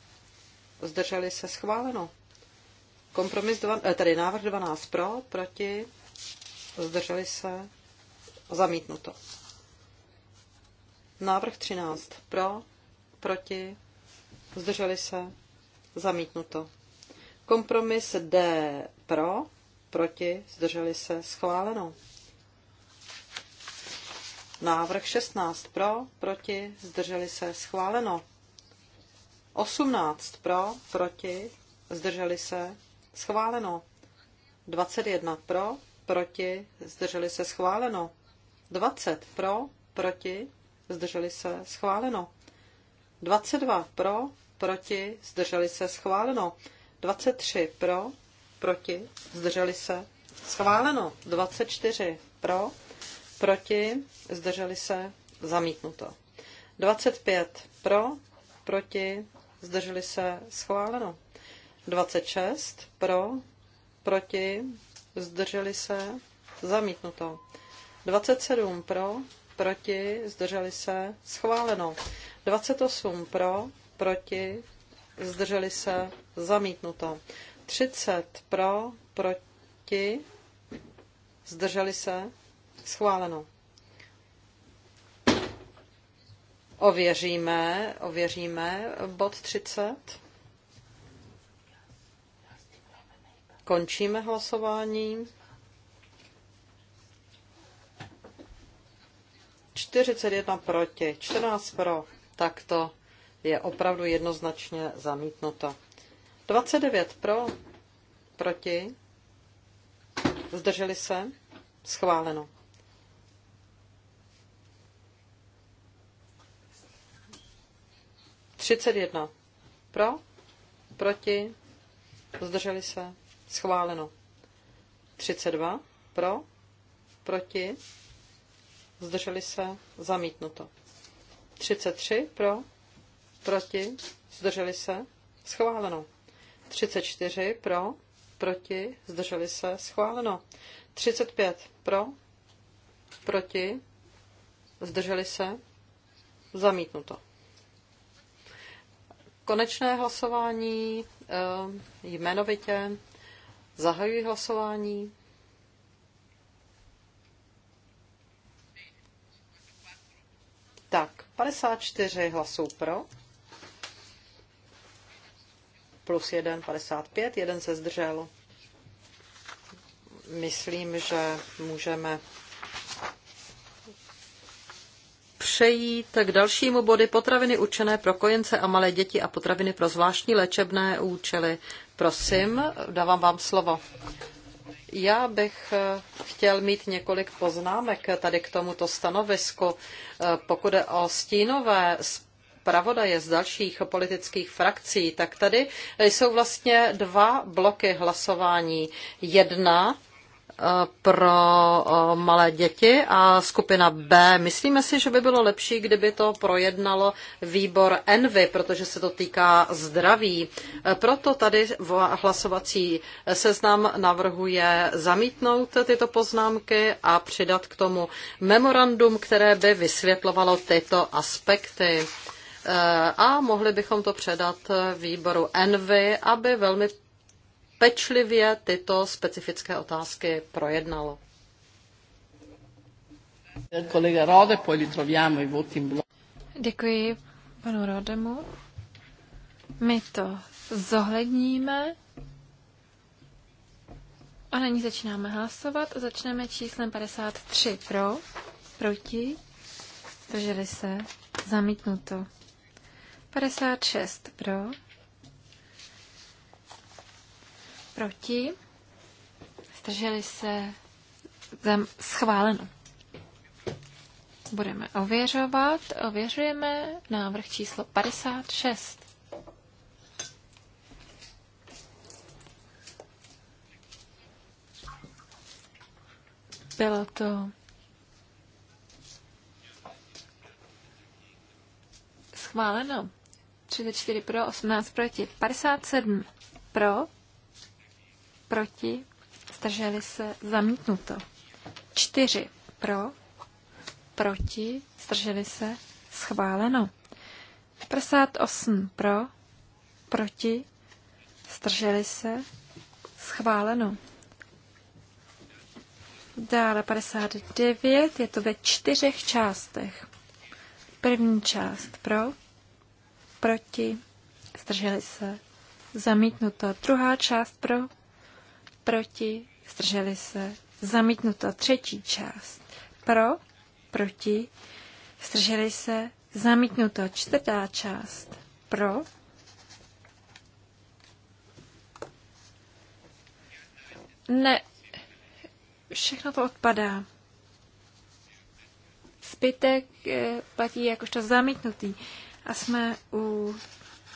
Zdrželi se? Schváleno. Kompromis dva, eh, tedy návrh 12 pro? Proti? Zdrželi se? Zamítnuto. Návrh 13 pro? Proti? Zdrželi se? Zamítnuto. Kompromis D pro, proti, zdrželi se, schváleno. Návrh 16 pro, proti, zdrželi se, schváleno. 18 pro, proti, zdrželi se, schváleno. 21 pro, proti, zdrželi se, schváleno. 20 pro, proti, zdrželi se, schváleno. 22 pro, proti, zdrželi se, schváleno. 23 pro, proti, zdrželi se. Schváleno. 24 pro, proti, zdrželi se, zamítnuto. 25 pro, proti, zdrželi se, schváleno. 26 pro, proti, zdrželi se, zamítnuto. 27 pro, proti, zdrželi se, schváleno. 28 pro, proti, zdrželi se, zamítnuto. 30 pro, proti, zdrželi se, schváleno. Ověříme, ověříme bod 30. Končíme hlasování. 41 proti, 14 pro. Tak to je opravdu jednoznačně zamítnuto. 29 pro, proti, zdrželi se, schváleno. Třicet jedna. Pro, proti, zdrželi se, schváleno. Třicet dva. Pro, proti, zdrželi se, zamítnuto. Třicet tři. Pro, proti, zdrželi se, schváleno. 34 pro, proti, zdrželi se, schváleno. 35 pro, proti, zdrželi se, zamítnuto. Konečné hlasování eh, jmenovitě. Zahajuji hlasování. Tak, 54 hlasů pro plus 1, 55, jeden se zdržel. Myslím, že můžeme přejít k dalšímu body potraviny určené pro kojence a malé děti a potraviny pro zvláštní léčebné účely. Prosím, dávám vám slovo. Já bych eh, chtěl mít několik poznámek tady k tomuto stanovisku. Eh, pokud je o stínové zpravodaje z dalších politických frakcí, tak tady jsou vlastně dva bloky hlasování. Jedna eh, pro eh, malé děti a skupina B. Myslíme si, že by bylo lepší, kdyby to projednalo výbor Envy, protože se to týká zdraví. Eh, proto tady hlasovací seznam navrhuje zamítnout tyto poznámky a přidat k tomu memorandum, které by vysvětlovalo tyto aspekty. Eh, a mohli bychom to předat eh, výboru Envy, aby velmi pečlivě tyto specifické otázky projednalo. Kolega Rode, poi troviamo i voti in Děkuji panu Rodemu. My to zohledníme. A nyní začínáme hlasovat. Začneme číslem 53 pro, proti, drželi se, zamítnuto. 56 pro, proti, zdrželi se, zam, schváleno. Budeme ověřovat, ověřujeme návrh číslo 56. Bylo to schváleno. 34 pro, 18 proti. 57 pro, proti, zdrželi se, zamítnuto. 4 pro, proti, zdrželi se, schváleno. 58 pro, proti, zdrželi se, schváleno. Dále 59, je to ve čtyřech částech. První část pro, proti, zdrželi se, zamítnuto. Druhá část pro, proti, zdrželi se, zamítnuto. Třetí část pro, proti, zdrželi se, zamítnuto. Čtvrtá část pro, Ne, všechno to odpadá. Zbytek eh, platí jakožto zamítnutý. A jsme u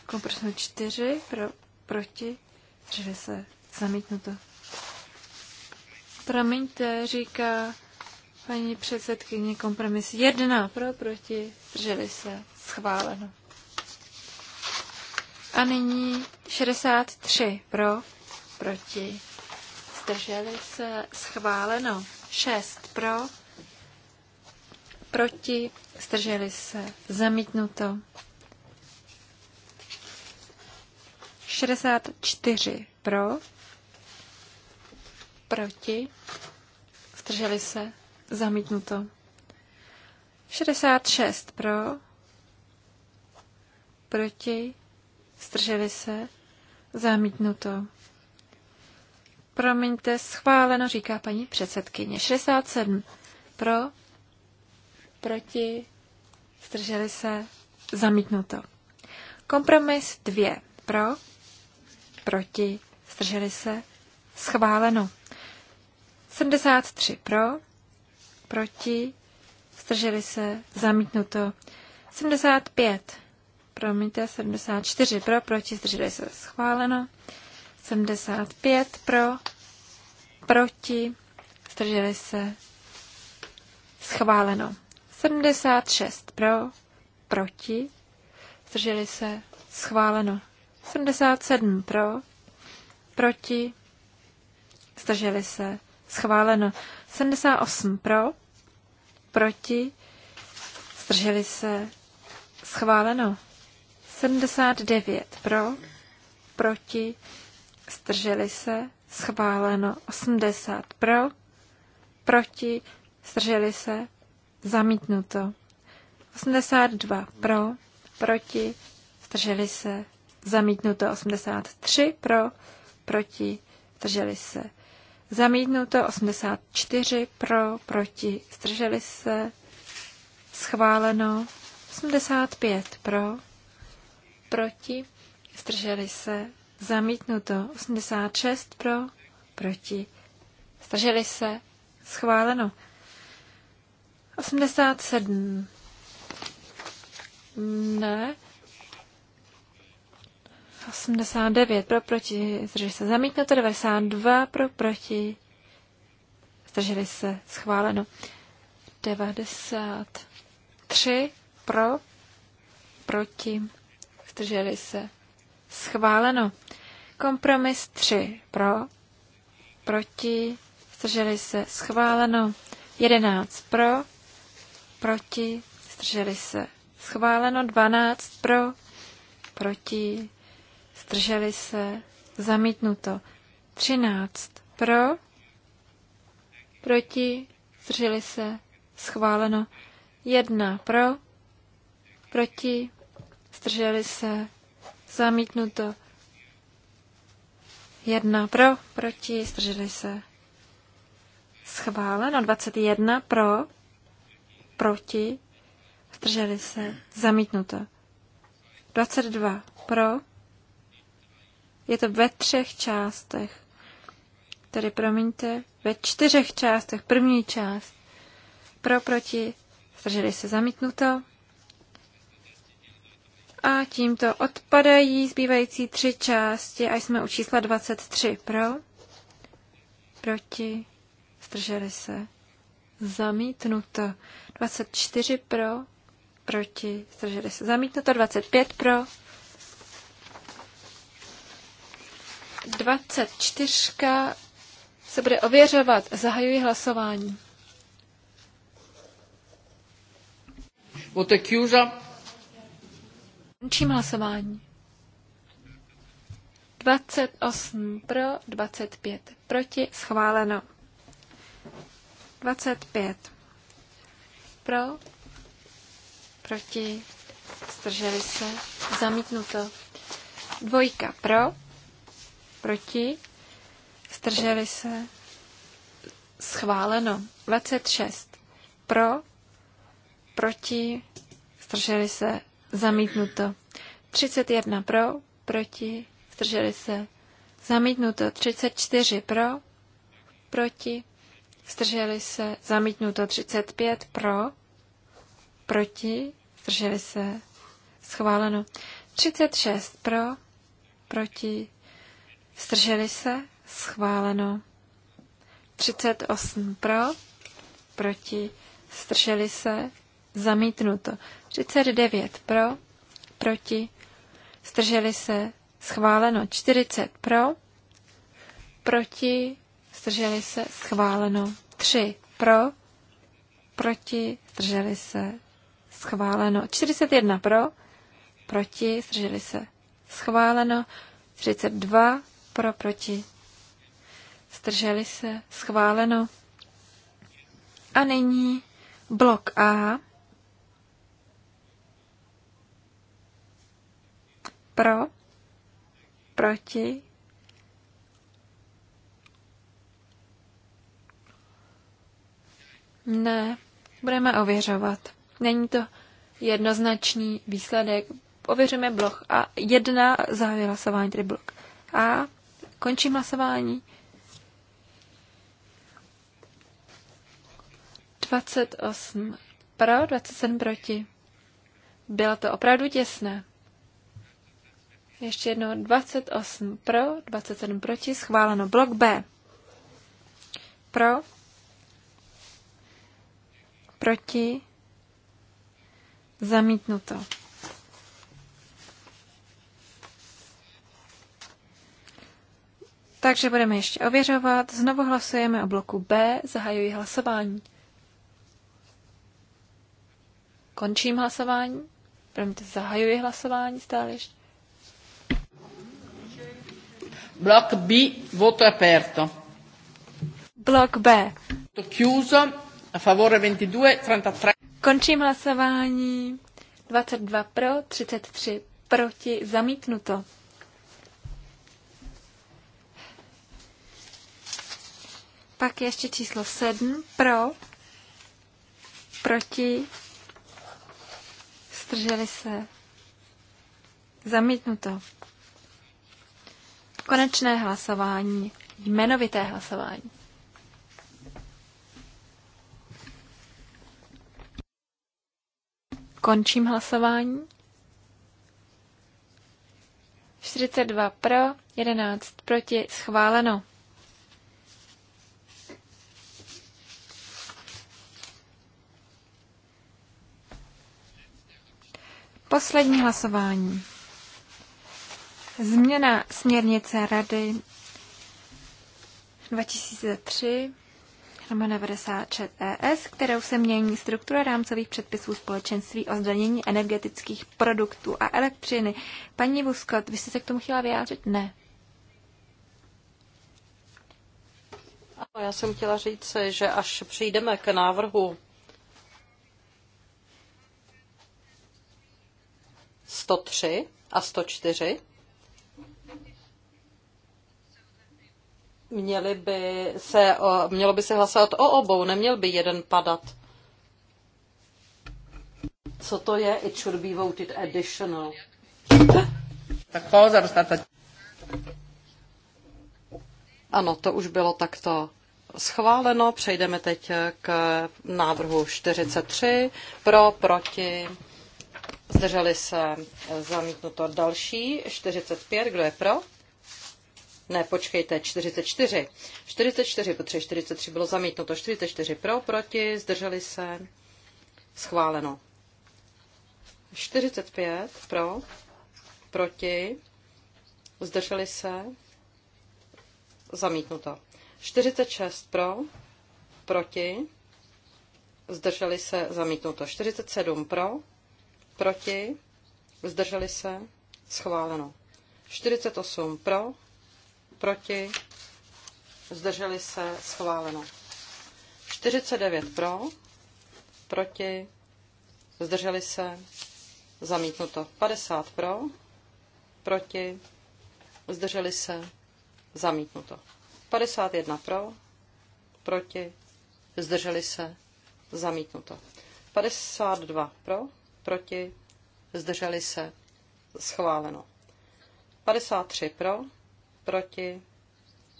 kompresu 4 pro, proti, že se zamítnuto. Promiňte, říká paní předsedkyně kompromis 1 pro, proti, drželi se, schváleno. A nyní 63 pro, proti, zdrželi se, schváleno. 6 pro, proti, zdrželi se, zamítnuto. 64 pro, proti, zdrželi se, zamítnuto. 66 pro, proti, zdrželi se, zamítnuto. Promiňte, schváleno, říká paní předsedkyně. 67 pro, proti, zdrželi se, zamítnuto. Kompromis dvě pro, proti, zdrželi se, schváleno. 73 pro, proti, zdrželi se, zamítnuto. 75, promiňte, 74 pro, proti, zdrželi se, schváleno. 75 pro, proti, zdrželi se, schváleno. 76 pro, proti, zdrželi se, schváleno. 77 pro, proti, zdrželi se, schváleno. 78 pro, proti, zdrželi se, schváleno. 79 pro, proti, zdrželi se, schváleno. 80 pro, proti, zdrželi se, Zamítnuto. 82 pro, proti, zdrželi se. Zamítnuto 83 pro, proti, zdrželi se. Zamítnuto 84 pro, proti, zdrželi se. Schváleno 85 pro, proti, zdrželi se. Zamítnuto 86 pro, proti, zdrželi se. Schváleno 87. Ne. 89 pro proti, zdrželi se zamítnuto, 92 pro proti, zdrželi se schváleno, 93 pro proti, zdrželi se schváleno, kompromis 3 pro proti, zdrželi se schváleno, 11 pro proti, zdrželi se. Schváleno 12 pro, proti, zdrželi se. Zamítnuto 13 pro, proti, zdrželi se. Schváleno 1 pro, proti, zdrželi se. Zamítnuto 1 pro, proti, zdrželi se. Schváleno 21 pro, proti, zdrželi se, zamítnuto. 22 pro, je to ve třech částech. Tedy promiňte, ve čtyřech částech. První část pro, proti, zdrželi se, zamítnuto. A tímto odpadají zbývající tři části a jsme u čísla 23 pro, proti, zdrželi se, zamítnuto. 24 pro, proti, zdrželi se zamítnuto. 25 pro, 24 se bude ověřovat. Zahajuji hlasování. Votekiuza. Končím hlasování. 28 pro, 25 proti, schváleno. 25. Pro, proti, zdrželi se, zamítnuto. Dvojka pro, proti, zdrželi se, schváleno. 26. Pro, proti, zdrželi se, zamítnuto. 31 pro, proti, zdrželi se, zamítnuto. 34 pro, proti, zdrželi se, zamítnuto 35 pro, proti, zdrželi se, schváleno 36 pro, proti, zdrželi se, schváleno 38 pro, proti, zdrželi se, zamítnuto 39 pro, proti, zdrželi se, schváleno 40 pro, proti, zdrželi se, schváleno. 3 pro, proti, zdrželi se, schváleno. 41 pro, proti, zdrželi se, schváleno. 32 pro, proti, zdrželi se, schváleno. A nyní blok A. Pro, proti, Ne, budeme ověřovat. Není to jednoznačný výsledek. Ověřujeme blok A. Jedna zahájí hlasování, tedy blok A. Končím hlasování. 28 pro, 27 proti. Bylo to opravdu těsné. Ještě jednou 28 pro, 27 proti, schváleno blok B. Pro, Proti? Zamítnuto. Takže budeme ještě ověřovat. Znovu hlasujeme o bloku B. Zahajuji hlasování. Končím hlasování. Promiňte, zahajuji hlasování stále ještě. Blok B, voto aperto. Blok B. To Chiuso. A favore 22, 33. Končím hlasování. 22 pro, 33 proti, zamítnuto. Pak ještě číslo 7 pro, proti, strželi se, zamítnuto. Konečné hlasování, jmenovité hlasování. Končím hlasování. 42 pro, 11 proti, schváleno. Poslední hlasování. Změna směrnice Rady 2003 Jenom 96 ES, kterou se mění struktura rámcových předpisů společenství o zdanění energetických produktů a elektřiny. Paní Vuskot, vy jste se k tomu chtěla vyjádřit? Ne. Já jsem chtěla říct, že až přijdeme k návrhu 103 a 104, Měli by se, mělo by se hlasovat o obou, neměl by jeden padat. Co to je? It should be voted additional. Ano, to už bylo takto schváleno. Přejdeme teď k návrhu 43. Pro, proti, zdrželi se zamítnuto další 45. Kdo je pro? Ne, počkejte, 44. 44, protože 43 bylo zamítnuto. 44 pro, proti, zdrželi se. Schváleno. 45 pro, proti, zdrželi se. Zamítnuto. 46 pro, proti, zdrželi se. Zamítnuto. 47 pro, proti, zdrželi se. Schváleno. 48 pro, proti, zdrželi se, schváleno. 49 pro, proti, zdrželi se, zamítnuto. 50 pro, proti, zdrželi se, zamítnuto. 51 pro, proti, zdrželi se, zamítnuto. 52 pro, proti, zdrželi se, schváleno. 53 pro, proti,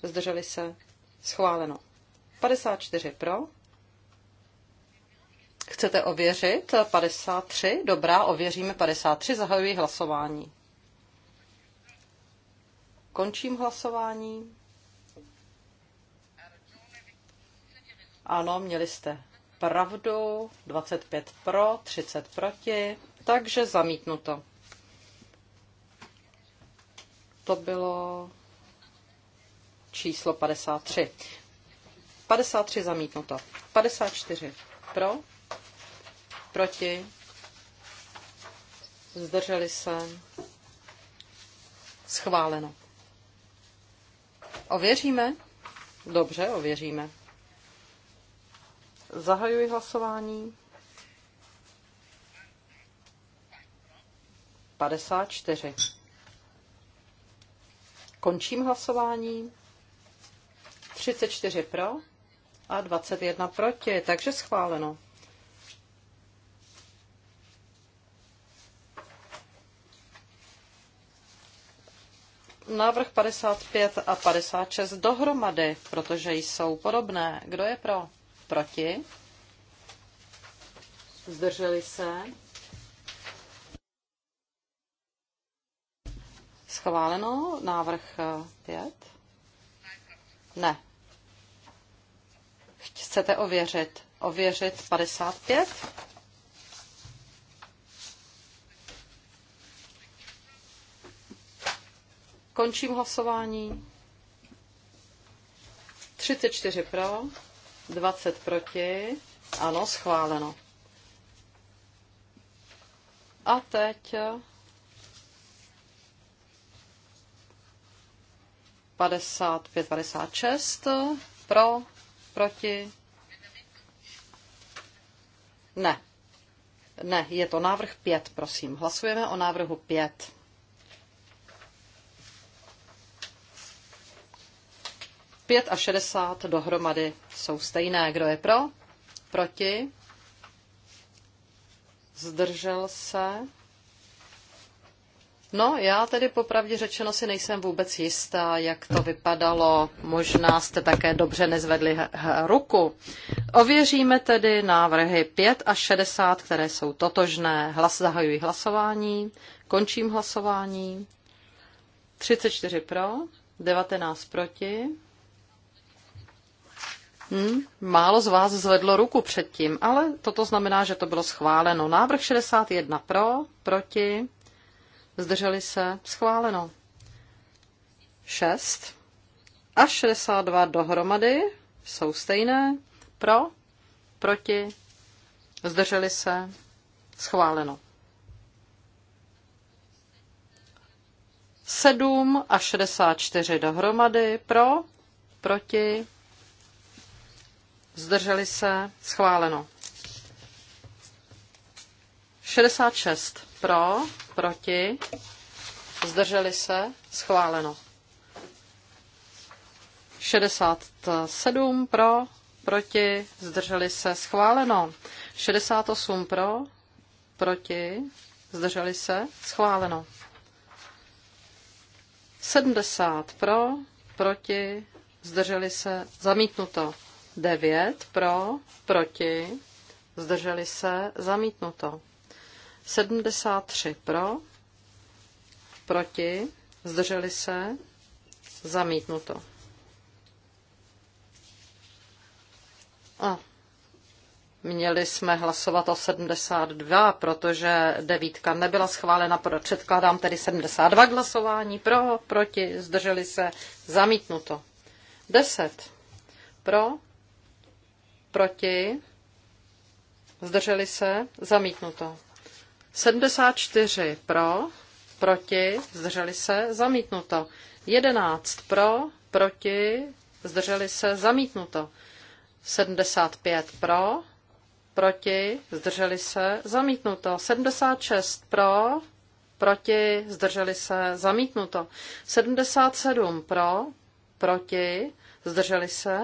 zdrželi se, schváleno. 54 pro. Chcete ověřit 53? Dobrá, ověříme 53, zahajuji hlasování. Končím hlasování. Ano, měli jste pravdu, 25 pro, 30 proti, takže zamítnuto. To bylo číslo 53. 53 zamítnuto. 54 pro, proti, zdrželi se, schváleno. Ověříme? Dobře, ověříme. Zahajuji hlasování. 54. Končím hlasování. 34 pro a 21 proti, takže schváleno. Návrh 55 a 56 dohromady, protože jsou podobné. Kdo je pro? Proti? Zdrželi se? Schváleno návrh 5? Ne, chcete ověřit? Ověřit 55? Končím hlasování. 34 pro, 20 proti. Ano, schváleno. A teď 55, 56 pro, Proti? Ne. Ne, je to návrh 5, prosím. Hlasujeme o návrhu 5. Pět a 60 dohromady jsou stejné. Kdo je pro? Proti? Zdržel se? No, já tedy popravdě řečeno si nejsem vůbec jistá, jak to vypadalo. Možná jste také dobře nezvedli ruku. Ověříme tedy návrhy 5 a 60, které jsou totožné. Hlas zahajuji hlasování, končím hlasování. 34 pro, 19 proti. Hmm, málo z vás zvedlo ruku předtím, ale toto znamená, že to bylo schváleno. Návrh 61 pro, proti, zdrželi se, schváleno. 6 a 62 dohromady jsou stejné, pro, proti, zdrželi se, schváleno. 7 a 64 dohromady, pro, proti, zdrželi se, schváleno. 66 pro, proti, zdrželi se, schváleno. 67 pro, proti, zdrželi se, schváleno. 68 pro, proti, zdrželi se, schváleno. 70 pro, proti, zdrželi se, zamítnuto. 9 pro, proti, zdrželi se, zamítnuto. 73 pro, proti, zdrželi se, zamítnuto. A měli jsme hlasovat o 72, protože devítka nebyla schválena, předkládám tedy 72 hlasování, pro, proti, zdrželi se, zamítnuto. 10 pro, proti, zdrželi se, zamítnuto. 74 pro, proti, zdrželi se, zamítnuto. 11 pro, proti, zdrželi se, zamítnuto. 75 pro, proti, zdrželi se, zamítnuto. 76 pro, proti, zdrželi se, zamítnuto. 77 pro, proti, zdrželi se,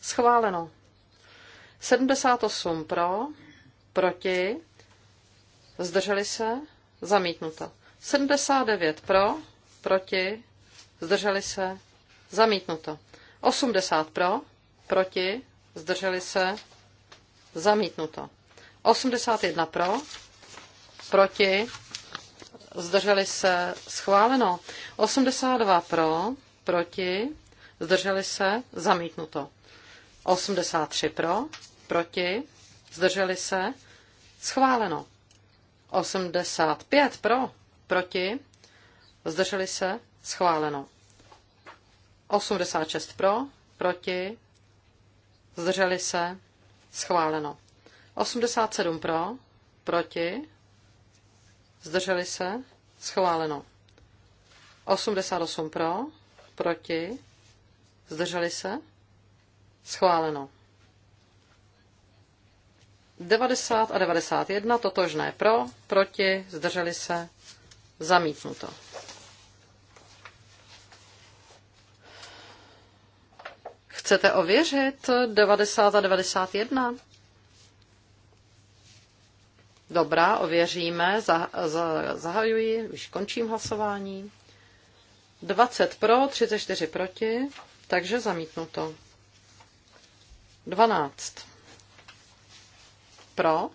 schváleno. 78 pro, proti, zdrželi se, zamítnuto. 79 pro, proti, zdrželi se, zamítnuto. 80 pro, proti, zdrželi se, zamítnuto. 81 pro, proti, zdrželi se, schváleno. 82 pro, proti, zdrželi se, zamítnuto. 83 pro, proti, zdrželi se, schváleno. 85 pro, proti, zdrželi se, schváleno. 86 pro, proti, zdrželi se, schváleno. 87 pro, proti, zdrželi se, schváleno. 88 pro, proti, zdrželi se, schváleno. 90 a 91 totožné pro, proti, zdrželi se, zamítnuto. Chcete ověřit 90 a 91? Dobrá, ověříme, za, za, zahajuji, už končím hlasování. 20 pro, 34 proti, takže zamítnuto. 12. Pro,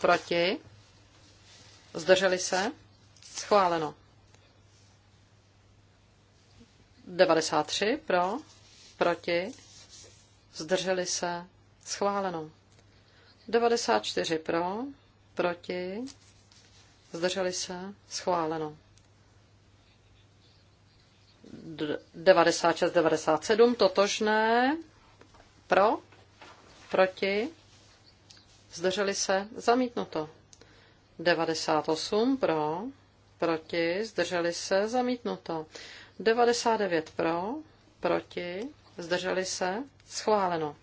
proti, zdrželi se, schváleno. 93 pro, proti, zdrželi se, schváleno. 94 pro, proti, zdrželi se, schváleno. 96, 97, totožné, pro, proti, zdrželi se, zamítnuto. 98 pro, proti, zdrželi se, zamítnuto. 99 pro, proti, zdrželi se, schváleno.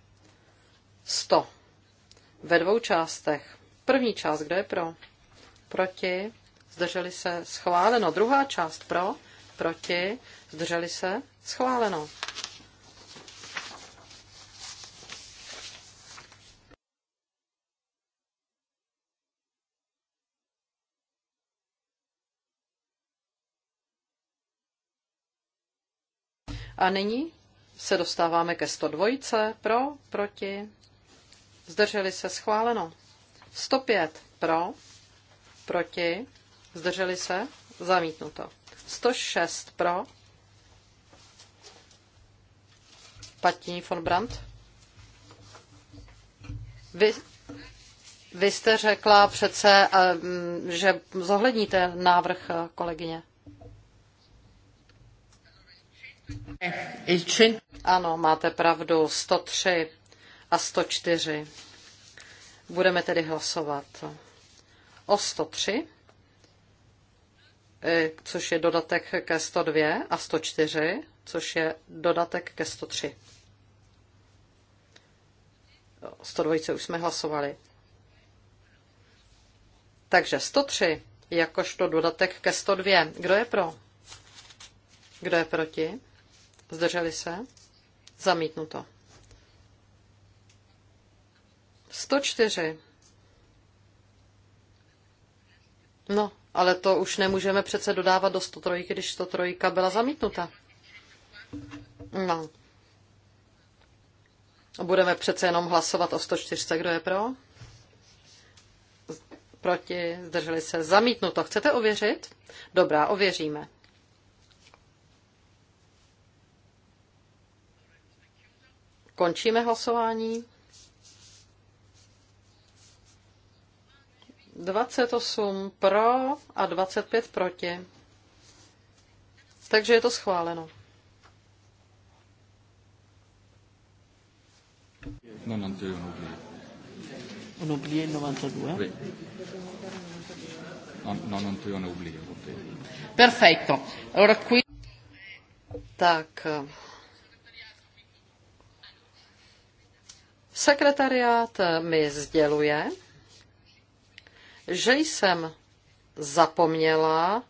100. Ve dvou částech. První část, kdo je pro? Proti, zdrželi se, schváleno. Druhá část pro, proti, zdrželi se, schváleno. A nyní se dostáváme ke 102. Pro, proti, zdrželi se schváleno. 105 pro, proti, zdrželi se, zamítnuto. 106 pro, Patní von Brandt. Vy, vy jste řekla přece, eh, že zohledníte návrh eh, kolegyně. Ano, máte pravdu, 103 a 104. Budeme tedy hlasovat o 103, eh, což je dodatek ke 102 a 104, což je dodatek ke 103. 102 už jsme hlasovali. Takže 103 jakožto dodatek ke 102. Kdo je pro? Kdo je proti? Zdrželi se? Zamítnuto. 104. No, ale to už nemůžeme přece dodávat do 103, když 103 byla zamítnuta. No. Budeme přece jenom hlasovat o 104. Kdo je pro? Proti? Zdrželi se? Zamítnuto. Chcete ověřit? Dobrá, ověříme. Končíme hlasování. 28 pro a 25 proti. Takže je to schváleno. No, to No, Perfetto. Tak, Sekretariát mi sděluje, že jsem zapomněla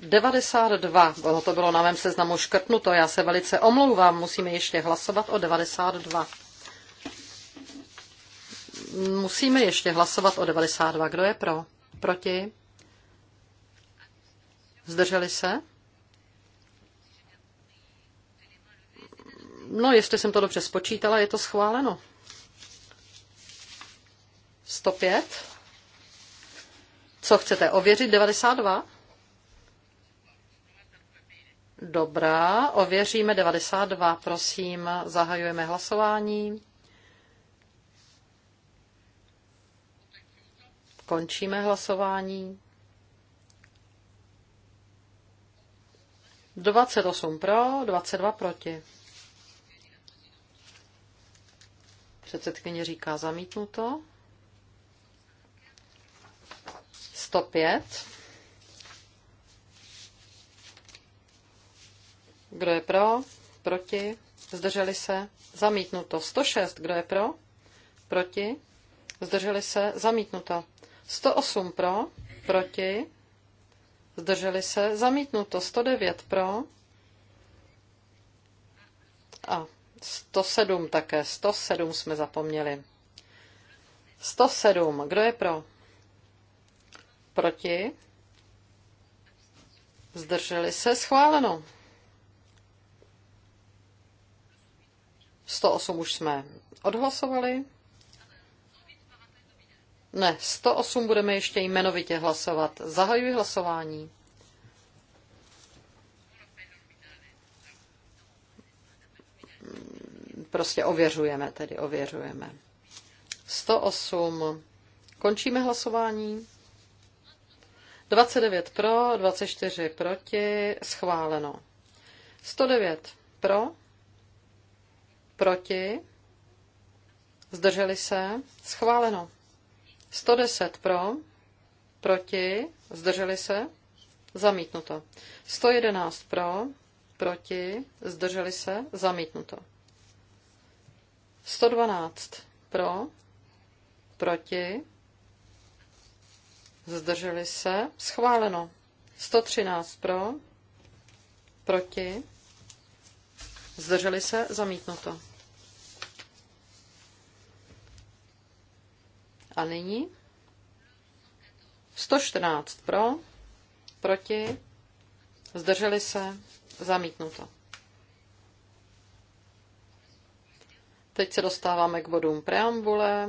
92, ono to bylo na mém seznamu škrtnuto, já se velice omlouvám, musíme ještě hlasovat o 92. Musíme ještě hlasovat o 92. Kdo je pro? Proti? Zdrželi se? No, jestli jsem to dobře spočítala, je to schváleno. 105. Co chcete ověřit? 92? Dobrá, ověříme 92, prosím. Zahajujeme hlasování. Končíme hlasování. 28 pro, 22 proti. Předsedkyně říká zamítnuto. 105. Kdo je pro? Proti? Zdrželi se? Zamítnuto. 106. Kdo je pro? Proti? Zdrželi se? Zamítnuto. 108 pro? Proti? Zdrželi se? Zamítnuto. 109 pro? A 107 také, 107 jsme zapomněli. 107, kdo je pro? Proti? Zdrželi se, schváleno. 108 už jsme odhlasovali. Ne, 108 budeme ještě jmenovitě hlasovat. Zahajuji hlasování. Prostě ověřujeme, tedy ověřujeme. 108. Končíme hlasování. 29 pro, 24 proti, schváleno. 109 pro, proti, zdrželi se, schváleno. 110 pro, proti, zdrželi se, zamítnuto. 111 pro, proti, zdrželi se, zamítnuto. 112 pro, proti, zdrželi se, schváleno. 113 pro, proti, zdrželi se, zamítnuto. A nyní 114 pro, proti, zdrželi se, zamítnuto. Teď se dostáváme k bodům preambule.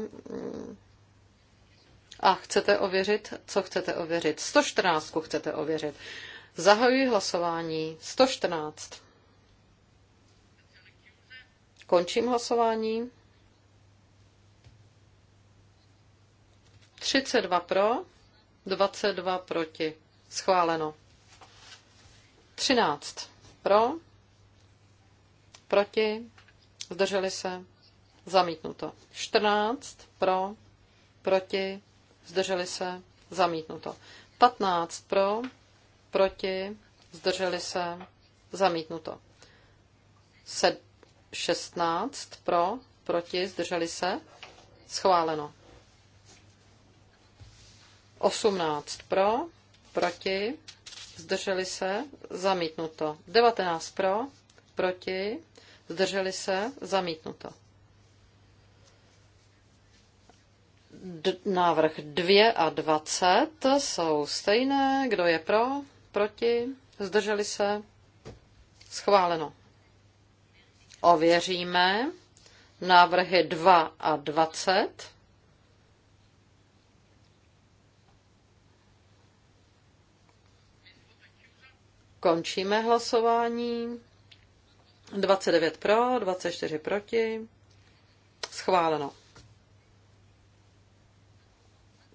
A chcete ověřit? Co chcete ověřit? 114 chcete ověřit. Zahajuji hlasování. 114. Končím hlasování. 32 pro, 22 proti. Schváleno. 13 pro, proti, zdrželi se, Zamítnuto. 14 pro, proti, zdrželi se, zamítnuto. 15 pro, proti, zdrželi se, zamítnuto. 16 pro, proti, zdrželi se, schváleno. 18 pro, proti, zdrželi se, zamítnuto. 19 pro, proti, zdrželi se, zamítnuto. D- návrh 2 a 20 jsou stejné. Kdo je pro? Proti? Zdrželi se? Schváleno. Ověříme návrhy 2 a 20. Končíme hlasování. 29 pro, 24 proti. Schváleno.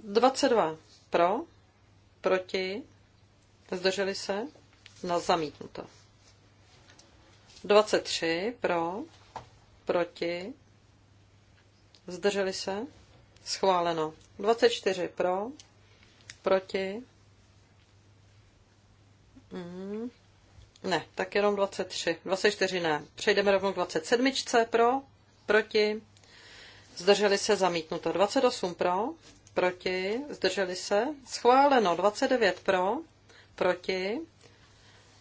22 pro, proti, zdrželi se, na no, zamítnuto. 23 pro, proti, zdrželi se, schváleno. 24 pro, proti, mm, ne, tak jenom 23. 24 ne. Přejdeme rovnou k 27. Pro, proti, zdrželi se zamítnuto. 28 pro, proti, zdrželi se, schváleno 29 pro, proti,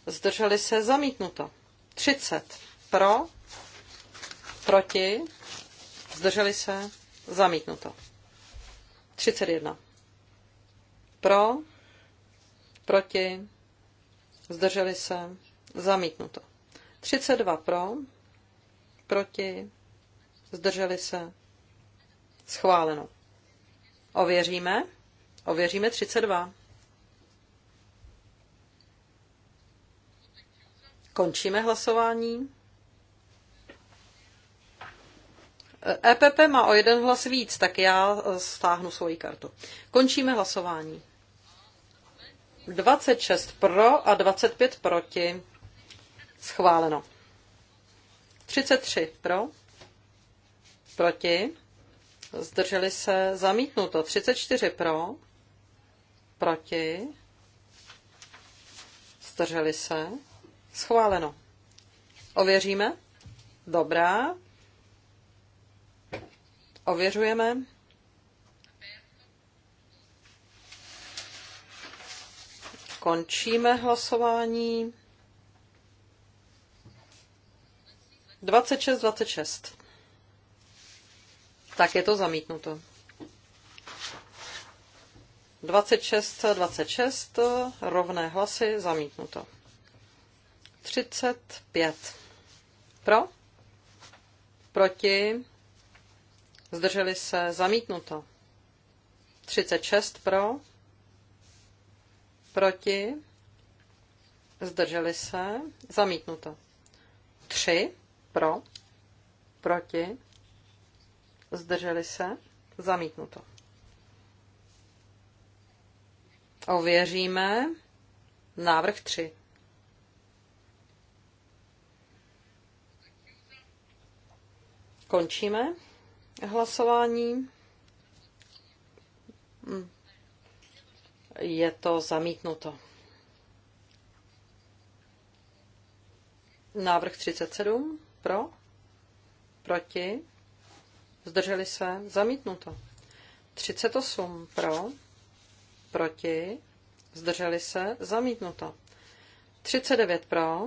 zdrželi se, zamítnuto 30 pro, proti, zdrželi se, zamítnuto 31 pro, proti, zdrželi se, zamítnuto 32 pro, proti, zdrželi se, schváleno. Ověříme. Ověříme 32. Končíme hlasování. EPP má o jeden hlas víc, tak já stáhnu svoji kartu. Končíme hlasování. 26 pro a 25 proti. Schváleno. 33 pro, proti, zdrželi se, zamítnuto. 34 pro, proti, zdrželi se, schváleno. Ověříme? Dobrá. Ověřujeme. Končíme hlasování. 26, 26 tak je to zamítnuto. 26, 26, rovné hlasy, zamítnuto. 35. Pro? Proti? Zdrželi se, zamítnuto. 36 pro? Proti? Zdrželi se, zamítnuto. 3 pro? Proti? Zdrželi se? Zamítnuto. Ověříme. Návrh 3. Končíme hlasování. Hm. Je to zamítnuto. Návrh 37. Pro? Proti? zdrželi se, zamítnuto. 38 pro, proti, zdrželi se, zamítnuto. 39 pro,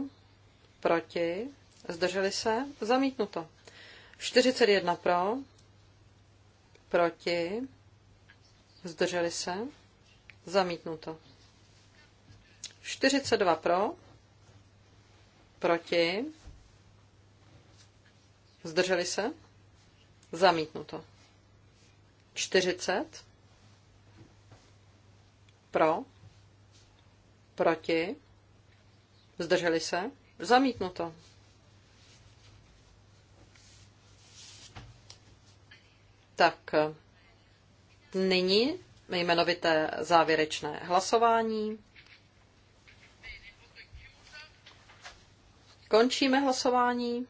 proti, zdrželi se, zamítnuto. 41 pro, proti, zdrželi se, zamítnuto. 42 pro, proti, zdrželi se, Zamítnuto. 40. Pro. Proti. Zdrželi se. Zamítnuto. Tak nyní jmenovité závěrečné hlasování. Končíme hlasování.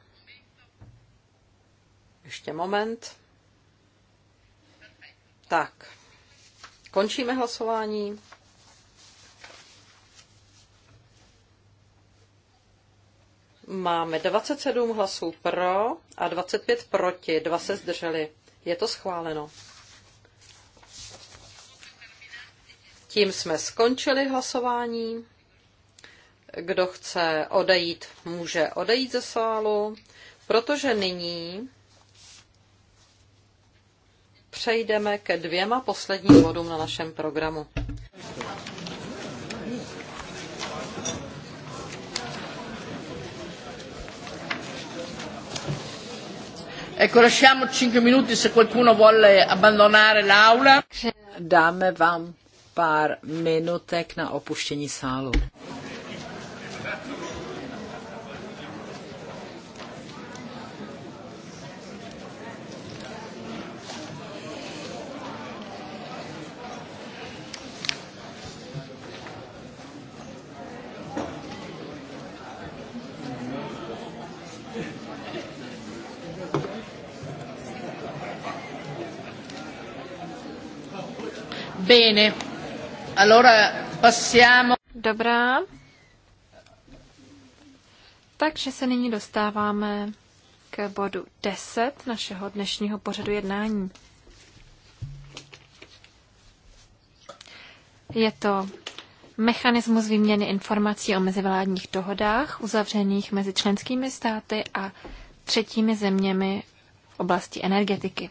Ještě moment. Tak, končíme hlasování. Máme 27 hlasů pro a 25 proti, dva se zdrželi. Je to schváleno. Tím jsme skončili hlasování. Kdo chce odejít, může odejít ze sálu, protože nyní přejdeme ke dvěma posledním bodům na našem programu. Ecco, lasciamo 5 minuti se qualcuno vuole abbandonare l'aula. Dáme vám pár minutek na opuštění sálu. Bene, allora passiamo. Dobrá. Takže se nyní dostáváme k bodu 10 našeho dnešního pořadu jednání. Je to mechanismus výměny informací o mezivládních dohodách uzavřených mezi členskými státy a třetími zeměmi v oblasti energetiky.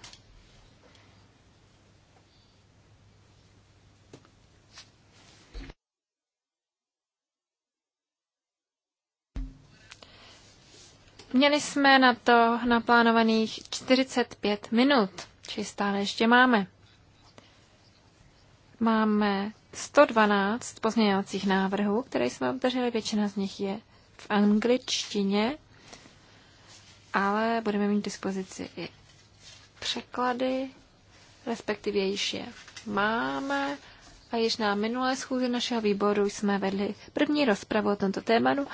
Měli jsme na to naplánovaných 45 minut, či stále ještě máme. Máme 112 pozměňovacích návrhů, které jsme obdrželi, většina z nich je v angličtině, ale budeme mít dispozici i překlady, respektive již je máme. A již na minulé schůzi našeho výboru jsme vedli první rozpravu o tomto tématu.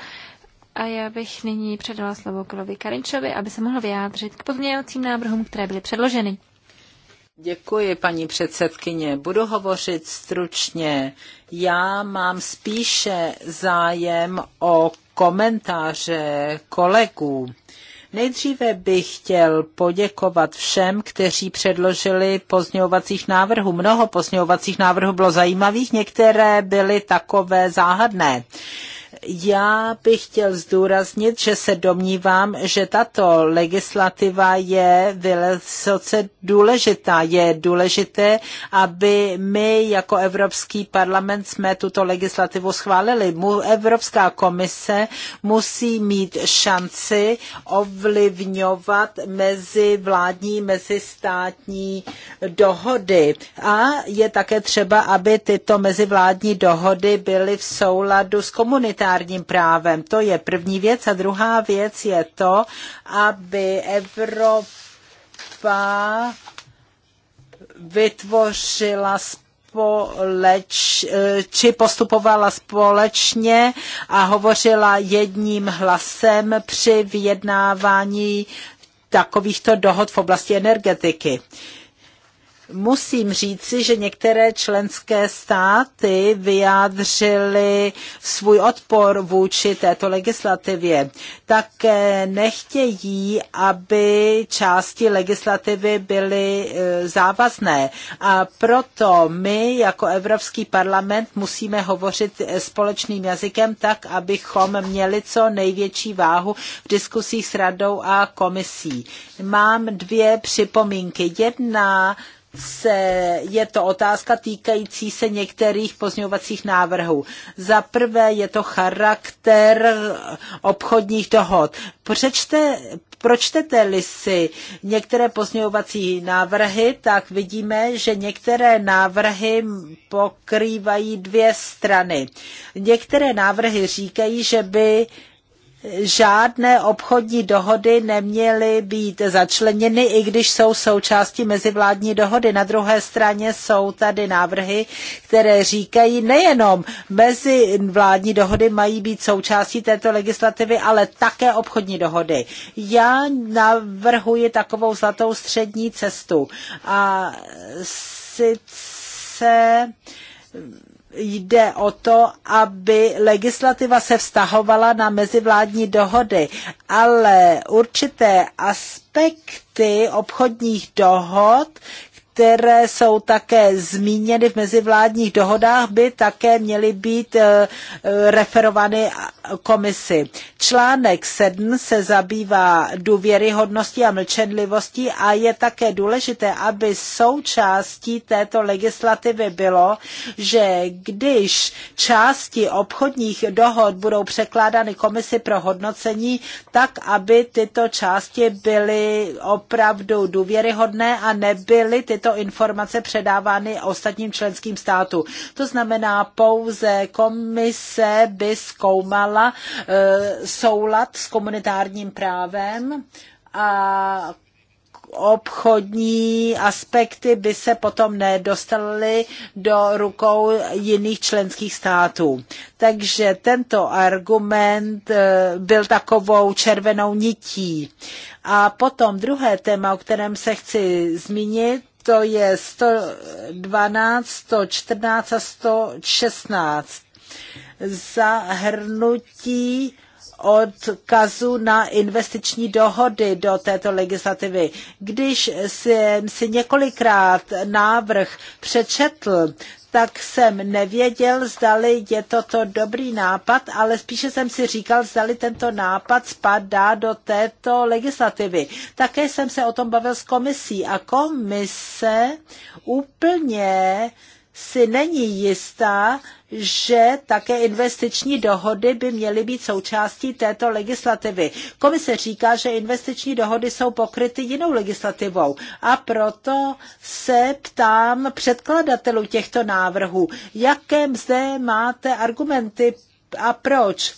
A já bych nyní předala slovo Kolovi Karinčovi, aby se mohl vyjádřit k pozměňovacím návrhům, které byly předloženy. Děkuji, paní předsedkyně. Budu hovořit stručně. Já mám spíše zájem o komentáře kolegů. Nejdříve bych chtěl poděkovat všem, kteří předložili pozměňovacích návrhů. Mnoho pozměňovacích návrhů bylo zajímavých, některé byly takové záhadné. Uh, já bych chtěl zdůraznit, že se domnívám, že tato legislativa je velice důležitá. Je důležité, aby my jako Evropský parlament jsme tuto legislativu schválili. Evropská komise musí mít šanci ovlivňovat mezi vládní, mezi státní dohody. A je také třeba, aby tyto mezivládní dohody byly v souladu s komunitou humanitárním právem. To je první věc. A druhá věc je to, aby Evropa vytvořila společ, či postupovala společně a hovořila jedním hlasem při vyjednávání takovýchto dohod v oblasti energetiky. Uh, musím říci, že některé členské státy vyjádřily svůj odpor vůči této legislativě. Také nechtějí, aby části legislativy byly e, závazné. A proto my jako Evropský parlament musíme hovořit e, společným jazykem tak, abychom měli co největší váhu v diskusích s radou a komisí. Mám dvě připomínky. Jedna se, je to otázka týkající se některých pozměňovacích návrhů. Za prvé je to charakter obchodních dohod. Přečte, pročtete-li si některé pozměňovací návrhy, tak vidíme, že některé návrhy pokrývají dvě strany. Některé návrhy říkají, že by žádné obchodní dohody neměly být začleněny, i když jsou součástí mezivládní dohody. Na druhé straně jsou tady návrhy, které říkají nejenom mezivládní dohody mají být součástí této legislativy, ale také obchodní dohody. Já navrhuji takovou zlatou střední cestu a sice jde o to, aby legislativa se vztahovala na mezivládní dohody, ale určité aspekty obchodních dohod, které jsou také zmíněny v mezivládních dohodách, by také měly být eh, eh, referovány komisi. Článek 7 se zabývá důvěryhodností a mlčenlivostí a je také důležité, aby součástí této legislativy bylo, že když části obchodních dohod budou překládány komisi pro hodnocení, tak aby tyto části byly opravdu důvěryhodné a nebyly tyto tyto informace předávány ostatním členským státům. To znamená, pouze komise by zkoumala e, soulad s komunitárním právem a obchodní aspekty by se potom nedostaly do rukou jiných členských států. Takže tento argument e, byl takovou červenou nití. A potom druhé téma, o kterém se chci zmínit, to je 112, 114 a 116. Zahrnutí odkazu na investiční dohody do této legislativy. Když jsem si několikrát návrh přečetl, tak jsem nevěděl, zdali je toto dobrý nápad, ale spíše jsem si říkal, zdali tento nápad spadá do této legislativy. Také jsem se o tom bavil s komisí a komise úplně si není jistá, že také investiční dohody by měly být součástí této legislativy. Komise říká, že investiční dohody jsou pokryty jinou legislativou a proto se ptám předkladatelů těchto návrhů, jaké zde máte argumenty a proč.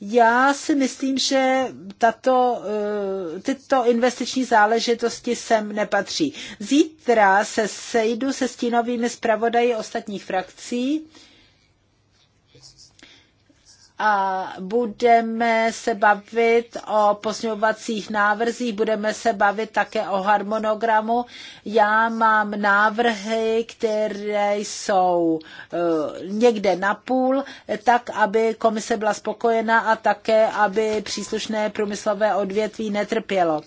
Já si myslím, že tato, eh, tyto investiční záležitosti sem nepatří. Zítra se sejdu se stínovými zpravodaji ostatních frakcí a budeme se bavit o posňovacích návrzích, budeme se bavit také o harmonogramu. Já mám návrhy, které jsou eh, někde na půl, tak, aby komise byla spokojena a také, aby příslušné průmyslové odvětví netrpělo.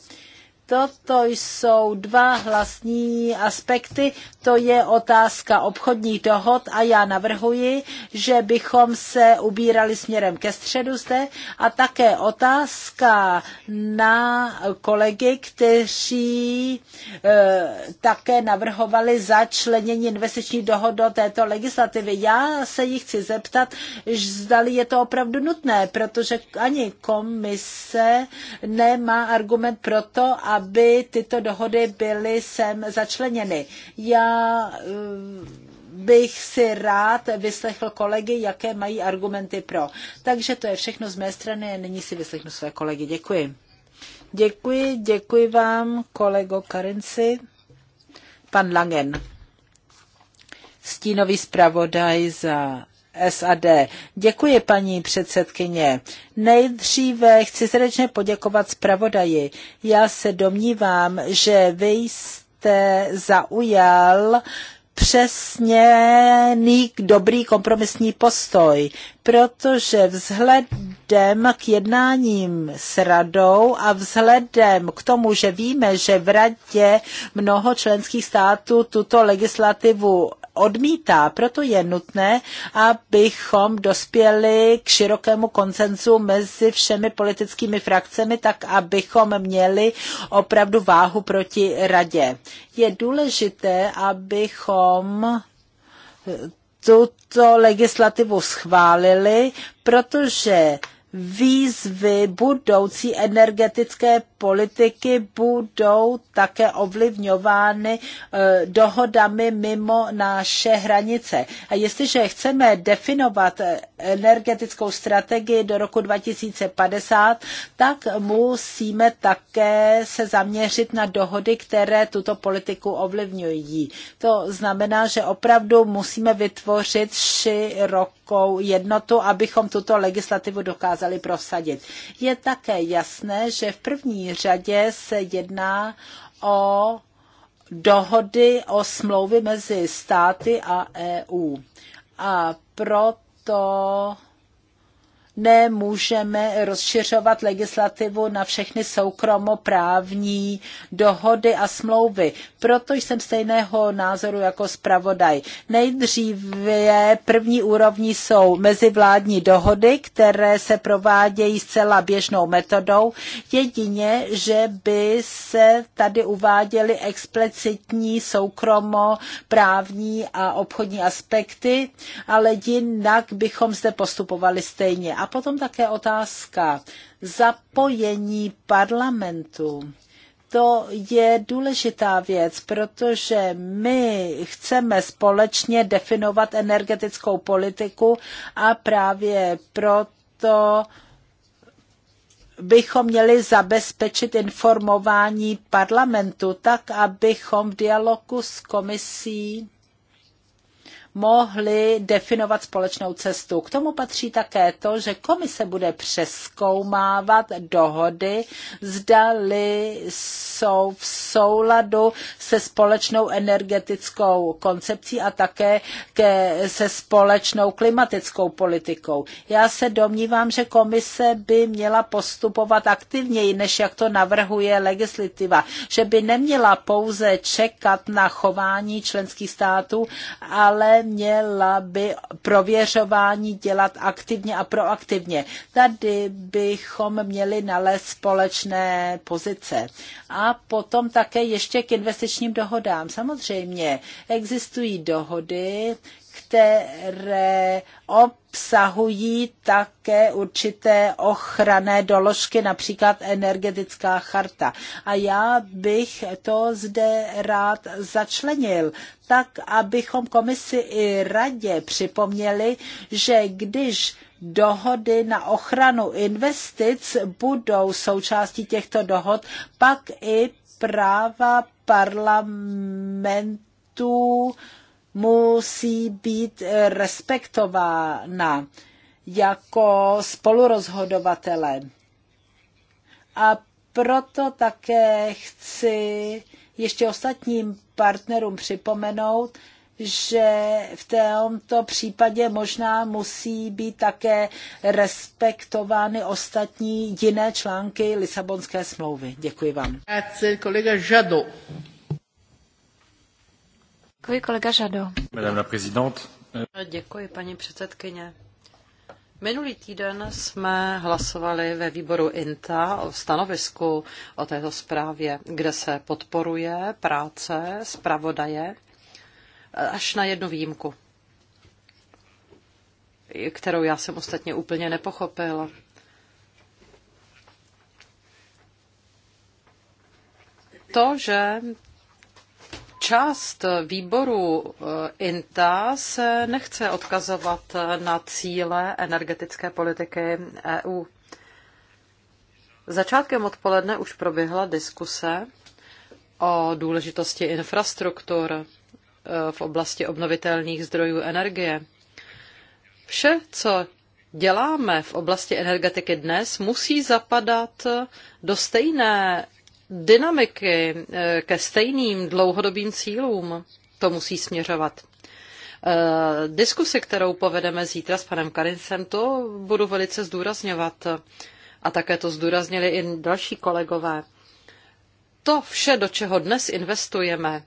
Toto jsou dva hlasní aspekty, to je otázka obchodních dohod a já navrhuji, že bychom se ubírali směrem ke středu zde a také otázka na kolegy, kteří e, také navrhovali začlenění investiční dohod do této legislativy. Já se jich chci zeptat, zdali je to opravdu nutné, protože ani komise nemá argument pro to, aby aby tyto dohody byly sem začleněny. Já eh, bych si rád vyslechl kolegy, jaké mají argumenty pro. Takže to je všechno z mé strany a nyní si vyslechnu své kolegy. Děkuji. Děkuji, děkuji vám, kolego Karenci. Pan Langen, stínový zpravodaj za SAD. Děkuji, paní předsedkyně. Nejdříve chci srdečně poděkovat zpravodaji. Já se domnívám, že vy jste zaujal přesněný dobrý kompromisní postoj, protože vzhledem k jednáním s radou a vzhledem k tomu, že víme, že v radě mnoho členských států tuto legislativu odmítá. Proto je nutné, abychom dospěli k širokému koncenzu mezi všemi politickými frakcemi, tak abychom měli opravdu váhu proti radě. Je důležité, abychom tuto legislativu schválili, protože výzvy budoucí energetické politiky budou také ovlivňovány eh, dohodami mimo naše hranice. A jestliže chceme definovat eh, energetickou strategii do roku 2050, tak musíme také se zaměřit na dohody, které tuto politiku ovlivňují. To znamená, že opravdu musíme vytvořit široké politickou jednotu, abychom tuto legislativu dokázali prosadit. Je také jasné, že v první řadě se jedná o dohody o smlouvy mezi státy a EU. A proto nemůžeme rozšiřovat legislativu na všechny soukromoprávní dohody a smlouvy. Proto jsem stejného názoru jako zpravodaj. Nejdříve první úrovní jsou mezivládní dohody, které se provádějí zcela běžnou metodou, jedině, že by se tady uváděly explicitní soukromoprávní a obchodní aspekty, ale jinak bychom zde postupovali stejně. A potom také otázka zapojení parlamentu to je důležitá věc, protože my chceme společně definovat energetickou politiku a právě proto bychom měli zabezpečit informování parlamentu tak, abychom v dialogu s komisí mohli definovat společnou cestu. K tomu patří také to, že komise bude přeskoumávat dohody, zdali jsou v souladu se společnou energetickou koncepcí a také ke, se společnou klimatickou politikou. Já se domnívám, že komise by měla postupovat aktivněji, než jak to navrhuje legislativa, že by neměla pouze čekat na chování členských států, ale měla by prověřování dělat aktivně a proaktivně. Tady bychom měli nalézt společné pozice. A potom také ještě k investičním dohodám. Samozřejmě existují dohody, které obsahují také určité ochranné doložky, například energetická charta. A já bych to zde rád začlenil, tak abychom komisi i radě připomněli, že když dohody na ochranu investic budou součástí těchto dohod, pak i práva parlamentu musí být eh, respektována jako spolurozhodovatele. A proto také chci ještě ostatním partnerům připomenout, že v tomto případě možná musí být také respektovány ostatní jiné články Lisabonské smlouvy. Děkuji vám. Kolega Žado. Děkuji, kolega Žado. Děkuji, paní předsedkyně. Minulý týden jsme hlasovali ve výboru INTA o stanovisku o této zprávě, kde se podporuje práce zpravodaje až na jednu výjimku, kterou já jsem ostatně úplně nepochopil. To, že část výboru eh, INTA se nechce odkazovat na cíle energetické politiky EU. Začátkem odpoledne už proběhla diskuse o důležitosti infrastruktur eh, v oblasti obnovitelných zdrojů energie. Vše, co děláme v oblasti energetiky dnes, musí zapadat do stejné dynamiky eh, ke stejným dlouhodobým cílům. To musí směřovat. Eh, Diskusy, kterou povedeme zítra s panem Karincem, to budu velice zdůrazňovat. A také to zdůraznili i další kolegové. To vše, do čeho dnes investujeme,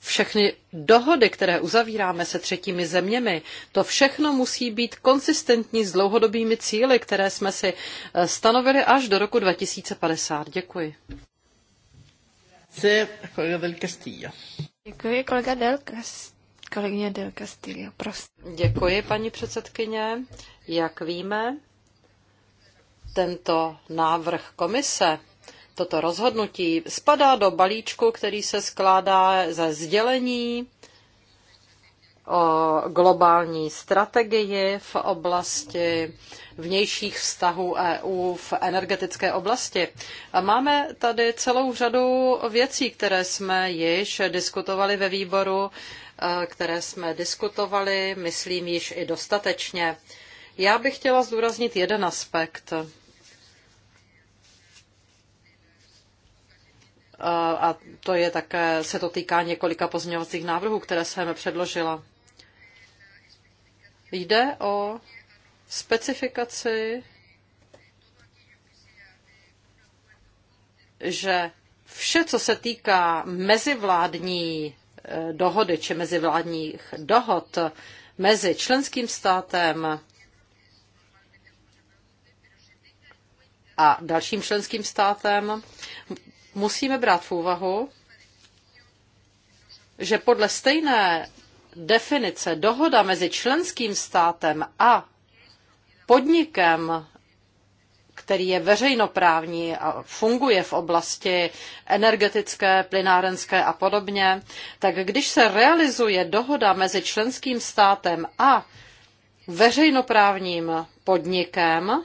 všechny dohody, které uzavíráme se třetími zeměmi, to všechno musí být konsistentní s dlouhodobými cíly, které jsme si eh, stanovili až do roku 2050. Děkuji. Se, kolega Del Castillo. Děkuji, kolega Del Castillo. Kolegyně Del Castillo, prosím. Děkuji, paní předsedkyně. Jak víme, tento návrh komise Toto rozhodnutí spadá do balíčku, který se skládá ze sdělení o globální strategii v oblasti vnějších vztahů EU v energetické oblasti. A máme tady celou řadu věcí, které jsme již diskutovali ve výboru, e, které jsme diskutovali, myslím, již i dostatečně. Já bych chtěla zdůraznit jeden aspekt. E, a to je také, se to týká několika pozměňovacích návrhů, které jsem předložila. Jde o specifikaci, že vše, co se týká mezivládní eh, dohody či mezivládních dohod mezi členským státem a dalším členským státem, musíme brát v úvahu, že podle stejné definice, dohoda mezi členským státem a podnikem, který je veřejnoprávní a funguje v oblasti energetické, plynárenské a podobně, tak když se realizuje dohoda mezi členským státem a veřejnoprávním podnikem,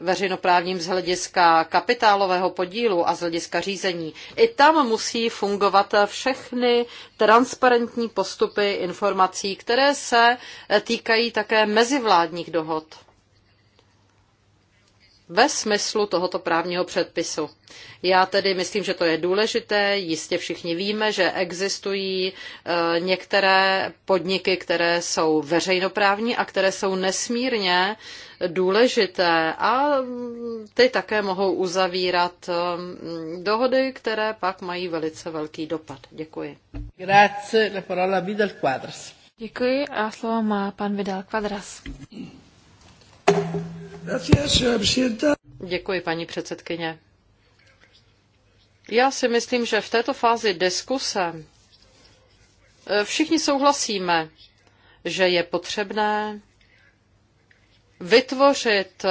veřejnoprávním z hlediska kapitálového podílu a z hlediska řízení. I tam musí fungovat všechny transparentní postupy informací, které se týkají také mezivládních dohod ve smyslu tohoto právního předpisu. Já tedy myslím, že to je důležité. Jistě všichni víme, že existují e, některé podniky, které jsou veřejnoprávní a které jsou nesmírně důležité a ty také mohou uzavírat e, dohody, které pak mají velice velký dopad. Děkuji. Grazie, Vidal Quadras. Děkuji a slovo má pan Vidal Quadras. Děkuji, paní předsedkyně. Já si myslím, že v této fázi diskuse eh, všichni souhlasíme, že je potřebné vytvořit eh,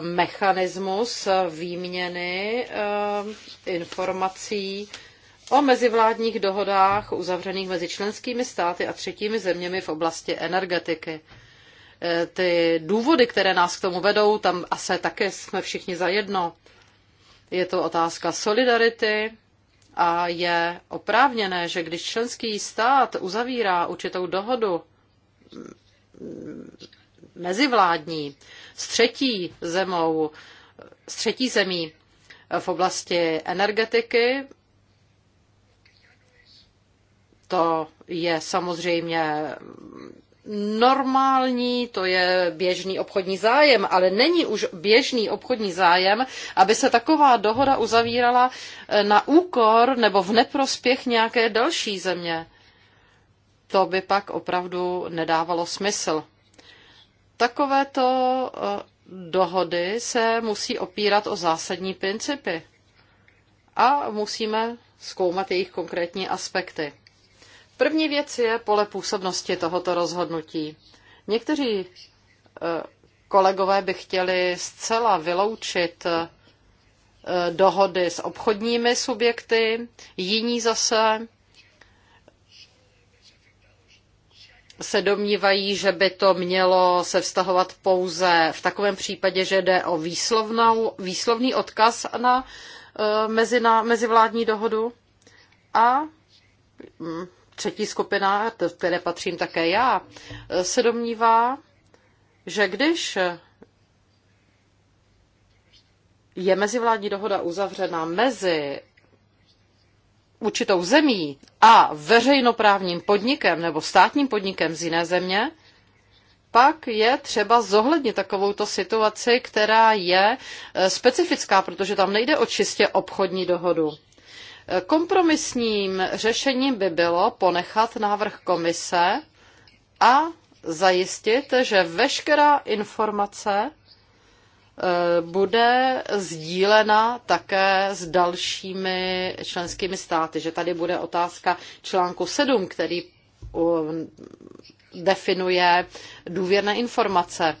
mechanismus výměny eh, informací o mezivládních dohodách uzavřených mezi členskými státy a třetími zeměmi v oblasti energetiky. Eh, ty důvody, které nás k tomu vedou, tam asi také jsme všichni zajedno. Je to otázka solidarity a je oprávněné, že když členský stát uzavírá určitou dohodu mm, mezivládní s třetí zemou, s třetí zemí eh, v oblasti energetiky, to je samozřejmě normální, to je běžný obchodní zájem, ale není už běžný obchodní zájem, aby se taková dohoda uzavírala eh, na úkor nebo v neprospěch nějaké další země. To by pak opravdu nedávalo smysl. Takovéto eh, dohody se musí opírat o zásadní principy a musíme zkoumat jejich konkrétní aspekty. První věc je pole působnosti tohoto rozhodnutí. Někteří eh, kolegové by chtěli zcela vyloučit eh, dohody s obchodními subjekty, jiní zase se domnívají, že by to mělo se vztahovat pouze v takovém případě, že jde o výslovnou, výslovný odkaz na, eh, mezi, na mezivládní dohodu. A mm, třetí skupina, do které patřím také já, se domnívá, že když je mezivládní dohoda uzavřena mezi určitou zemí a veřejnoprávním podnikem nebo státním podnikem z jiné země, pak je třeba zohlednit takovouto situaci, která je eh, specifická, protože tam nejde o čistě obchodní dohodu. Kompromisním řešením by bylo ponechat návrh komise a zajistit, že veškerá informace e, bude sdílena také s dalšími členskými státy. Že tady bude otázka článku 7, který definuje důvěrné informace.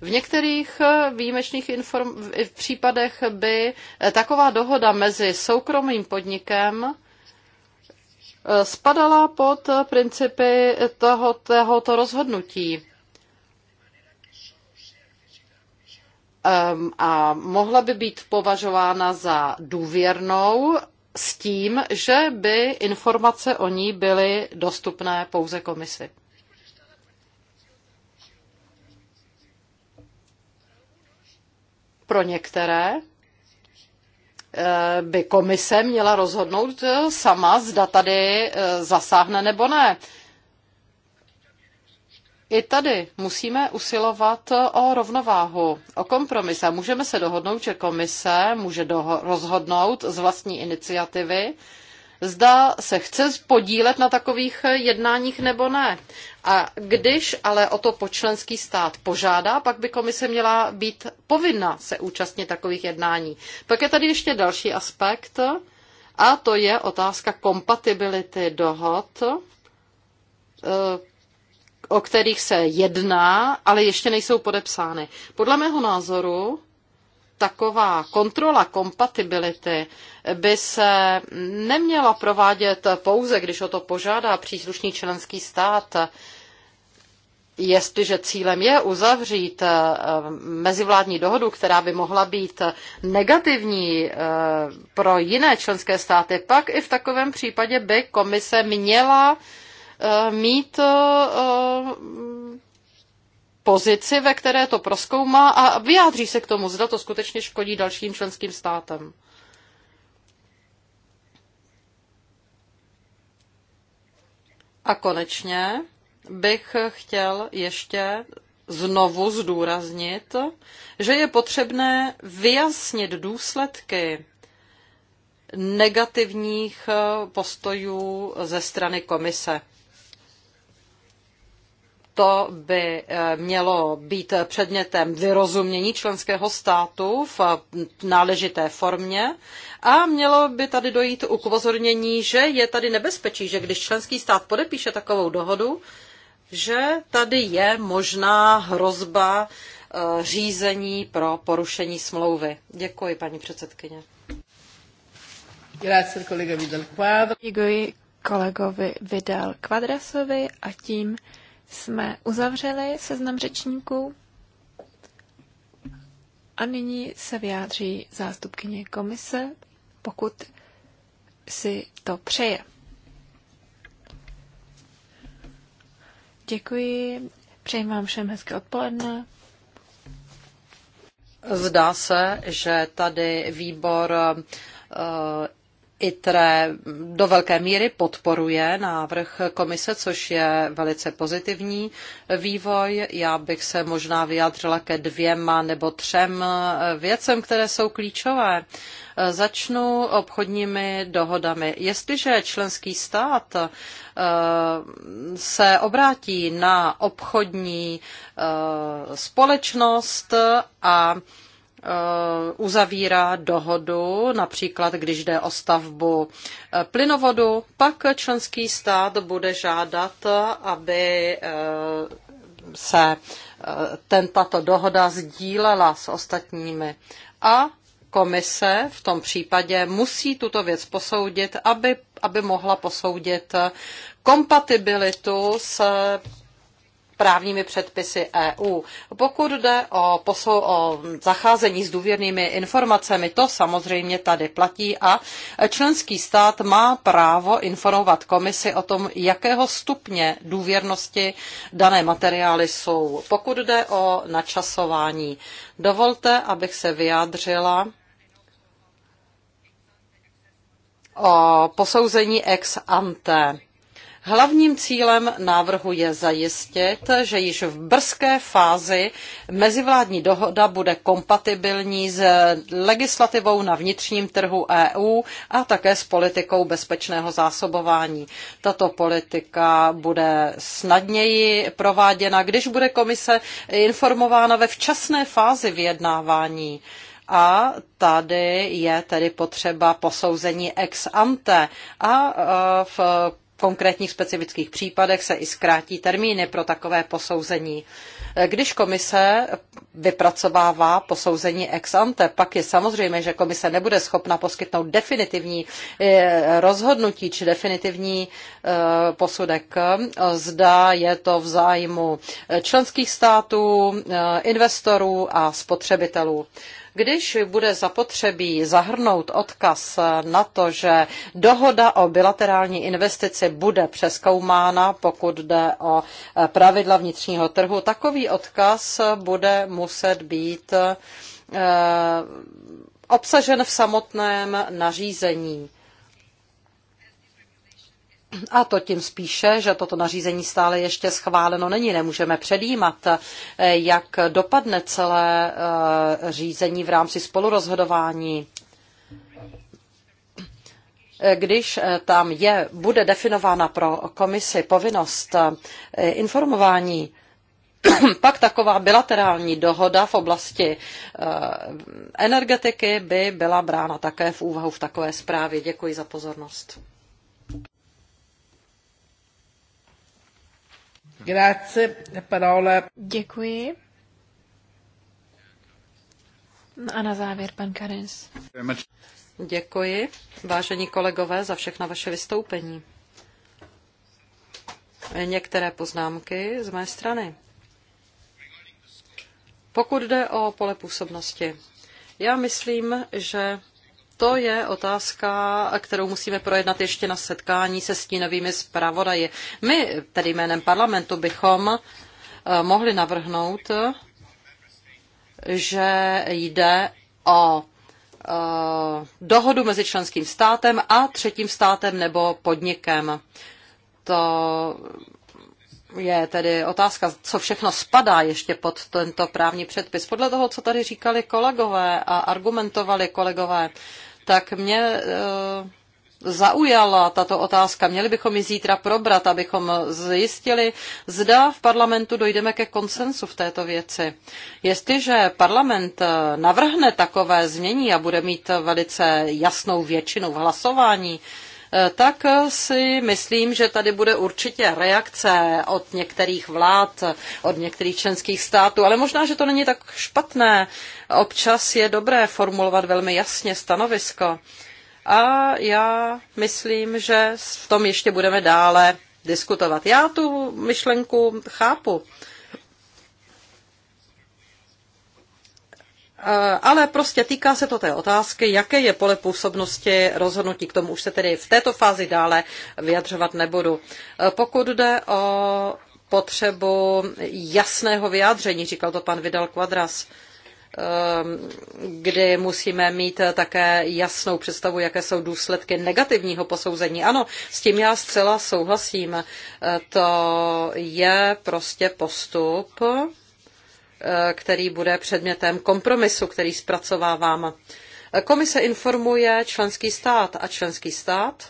V některých eh, výjimečných inform- v případech by eh, taková dohoda mezi soukromým podnikem eh, spadala pod principy toho, tohoto rozhodnutí. A mohla by být považována za důvěrnou s tím, že by informace o ní byly dostupné pouze komisi. Pro některé eh, by komise měla rozhodnout eh, sama, zda tady eh, zasáhne nebo ne. I tady musíme usilovat o rovnováhu, o kompromis a můžeme se dohodnout, že komise může rozhodnout z vlastní iniciativy, zda se chce podílet na takových jednáních nebo ne. A když ale o to počlenský stát požádá, pak by komise měla být povinna se účastnit takových jednání. Pak je tady ještě další aspekt, a to je otázka kompatibility dohod, eh, o kterých se jedná, ale ještě nejsou podepsány. Podle mého názoru taková kontrola kompatibility by se neměla provádět pouze, když o to požádá příslušný členský stát, Jestliže cílem je uzavřít eh, mezivládní dohodu, která by mohla být negativní eh, pro jiné členské státy, pak i v takovém případě by komise měla eh, mít pozici, ve které to proskoumá a vyjádří se k tomu, zda to skutečně škodí dalším členským státem. A konečně bych chtěl ještě znovu zdůraznit, že je potřebné vyjasnit důsledky negativních postojů ze strany komise to by eh, mělo být předmětem vyrozumění členského státu v náležité formě a mělo by tady dojít u upozornění, že je tady nebezpečí, že když členský stát podepíše takovou dohodu, že tady je možná hrozba eh, řízení pro porušení smlouvy. Děkuji, paní předsedkyně. Děkuji kolegovi Vidal Kvadrasovi a tím jsme uzavřeli seznam řečníků a nyní se vyjádří zástupkyně komise, pokud si to přeje. Děkuji, přeji vám všem hezké odpoledne. Zdá se, že tady výbor eh, ITRE do velké míry podporuje návrh komise, což je velice pozitivní vývoj. Já bych se možná vyjádřila ke dvěma nebo třem věcem, které jsou klíčové. Začnu obchodními dohodami. Jestliže členský stát eh, se obrátí na obchodní eh, společnost a Eh, uzavírá dohodu, například když jde o stavbu eh, plynovodu, pak členský stát bude žádat, aby eh, se ten, tato dohoda sdílela s ostatními. A komise v tom případě musí tuto věc posoudit, aby, aby mohla posoudit kompatibilitu s právními předpisy EU. Pokud jde o, posl- o zacházení s důvěrnými informacemi, to samozřejmě tady platí a členský stát má právo informovat komisi o tom, jakého stupně důvěrnosti dané materiály jsou. Pokud jde o načasování, dovolte, abych se vyjádřila o posouzení ex ante. Hlavním cílem návrhu je zajistit, že již v brzké fázi mezivládní dohoda bude kompatibilní s legislativou na vnitřním trhu EU a také s politikou bezpečného zásobování. Tato politika bude snadněji prováděna, když bude komise informována ve včasné fázi vyjednávání. A tady je tedy potřeba posouzení ex ante a e, v konkrétních specifických případech se i zkrátí termíny pro takové posouzení. Když komise vypracovává posouzení ex ante, pak je samozřejmé, že komise nebude schopna poskytnout definitivní eh, rozhodnutí či definitivní eh, posudek. Zda je to v zájmu členských států, eh, investorů a spotřebitelů. Když bude zapotřebí zahrnout odkaz na to, že dohoda o bilaterální investici bude přeskoumána, pokud jde o eh, pravidla vnitřního trhu, takový odkaz bude muset být eh, obsažen v samotném nařízení. A to tím spíše, že toto nařízení stále ještě schváleno není. Nemůžeme předjímat, jak dopadne celé eh, řízení v rámci spolurozhodování. Když eh, tam je, bude definována pro komisi povinnost eh, informování, (clears throat) pak taková bilaterální dohoda v oblasti energetiky by byla brána také v úvahu v takové zprávě. Děkuji za pozornost. Grazie, parola. Děkuji. A na závěr pan Karens. Děkuji, vážení kolegové, za všechna vaše vystoupení. Některé poznámky z mé strany. Pokud jde o pole působnosti, já myslím, že to je otázka, kterou musíme projednat ještě na setkání se stínovými zpravodaji. My, tedy jménem parlamentu, bychom eh, mohli navrhnout, že jde o eh, dohodu mezi členským státem a třetím státem nebo podnikem. To je tedy otázka, co všechno spadá ještě pod tento právní předpis. Podle toho, co tady říkali kolegové a argumentovali kolegové, tak mě eh, zaujala tato otázka. Měli bychom ji zítra probrat, abychom zjistili, zda v parlamentu dojdeme ke konsensu v této věci. Jestliže parlament eh, navrhne takové změní a bude mít velice jasnou většinu v hlasování, Eh, tak si myslím, že tady bude určitě reakce od některých vlád, od některých členských států, ale možná, že to není tak špatné. Občas je dobré formulovat velmi jasně stanovisko. A já myslím, že v tom ještě budeme dále diskutovat. Já tu myšlenku chápu. Eh, ale prostě týká se to té otázky, jaké je pole působnosti rozhodnutí. K tomu už se tedy v této fázi dále vyjadřovat nebudu. Eh, pokud jde o potřebu jasného vyjádření, říkal to pan Vidal Quadras, eh, kdy musíme mít také jasnou představu, jaké jsou důsledky negativního posouzení. Ano, s tím já zcela souhlasím. To je prostě postup, Eh, který bude předmětem kompromisu, který zpracovávám. Komise informuje členský stát a členský stát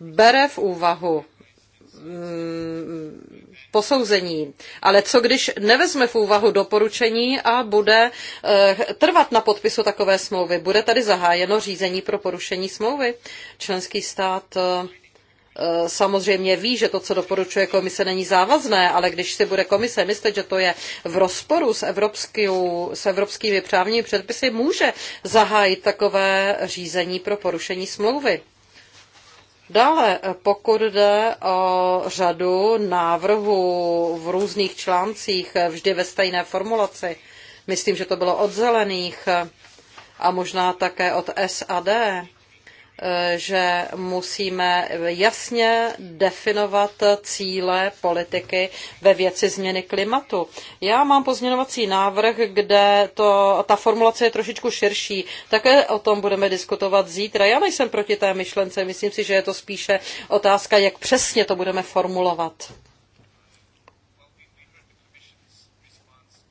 bere v úvahu mm, posouzení. Ale co když nevezme v úvahu doporučení a bude eh, trvat na podpisu takové smlouvy? Bude tady zahájeno řízení pro porušení smlouvy? Členský stát eh, Eh, samozřejmě ví, že to, co doporučuje komise, není závazné, ale když si bude komise myslet, že to je v rozporu s, evropskou, s evropskými právními předpisy, může zahájit takové řízení pro porušení smlouvy. Dále, eh, pokud jde o řadu návrhů v různých článcích, eh, vždy ve stejné formulaci, myslím, že to bylo od zelených a možná také od SAD, že musíme jasně definovat cíle politiky ve věci změny klimatu. Já mám pozměňovací návrh, kde to, ta formulace je trošičku širší. Také o tom budeme diskutovat zítra. Já nejsem proti té myšlence, myslím si, že je to spíše otázka, jak přesně to budeme formulovat.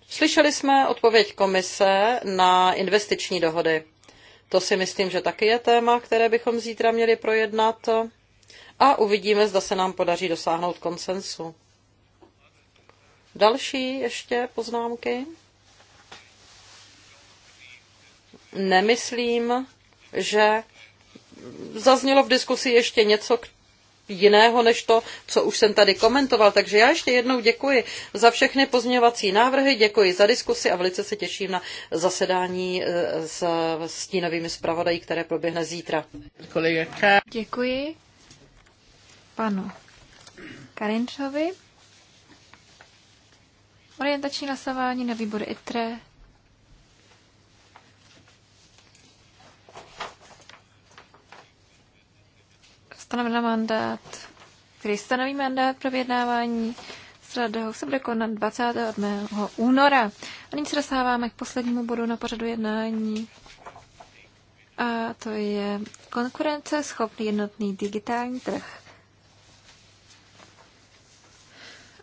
Slyšeli jsme odpověď komise na investiční dohody. To si myslím, že taky je téma, které bychom zítra měli projednat a uvidíme, zda se nám podaří dosáhnout konsensu. Další ještě poznámky? Nemyslím, že zaznělo v diskusi ještě něco, jiného než to, co už jsem tady komentoval. Takže já ještě jednou děkuji za všechny pozměňovací návrhy, děkuji za diskusi a velice se těším na zasedání eh, s stínovými zpravodají, které proběhne zítra. Děkuji panu Karinčovi. Orientační hlasování na výbor ITRE stanovena mandát, který stanoví mandát pro vyjednávání s radou, se bude konat 21. února. A nyní se dostáváme k poslednímu bodu na pořadu jednání. A to je konkurence schopný jednotný digitální trh.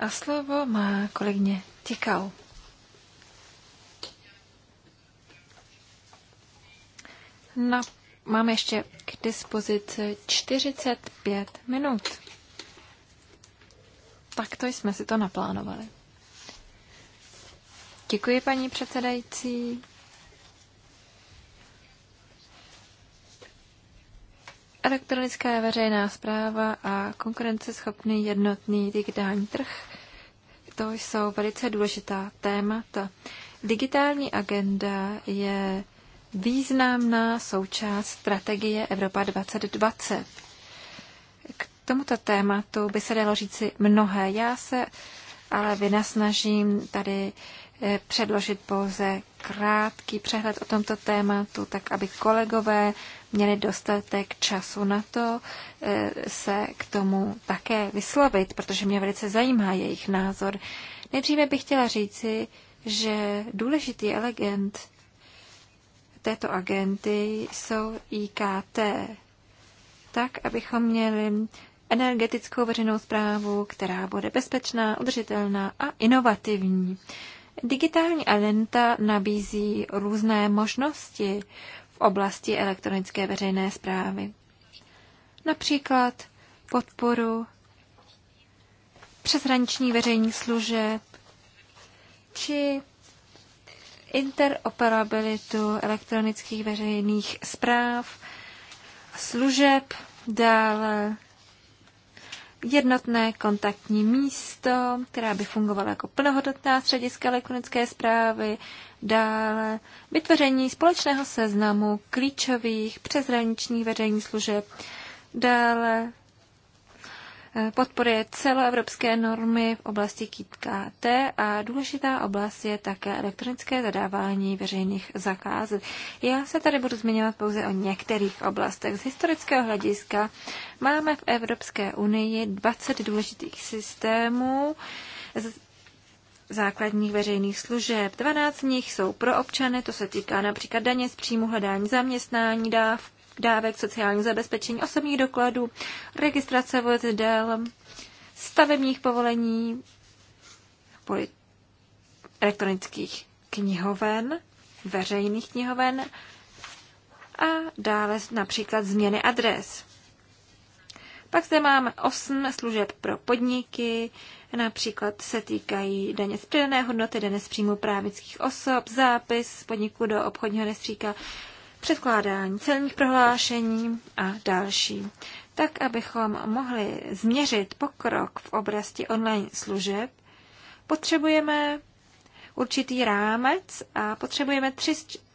A slovo má kolegyně Tikal. Na Máme ještě k dispozici 45 minut. Takto jsme si to naplánovali. Děkuji, paní předsedající. Elektronická veřejná zpráva a konkurenceschopný jednotný digitální trh, to jsou velice důležitá témata. Digitální agenda je významná součást strategie Evropa 2020. K tomuto tématu by se dalo říci mnohé. Já se ale vynasnažím tady eh, předložit pouze krátký přehled o tomto tématu, tak aby kolegové měli dostatek času na to eh, se k tomu také vyslovit, protože mě velice zajímá jejich názor. Nejdříve bych chtěla říci, že důležitý elegant této agendy jsou IKT, tak, abychom měli energetickou veřejnou zprávu, která bude bezpečná, udržitelná a inovativní. Digitální agenda nabízí různé možnosti v oblasti elektronické veřejné zprávy. Například podporu přeshraniční veřejných služeb či interoperabilitu elektronických veřejných zpráv, služeb, dále jednotné kontaktní místo, která by fungovala jako plnohodnotná střediska elektronické zprávy, dále vytvoření společného seznamu klíčových přeshraničních veřejných služeb, dále podporuje celoevropské normy v oblasti KT a důležitá oblast je také elektronické zadávání veřejných zakázek. Já se tady budu zmiňovat pouze o některých oblastech. Z historického hlediska máme v Evropské unii 20 důležitých systémů, základních veřejných služeb. 12 z nich jsou pro občany, to se týká například daně z příjmu, hledání zaměstnání, dávky, dávek sociální zabezpečení, osobních dokladů, registrace vozidel, stavebních povolení, elektronických knihoven, veřejných knihoven a dále například změny adres. Pak zde máme osm služeb pro podniky, například se týkají daně z přidané hodnoty, daně z příjmu právnických osob, zápis podniku do obchodního rejstříka, předkládání celních prohlášení a další. Tak, abychom mohli změřit pokrok v oblasti online služeb, potřebujeme určitý rámec a potřebujeme tři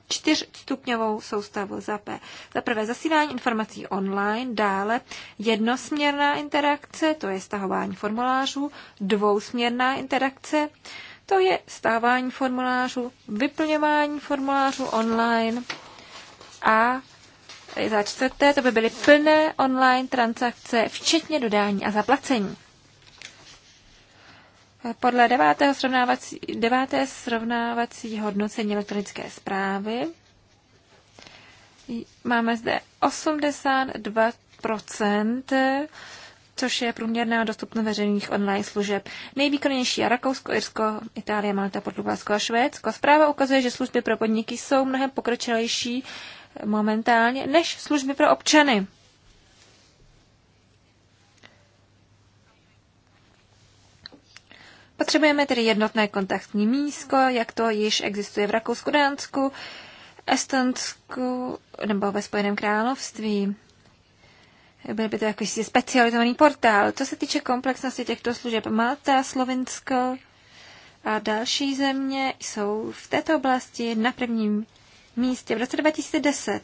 čtyřstupňovou soustavu za P. Za prvé zasílání informací online, dále jednosměrná interakce, to je stahování formulářů, dvousměrná interakce, to je stávání formulářů, vyplňování formulářů online a za čtvrté, to by byly plné online transakce, včetně dodání a zaplacení. Podle devátého srovnávací, deváté srovnávací hodnocení elektronické zprávy máme zde 82 což je průměrná dostupnost veřejných online služeb. Nejvýkonnější je Rakousko, Irsko, Itálie, Malta, Portugalsko a Švédsko. Zpráva ukazuje, že služby pro podniky jsou mnohem pokročilejší momentálně než služby pro občany. Potřebujeme tedy jednotné kontaktní místo, jak to již existuje v Rakousku, Dánsku, Estonsku nebo ve Spojeném království. Byl by to jakýsi specializovaný portál. Co se týče komplexnosti těchto služeb, Malta, Slovinsko a další země jsou v této oblasti na prvním místě. V roce 2010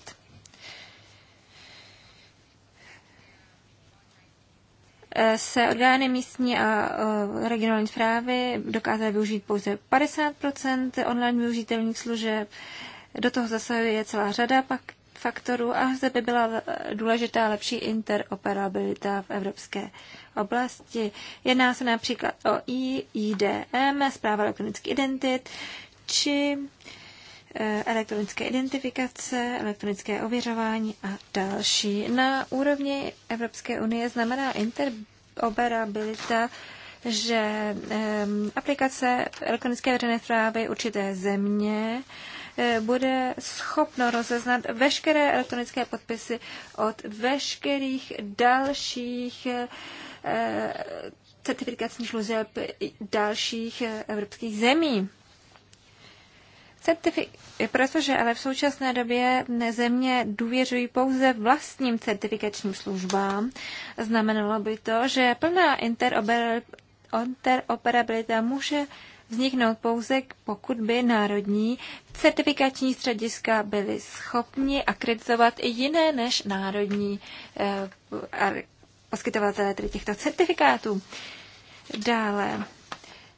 eh, se orgány místní a eh, regionální zprávy dokázaly využít pouze 50 online využitelných služeb. Do toho zasahuje celá řada faktorů a zde by byla důležitá lepší interoperabilita v evropské oblasti. Jedná se například o IDM, zpráva elektronických identit, či Eh, elektronické identifikace, elektronické ověřování a další. Na úrovni Evropské unie znamená interoperabilita že aplikace elektronické veřejné zprávy určité země eh, bude schopno rozeznat veškeré elektronické podpisy od veškerých dalších eh, certifikačních služeb dalších evropských zemí. Certifi- protože ale v současné době země důvěřují pouze vlastním certifikačním službám, znamenalo by to, že plná interoperabilita může vzniknout pouze, pokud by národní certifikační střediska byly schopni akreditovat i jiné než národní eh, poskytovatele těchto certifikátů. Dále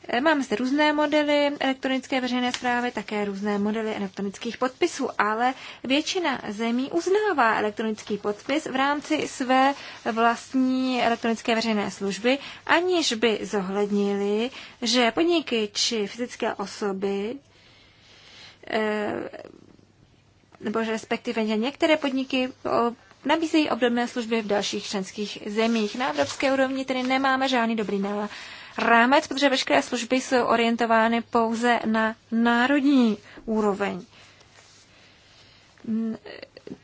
Eh, máme zde různé modely elektronické veřejné zprávy, také různé modely elektronických podpisů, ale většina zemí uznává elektronický podpis v rámci své vlastní elektronické veřejné služby, aniž by zohlednili, že podniky či fyzické osoby eh, nebo respektive některé podniky nabízejí obdobné služby v dalších členských zemích. Na evropské úrovni tedy nemáme žádný dobrý náhled rámec, protože veškeré služby jsou orientovány pouze na národní úroveň.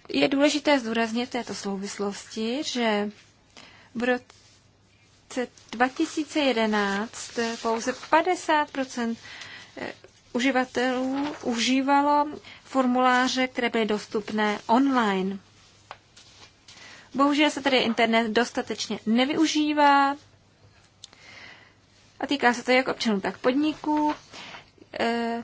Je důležité zdůraznit v této souvislosti, že v roce 2011 pouze 50 eh, uživatelů užívalo formuláře, které byly dostupné online. Bohužel se tedy internet dostatečně nevyužívá a týká se to jak občanů, tak podniků. E,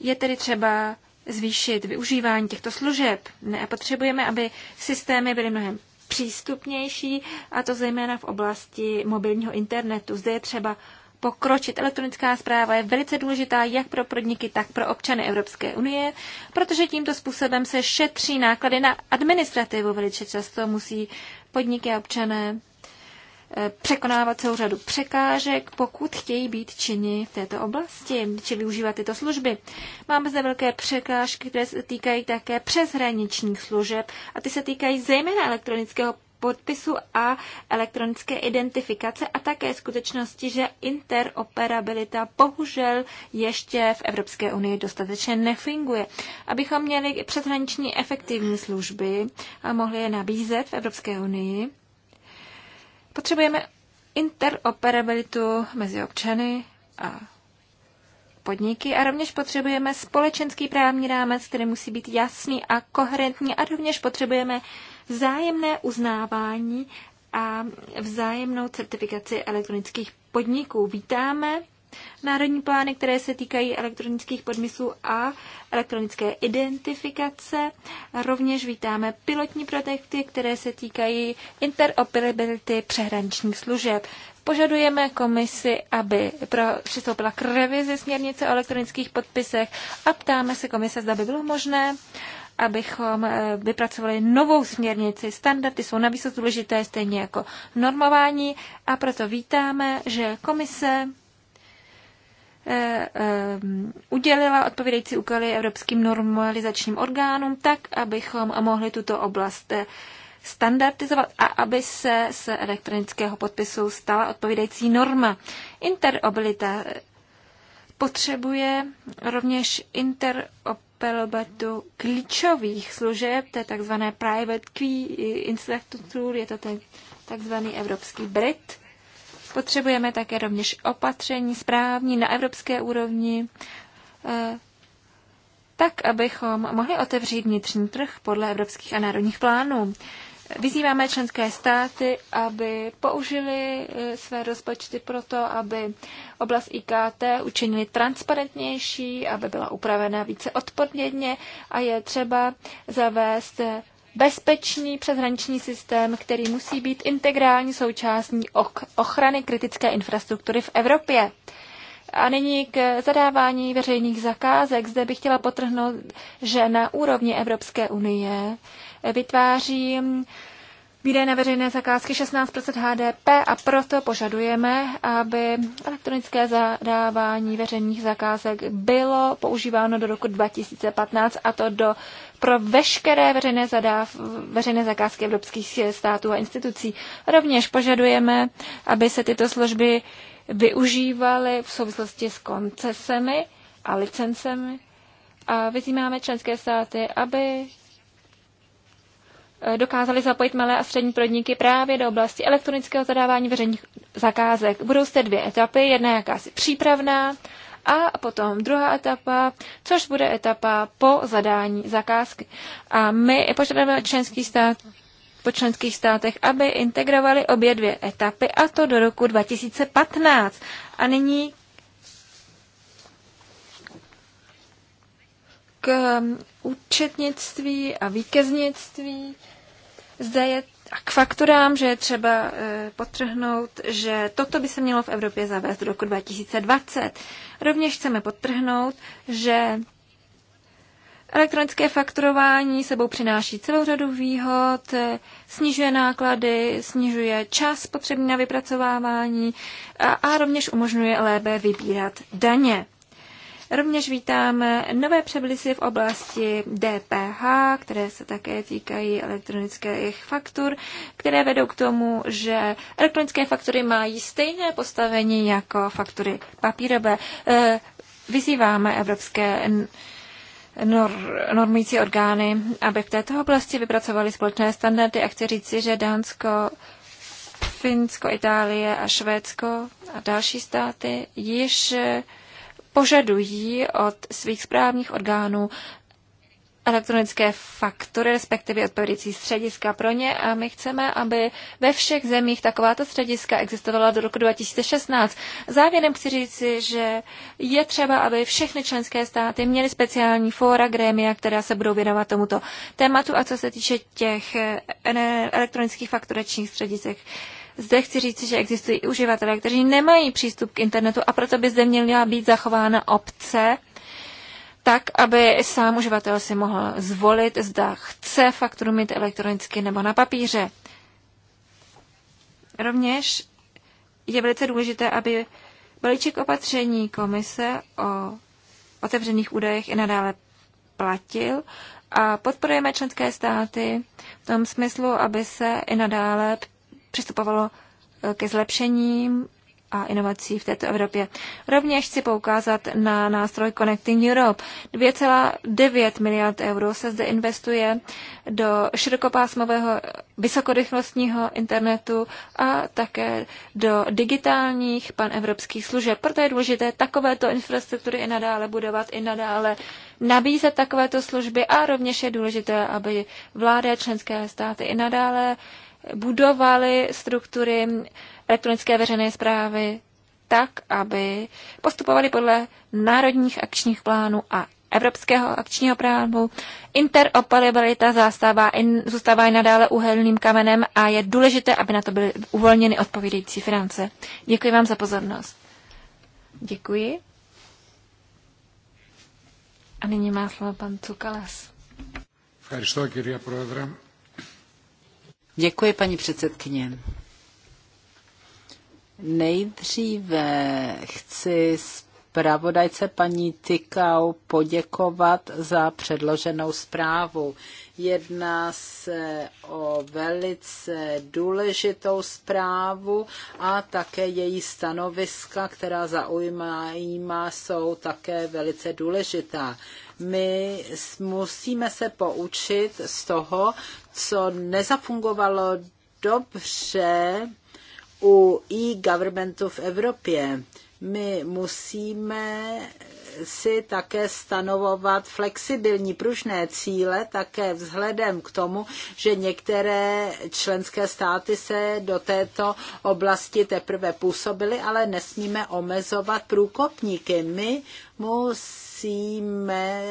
je tedy třeba zvýšit využívání těchto služeb. Ne, potřebujeme, aby systémy byly mnohem přístupnější, a to zejména v oblasti mobilního internetu. Zde je třeba pokročit. Elektronická zpráva je velice důležitá jak pro podniky, tak pro občany Evropské unie, protože tímto způsobem se šetří náklady na administrativu. Velice často musí podniky a občané překonávat celou řadu překážek, pokud chtějí být činní v této oblasti, či využívat tyto služby. Máme zde velké překážky, které se týkají také přeshraničních služeb a ty se týkají zejména elektronického podpisu a elektronické identifikace a také skutečnosti, že interoperabilita bohužel ještě v Evropské unii dostatečně nefunguje. Abychom měli přeshraniční efektivní služby a mohli je nabízet v Evropské unii, Potřebujeme interoperabilitu mezi občany a podniky a rovněž potřebujeme společenský právní rámec, který musí být jasný a koherentní a rovněž potřebujeme vzájemné uznávání a vzájemnou certifikaci elektronických podniků. Vítáme národní plány, které se týkají elektronických podmyslů a elektronické identifikace. Rovněž vítáme pilotní projekty, které se týkají interoperability přehraničních služeb. Požadujeme komisi, aby pro, přistoupila k revizi směrnice o elektronických podpisech a ptáme se komise, zda by bylo možné abychom eh, vypracovali novou směrnici. Standardy jsou navíc důležité, stejně jako normování a proto vítáme, že komise Eh, eh, udělila odpovídající úkoly evropským normalizačním orgánům, tak abychom mohli tuto oblast eh, standardizovat a aby se z elektronického podpisu stala odpovídající norma. Interoperabilita potřebuje rovněž interoperabilitu klíčových služeb, to je takzvané private key institutur, je to ten takzvaný evropský Brit. Potřebujeme také rovněž opatření správní na evropské úrovni, eh, tak, abychom mohli otevřít vnitřní trh podle evropských a národních plánů. Vyzýváme členské státy, aby použili eh, své rozpočty pro to, aby oblast IKT učinili transparentnější, aby byla upravena více odpovědně a je třeba zavést eh, bezpečný přeshraniční systém, který musí být integrální součástí ochrany kritické infrastruktury v Evropě. A nyní k zadávání veřejných zakázek. Zde bych chtěla potrhnout, že na úrovni Evropské unie vytváří Výdaje na veřejné zakázky 16 HDP a proto požadujeme, aby elektronické zadávání veřejných zakázek bylo používáno do roku 2015 a to do pro veškeré veřejné, zadáv, veřejné zakázky evropských států a institucí. Rovněž požadujeme, aby se tyto služby využívaly v souvislosti s koncesemi a licencemi a vyzýváme členské státy, aby eh, dokázali zapojit malé a střední podniky právě do oblasti elektronického zadávání veřejných zakázek. Budou zde dvě etapy, jedna jakási přípravná, a potom druhá etapa, což bude etapa po zadání zakázky. A my požadujeme členský stát po členských státech, aby integrovali obě dvě etapy, a to do roku 2015. A nyní k účetnictví a výkeznictví. Zde je a k fakturám, že je třeba eh, podtrhnout, že toto by se mělo v Evropě zavést do roku 2020. Rovněž chceme podtrhnout, že Elektronické fakturování sebou přináší celou řadu výhod, eh, snižuje náklady, snižuje čas potřebný na vypracovávání a, a rovněž umožňuje lépe vybírat daně. Rovněž vítáme nové přebylisy v oblasti DPH, které se také týkají elektronických faktur, které vedou k tomu, že elektronické faktury mají stejné postavení jako faktury papírové. Eh, vyzýváme evropské normující orgány, aby v této oblasti vypracovali společné standardy a chci říci, že Dánsko, Finsko, Itálie a Švédsko a další státy již požadují od svých správních orgánů elektronické faktury, respektive odpovědící střediska pro ně a my chceme, aby ve všech zemích takováto střediska existovala do roku 2016. Závěrem chci říci, že je třeba, aby všechny členské státy měly speciální fóra, grémia, která se budou věnovat tomuto tématu a co se týče těch eh, elektronických fakturačních středisek, zde chci říct, že existují i uživatelé, kteří nemají přístup k internetu a proto by zde měla být zachována obce, tak, aby sám uživatel si mohl zvolit, zda chce fakturu mít elektronicky nebo na papíře. Rovněž je velice důležité, aby balíček opatření komise o otevřených údajech i nadále platil a podporujeme členské státy v tom smyslu, aby se i nadále přistupovalo eh, ke zlepšením a inovací v této Evropě. Rovněž chci poukázat na nástroj Connecting Europe. 2,9 miliard euro se zde investuje do širokopásmového vysokorychlostního internetu a také do digitálních panevropských služeb. Proto je důležité takovéto infrastruktury i nadále budovat, i nadále nabízet takovéto služby a rovněž je důležité, aby vlády a členské státy i nadále budovali struktury elektronické veřejné zprávy tak, aby postupovali podle národních akčních plánů a evropského akčního právu. Interoperabilita zastává, in, zůstává i nadále uhelným kamenem a je důležité, aby na to byly uvolněny odpovídající finance. Děkuji vám za pozornost. Děkuji. A nyní má slovo pan Cukalas. Děkuji, κυρία Děkuji, paní předsedkyně. Nejdříve chci zpravodajce paní Tykau poděkovat za předloženou zprávu. Jedná se o velice důležitou zprávu a také její stanoviska, která zaujímá, jsou také velice důležitá. My musíme se poučit z toho, co nezafungovalo dobře u e-governmentu v Evropě. My musíme si také stanovovat flexibilní pružné cíle, také vzhledem k tomu, že některé členské státy se do této oblasti teprve působily, ale nesmíme omezovat průkopníky. My musíme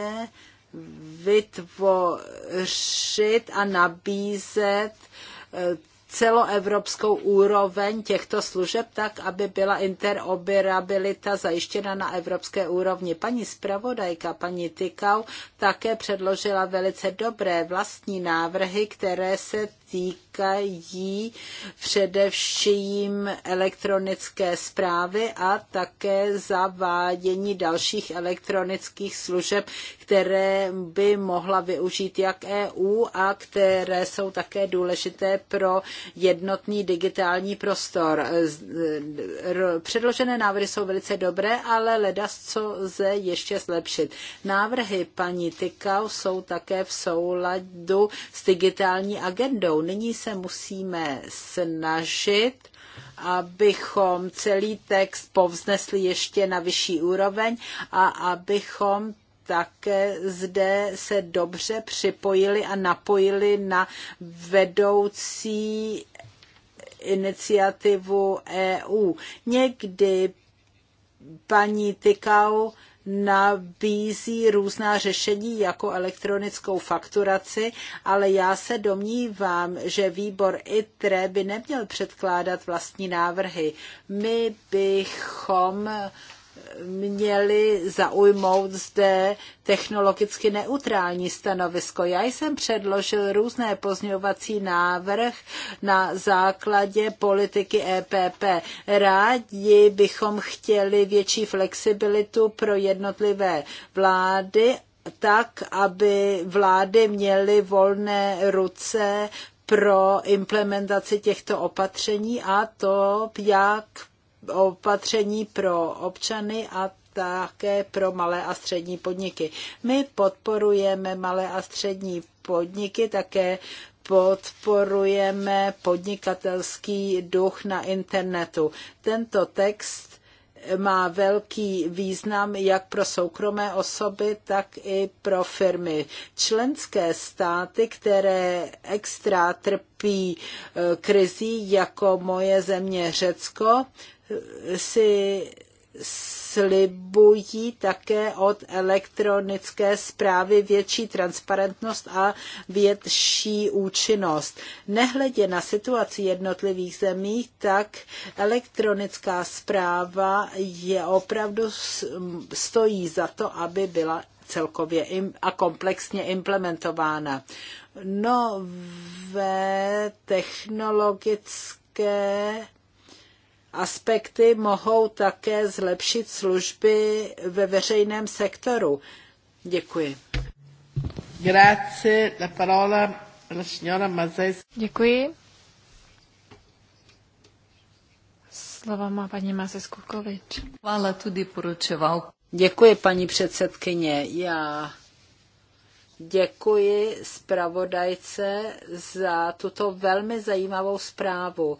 vytvořit a nabízet eh, celoevropskou úroveň těchto služeb tak, aby byla interoperabilita zajištěna na evropské úrovni. Paní zpravodajka, paní Tykau, také předložila velice dobré vlastní návrhy, které se týkají především elektronické zprávy a také zavádění dalších elektronických služeb, které by mohla využít jak EU a které jsou také důležité pro jednotný digitální prostor. Předložené návrhy jsou velice dobré, ale leda, co lze ještě zlepšit. Návrhy paní Tykau jsou také v souladu s digitální agendou. Nyní se musíme snažit, abychom celý text povznesli ještě na vyšší úroveň a abychom také zde se dobře připojili a napojili na vedoucí iniciativu EU. Někdy paní Tykau nabízí různá řešení jako elektronickou fakturaci, ale já se domnívám, že výbor ITRE by neměl předkládat vlastní návrhy. My bychom měli zaujmout zde technologicky neutrální stanovisko. Já jsem předložil různé pozňovací návrh na základě politiky EPP. Rádi bychom chtěli větší flexibilitu pro jednotlivé vlády tak, aby vlády měly volné ruce pro implementaci těchto opatření a to jak opatření pro občany a také pro malé a střední podniky. My podporujeme malé a střední podniky, také podporujeme podnikatelský duch na internetu. Tento text má velký význam jak pro soukromé osoby, tak i pro firmy. Členské státy, které extra trpí e, krizí, jako moje země Řecko, e, si slibují také od elektronické zprávy větší transparentnost a větší účinnost. Nehledě na situaci jednotlivých zemí, tak elektronická zpráva je opravdu stojí za to, aby byla celkově a komplexně implementována. Nové technologické aspekty mohou také zlepšit služby ve veřejném sektoru. Děkuji. Děkuji. Slova má paní Mazes Vále tudy poručoval. Děkuji, paní předsedkyně. Já děkuji zpravodajce za tuto velmi zajímavou zprávu.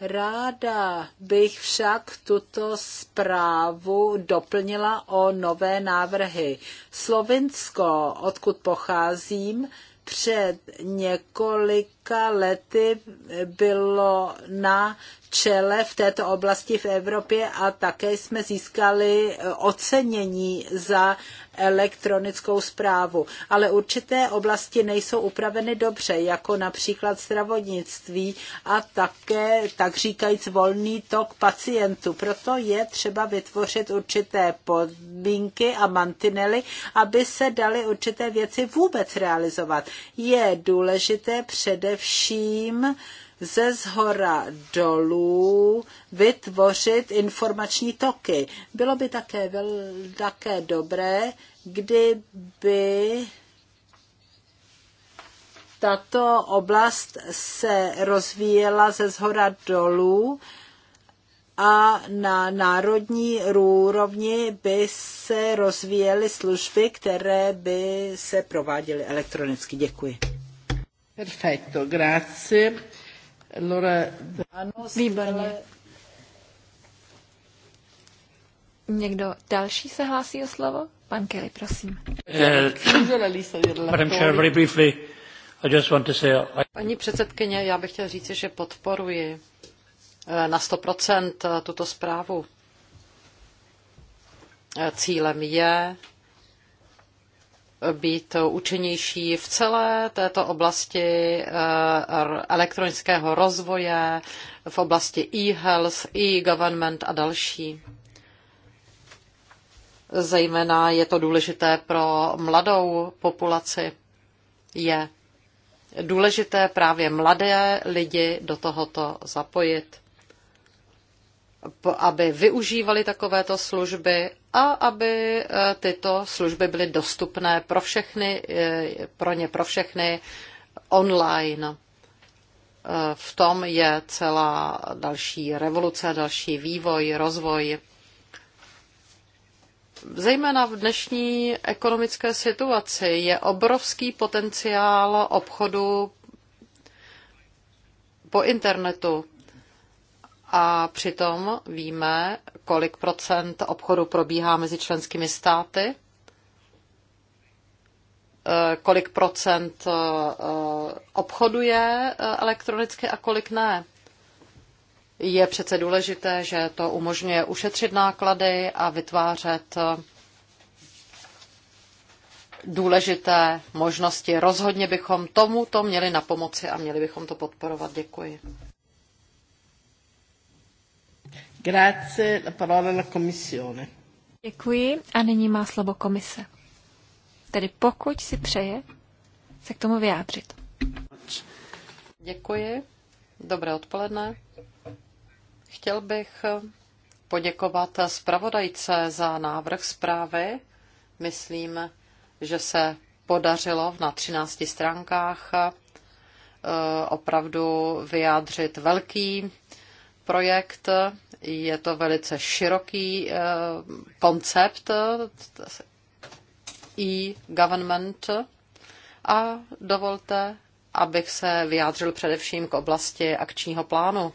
Ráda bych však tuto zprávu doplnila o nové návrhy. Slovinsko, odkud pocházím, před několika lety bylo na čele v této oblasti v Evropě a také jsme získali eh, ocenění za elektronickou zprávu. Ale určité oblasti nejsou upraveny dobře, jako například zdravotnictví a také, tak říkajíc, volný tok pacientů. Proto je třeba vytvořit určité podmínky a mantinely, aby se daly určité věci vůbec realizovat. Je důležité především ze zhora dolů vytvořit informační toky. Bylo by také, vel, také dobré, kdyby tato oblast se rozvíjela ze zhora dolů a na národní úrovni by se rozvíjely služby, které by se prováděly elektronicky. Děkuji. Perfetto, grazie výborně. Někdo další se hlásí o slovo? Pan Kelly, prosím. Eh, Paní předsedkyně, já bych chtěl říct, že podporuji eh, na 100% eh, tuto zprávu. Cílem je být účinnější v celé této oblasti eh, elektronického rozvoje, v oblasti e-health, e-government a další. Zejména je to důležité pro mladou populaci. Je důležité právě mladé lidi do tohoto zapojit aby využívali takovéto služby a aby eh, tyto služby byly dostupné pro všechny, eh, pro ně pro všechny online. Eh, v tom je celá další revoluce, další vývoj, rozvoj. Zejména v dnešní ekonomické situaci je obrovský potenciál obchodu po internetu a přitom víme, kolik procent obchodu probíhá mezi členskými státy, eh, kolik procent eh, obchoduje eh, elektronicky a kolik ne. Je přece důležité, že to umožňuje ušetřit náklady a vytvářet důležité možnosti. Rozhodně bychom tomuto měli na pomoci a měli bychom to podporovat. Děkuji. Grazie, la parola alla Commissione. Děkuji a nyní má slovo komise. Tedy pokud si přeje, se k tomu vyjádřit. Děkuji. Dobré odpoledne. Chtěl bych poděkovat zpravodajce za návrh zprávy. Myslím, že se podařilo na 13 stránkách eh, opravdu vyjádřit velký projekt. Je to velice široký eh, koncept eh, e-government a dovolte, abych se vyjádřil především k oblasti akčního plánu.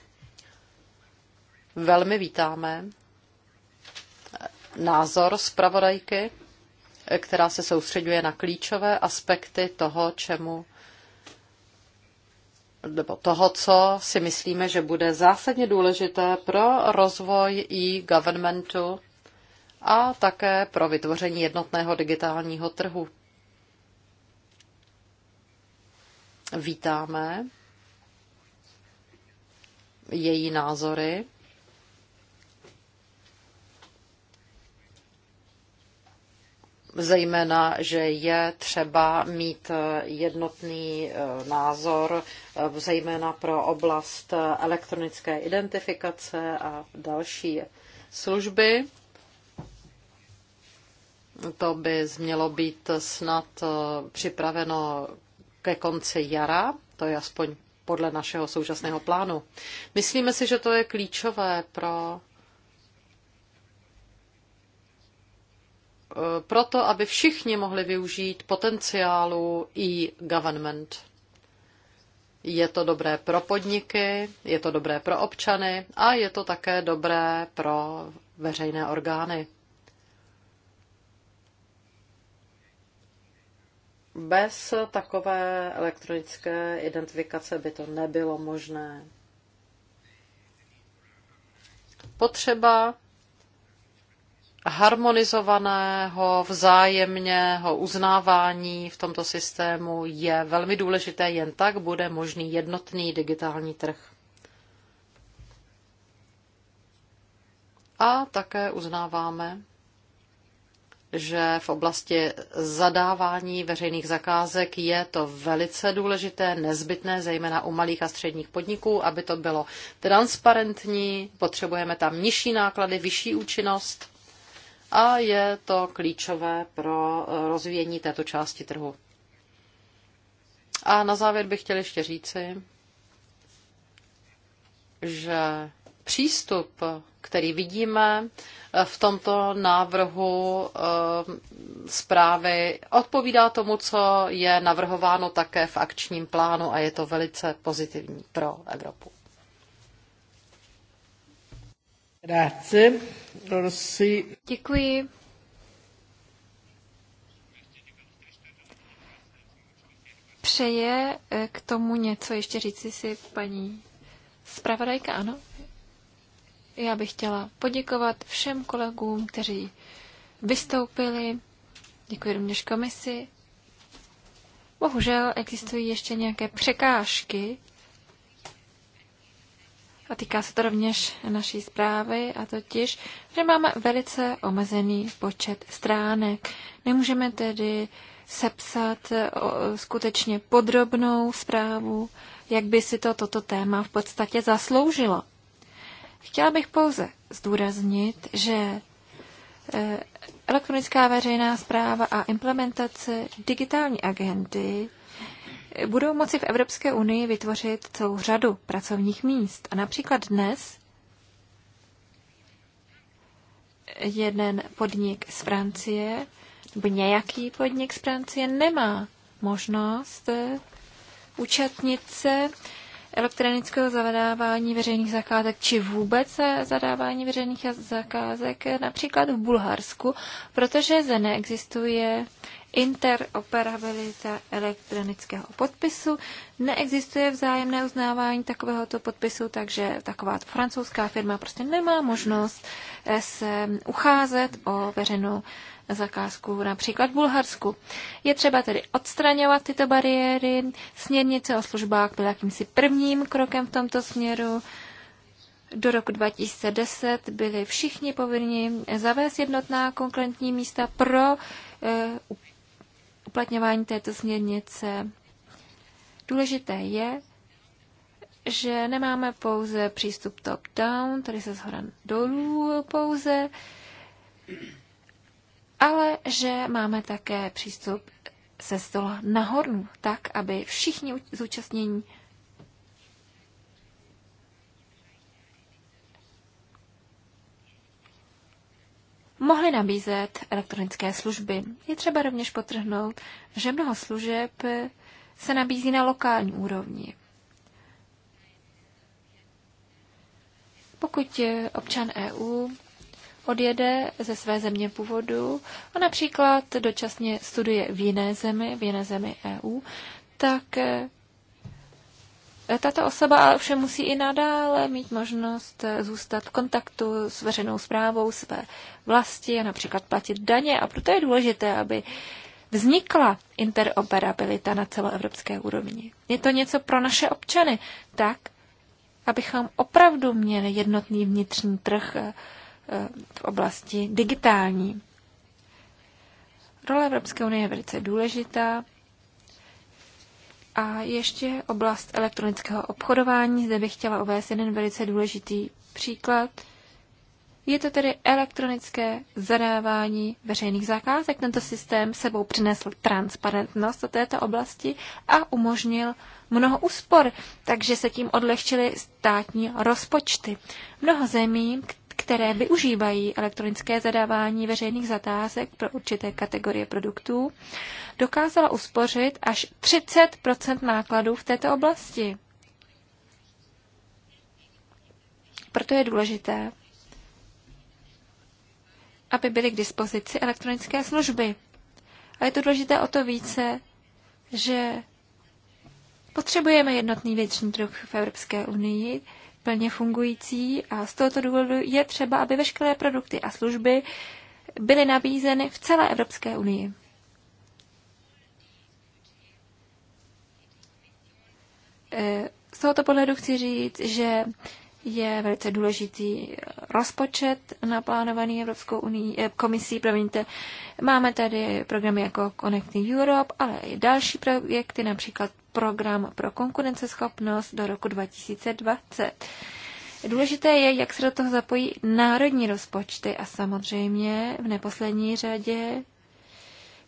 Velmi vítáme eh, názor zpravodajky, která se soustředuje na klíčové aspekty toho, čemu nebo toho, co si myslíme, že bude zásadně důležité pro rozvoj e-governmentu a také pro vytvoření jednotného digitálního trhu. Vítáme její názory zejména, že je třeba mít eh, jednotný eh, názor, eh, zejména pro oblast elektronické identifikace a další služby. To by mělo být snad připraveno ke konci jara, to je aspoň podle našeho současného plánu. Myslíme si, že to je klíčové pro Eh, proto, aby všichni mohli využít potenciálu e-government. Je to dobré pro podniky, je to dobré pro občany a je to také dobré pro veřejné orgány. Bez takové elektronické identifikace by to nebylo možné. Potřeba harmonizovaného vzájemného uznávání v tomto systému je velmi důležité, jen tak bude možný jednotný digitální trh. A také uznáváme, že v oblasti zadávání veřejných zakázek je to velice důležité, nezbytné, zejména u malých a středních podniků, aby to bylo transparentní, potřebujeme tam nižší náklady, vyšší účinnost a je to klíčové pro eh, rozvíjení této části trhu. A na závěr bych chtěl ještě říci, že přístup, který vidíme eh, v tomto návrhu eh, zprávy, odpovídá tomu, co je navrhováno také v akčním plánu a je to velice pozitivní pro Evropu. Grazie. Rossi. Děkuji. Přeje eh, k tomu něco ještě říci si paní zpravodajka, ano? Já bych chtěla poděkovat všem kolegům, kteří vystoupili. Děkuji rovněž komisi. Bohužel existují ještě nějaké překážky, a týká se to rovněž naší zprávy, a totiž, že máme velice omezený počet stránek. Nemůžeme tedy sepsat eh, skutečně podrobnou zprávu, jak by si to toto téma v podstatě zasloužilo. Chtěla bych pouze zdůraznit, že eh, elektronická veřejná zpráva a implementace digitální agendy budou moci v Evropské unii vytvořit celou řadu pracovních míst. A například dnes jeden podnik z Francie, nebo nějaký podnik z Francie nemá možnost eh, účastnit se elektronického zadávání veřejných zakázek či vůbec eh, zadávání veřejných zakázek eh, například v Bulharsku, protože zde neexistuje interoperabilita elektronického podpisu. Neexistuje vzájemné uznávání takovéhoto podpisu, takže taková francouzská firma prostě nemá možnost eh, se ucházet o veřejnou zakázku například v Bulharsku. Je třeba tedy odstraňovat tyto bariéry. Směrnice o službách byla jakýmsi prvním krokem v tomto směru. Do roku 2010 byli všichni povinni zavést jednotná konkrétní místa pro e, uplatňování této směrnice. Důležité je, že nemáme pouze přístup top-down, tedy se zhora dolů pouze, ale že máme také přístup se stola nahoru, tak, aby všichni zúčastnění mohly nabízet elektronické služby. Je třeba rovněž potrhnout, že mnoho služeb se nabízí na lokální úrovni. Pokud občan EU odjede ze své země původu a například dočasně studuje v jiné zemi, v jiné zemi EU, tak tato osoba ovšem musí i nadále mít možnost eh, zůstat v kontaktu s veřejnou zprávou své vlasti a například platit daně. A proto je důležité, aby vznikla interoperabilita na celoevropské úrovni. Je to něco pro naše občany, tak, abychom opravdu měli jednotný vnitřní trh eh, eh, v oblasti digitální. Role Evropské unie je velice důležitá a ještě oblast elektronického obchodování. Zde bych chtěla uvést jeden velice důležitý příklad. Je to tedy elektronické zadávání veřejných zakázek. Tento systém sebou přinesl transparentnost do této oblasti a umožnil mnoho úspor, takže se tím odlehčily státní rozpočty. Mnoho zemí, které využívají elektronické zadávání veřejných zatázek pro určité kategorie produktů, dokázala uspořit až 30 nákladů v této oblasti. Proto je důležité, aby byly k dispozici elektronické služby. A je to důležité o to více, že potřebujeme jednotný vnitřní trh v Evropské unii, plně fungující a z tohoto důvodu je třeba, aby veškeré produkty a služby byly nabízeny v celé Evropské unii. E, z tohoto pohledu chci říct, že je velice důležitý rozpočet naplánovaný Evropskou unii, e, komisí. Promiňte. Máme tady programy jako Connecting Europe, ale i další projekty, například program pro konkurenceschopnost do roku 2020. Důležité je, jak se do toho zapojí národní rozpočty a samozřejmě v neposlední řadě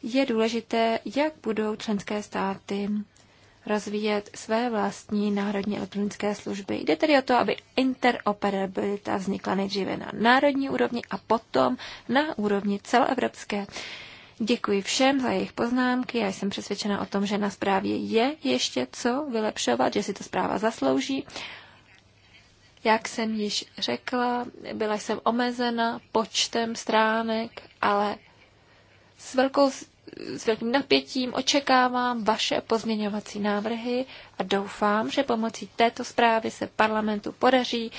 je důležité, jak budou členské státy rozvíjet své vlastní národní elektronické služby. Jde tedy o to, aby interoperabilita vznikla nejdříve na národní úrovni a potom na úrovni celoevropské. Děkuji všem za jejich poznámky. Já jsem přesvědčena o tom, že na zprávě je ještě co vylepšovat, že si to zpráva zaslouží. Jak jsem již řekla, byla jsem omezena počtem stránek, ale s, velkou, s velkým napětím očekávám vaše pozměňovací návrhy a doufám, že pomocí této zprávy se parlamentu podaří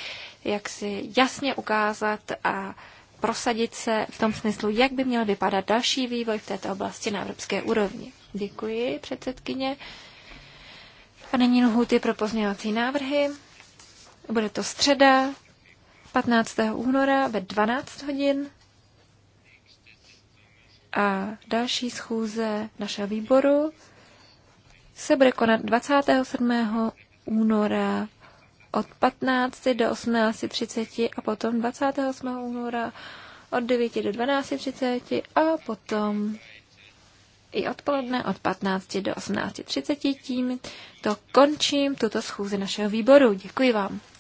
jak si jasně ukázat a prosadit se v tom smyslu, jak by měl vypadat další vývoj v této oblasti na evropské úrovni. Děkuji, předsedkyně. A není lhuty pro pozměňovací návrhy. Bude to středa 15. února ve 12 hodin. A další schůze našeho výboru se bude konat 27. února od 15 do 18.30 a potom 28. února od 9 do 12.30 a potom i odpoledne od 15 do 18.30. Tím to končím tuto schůzi našeho výboru. Děkuji vám.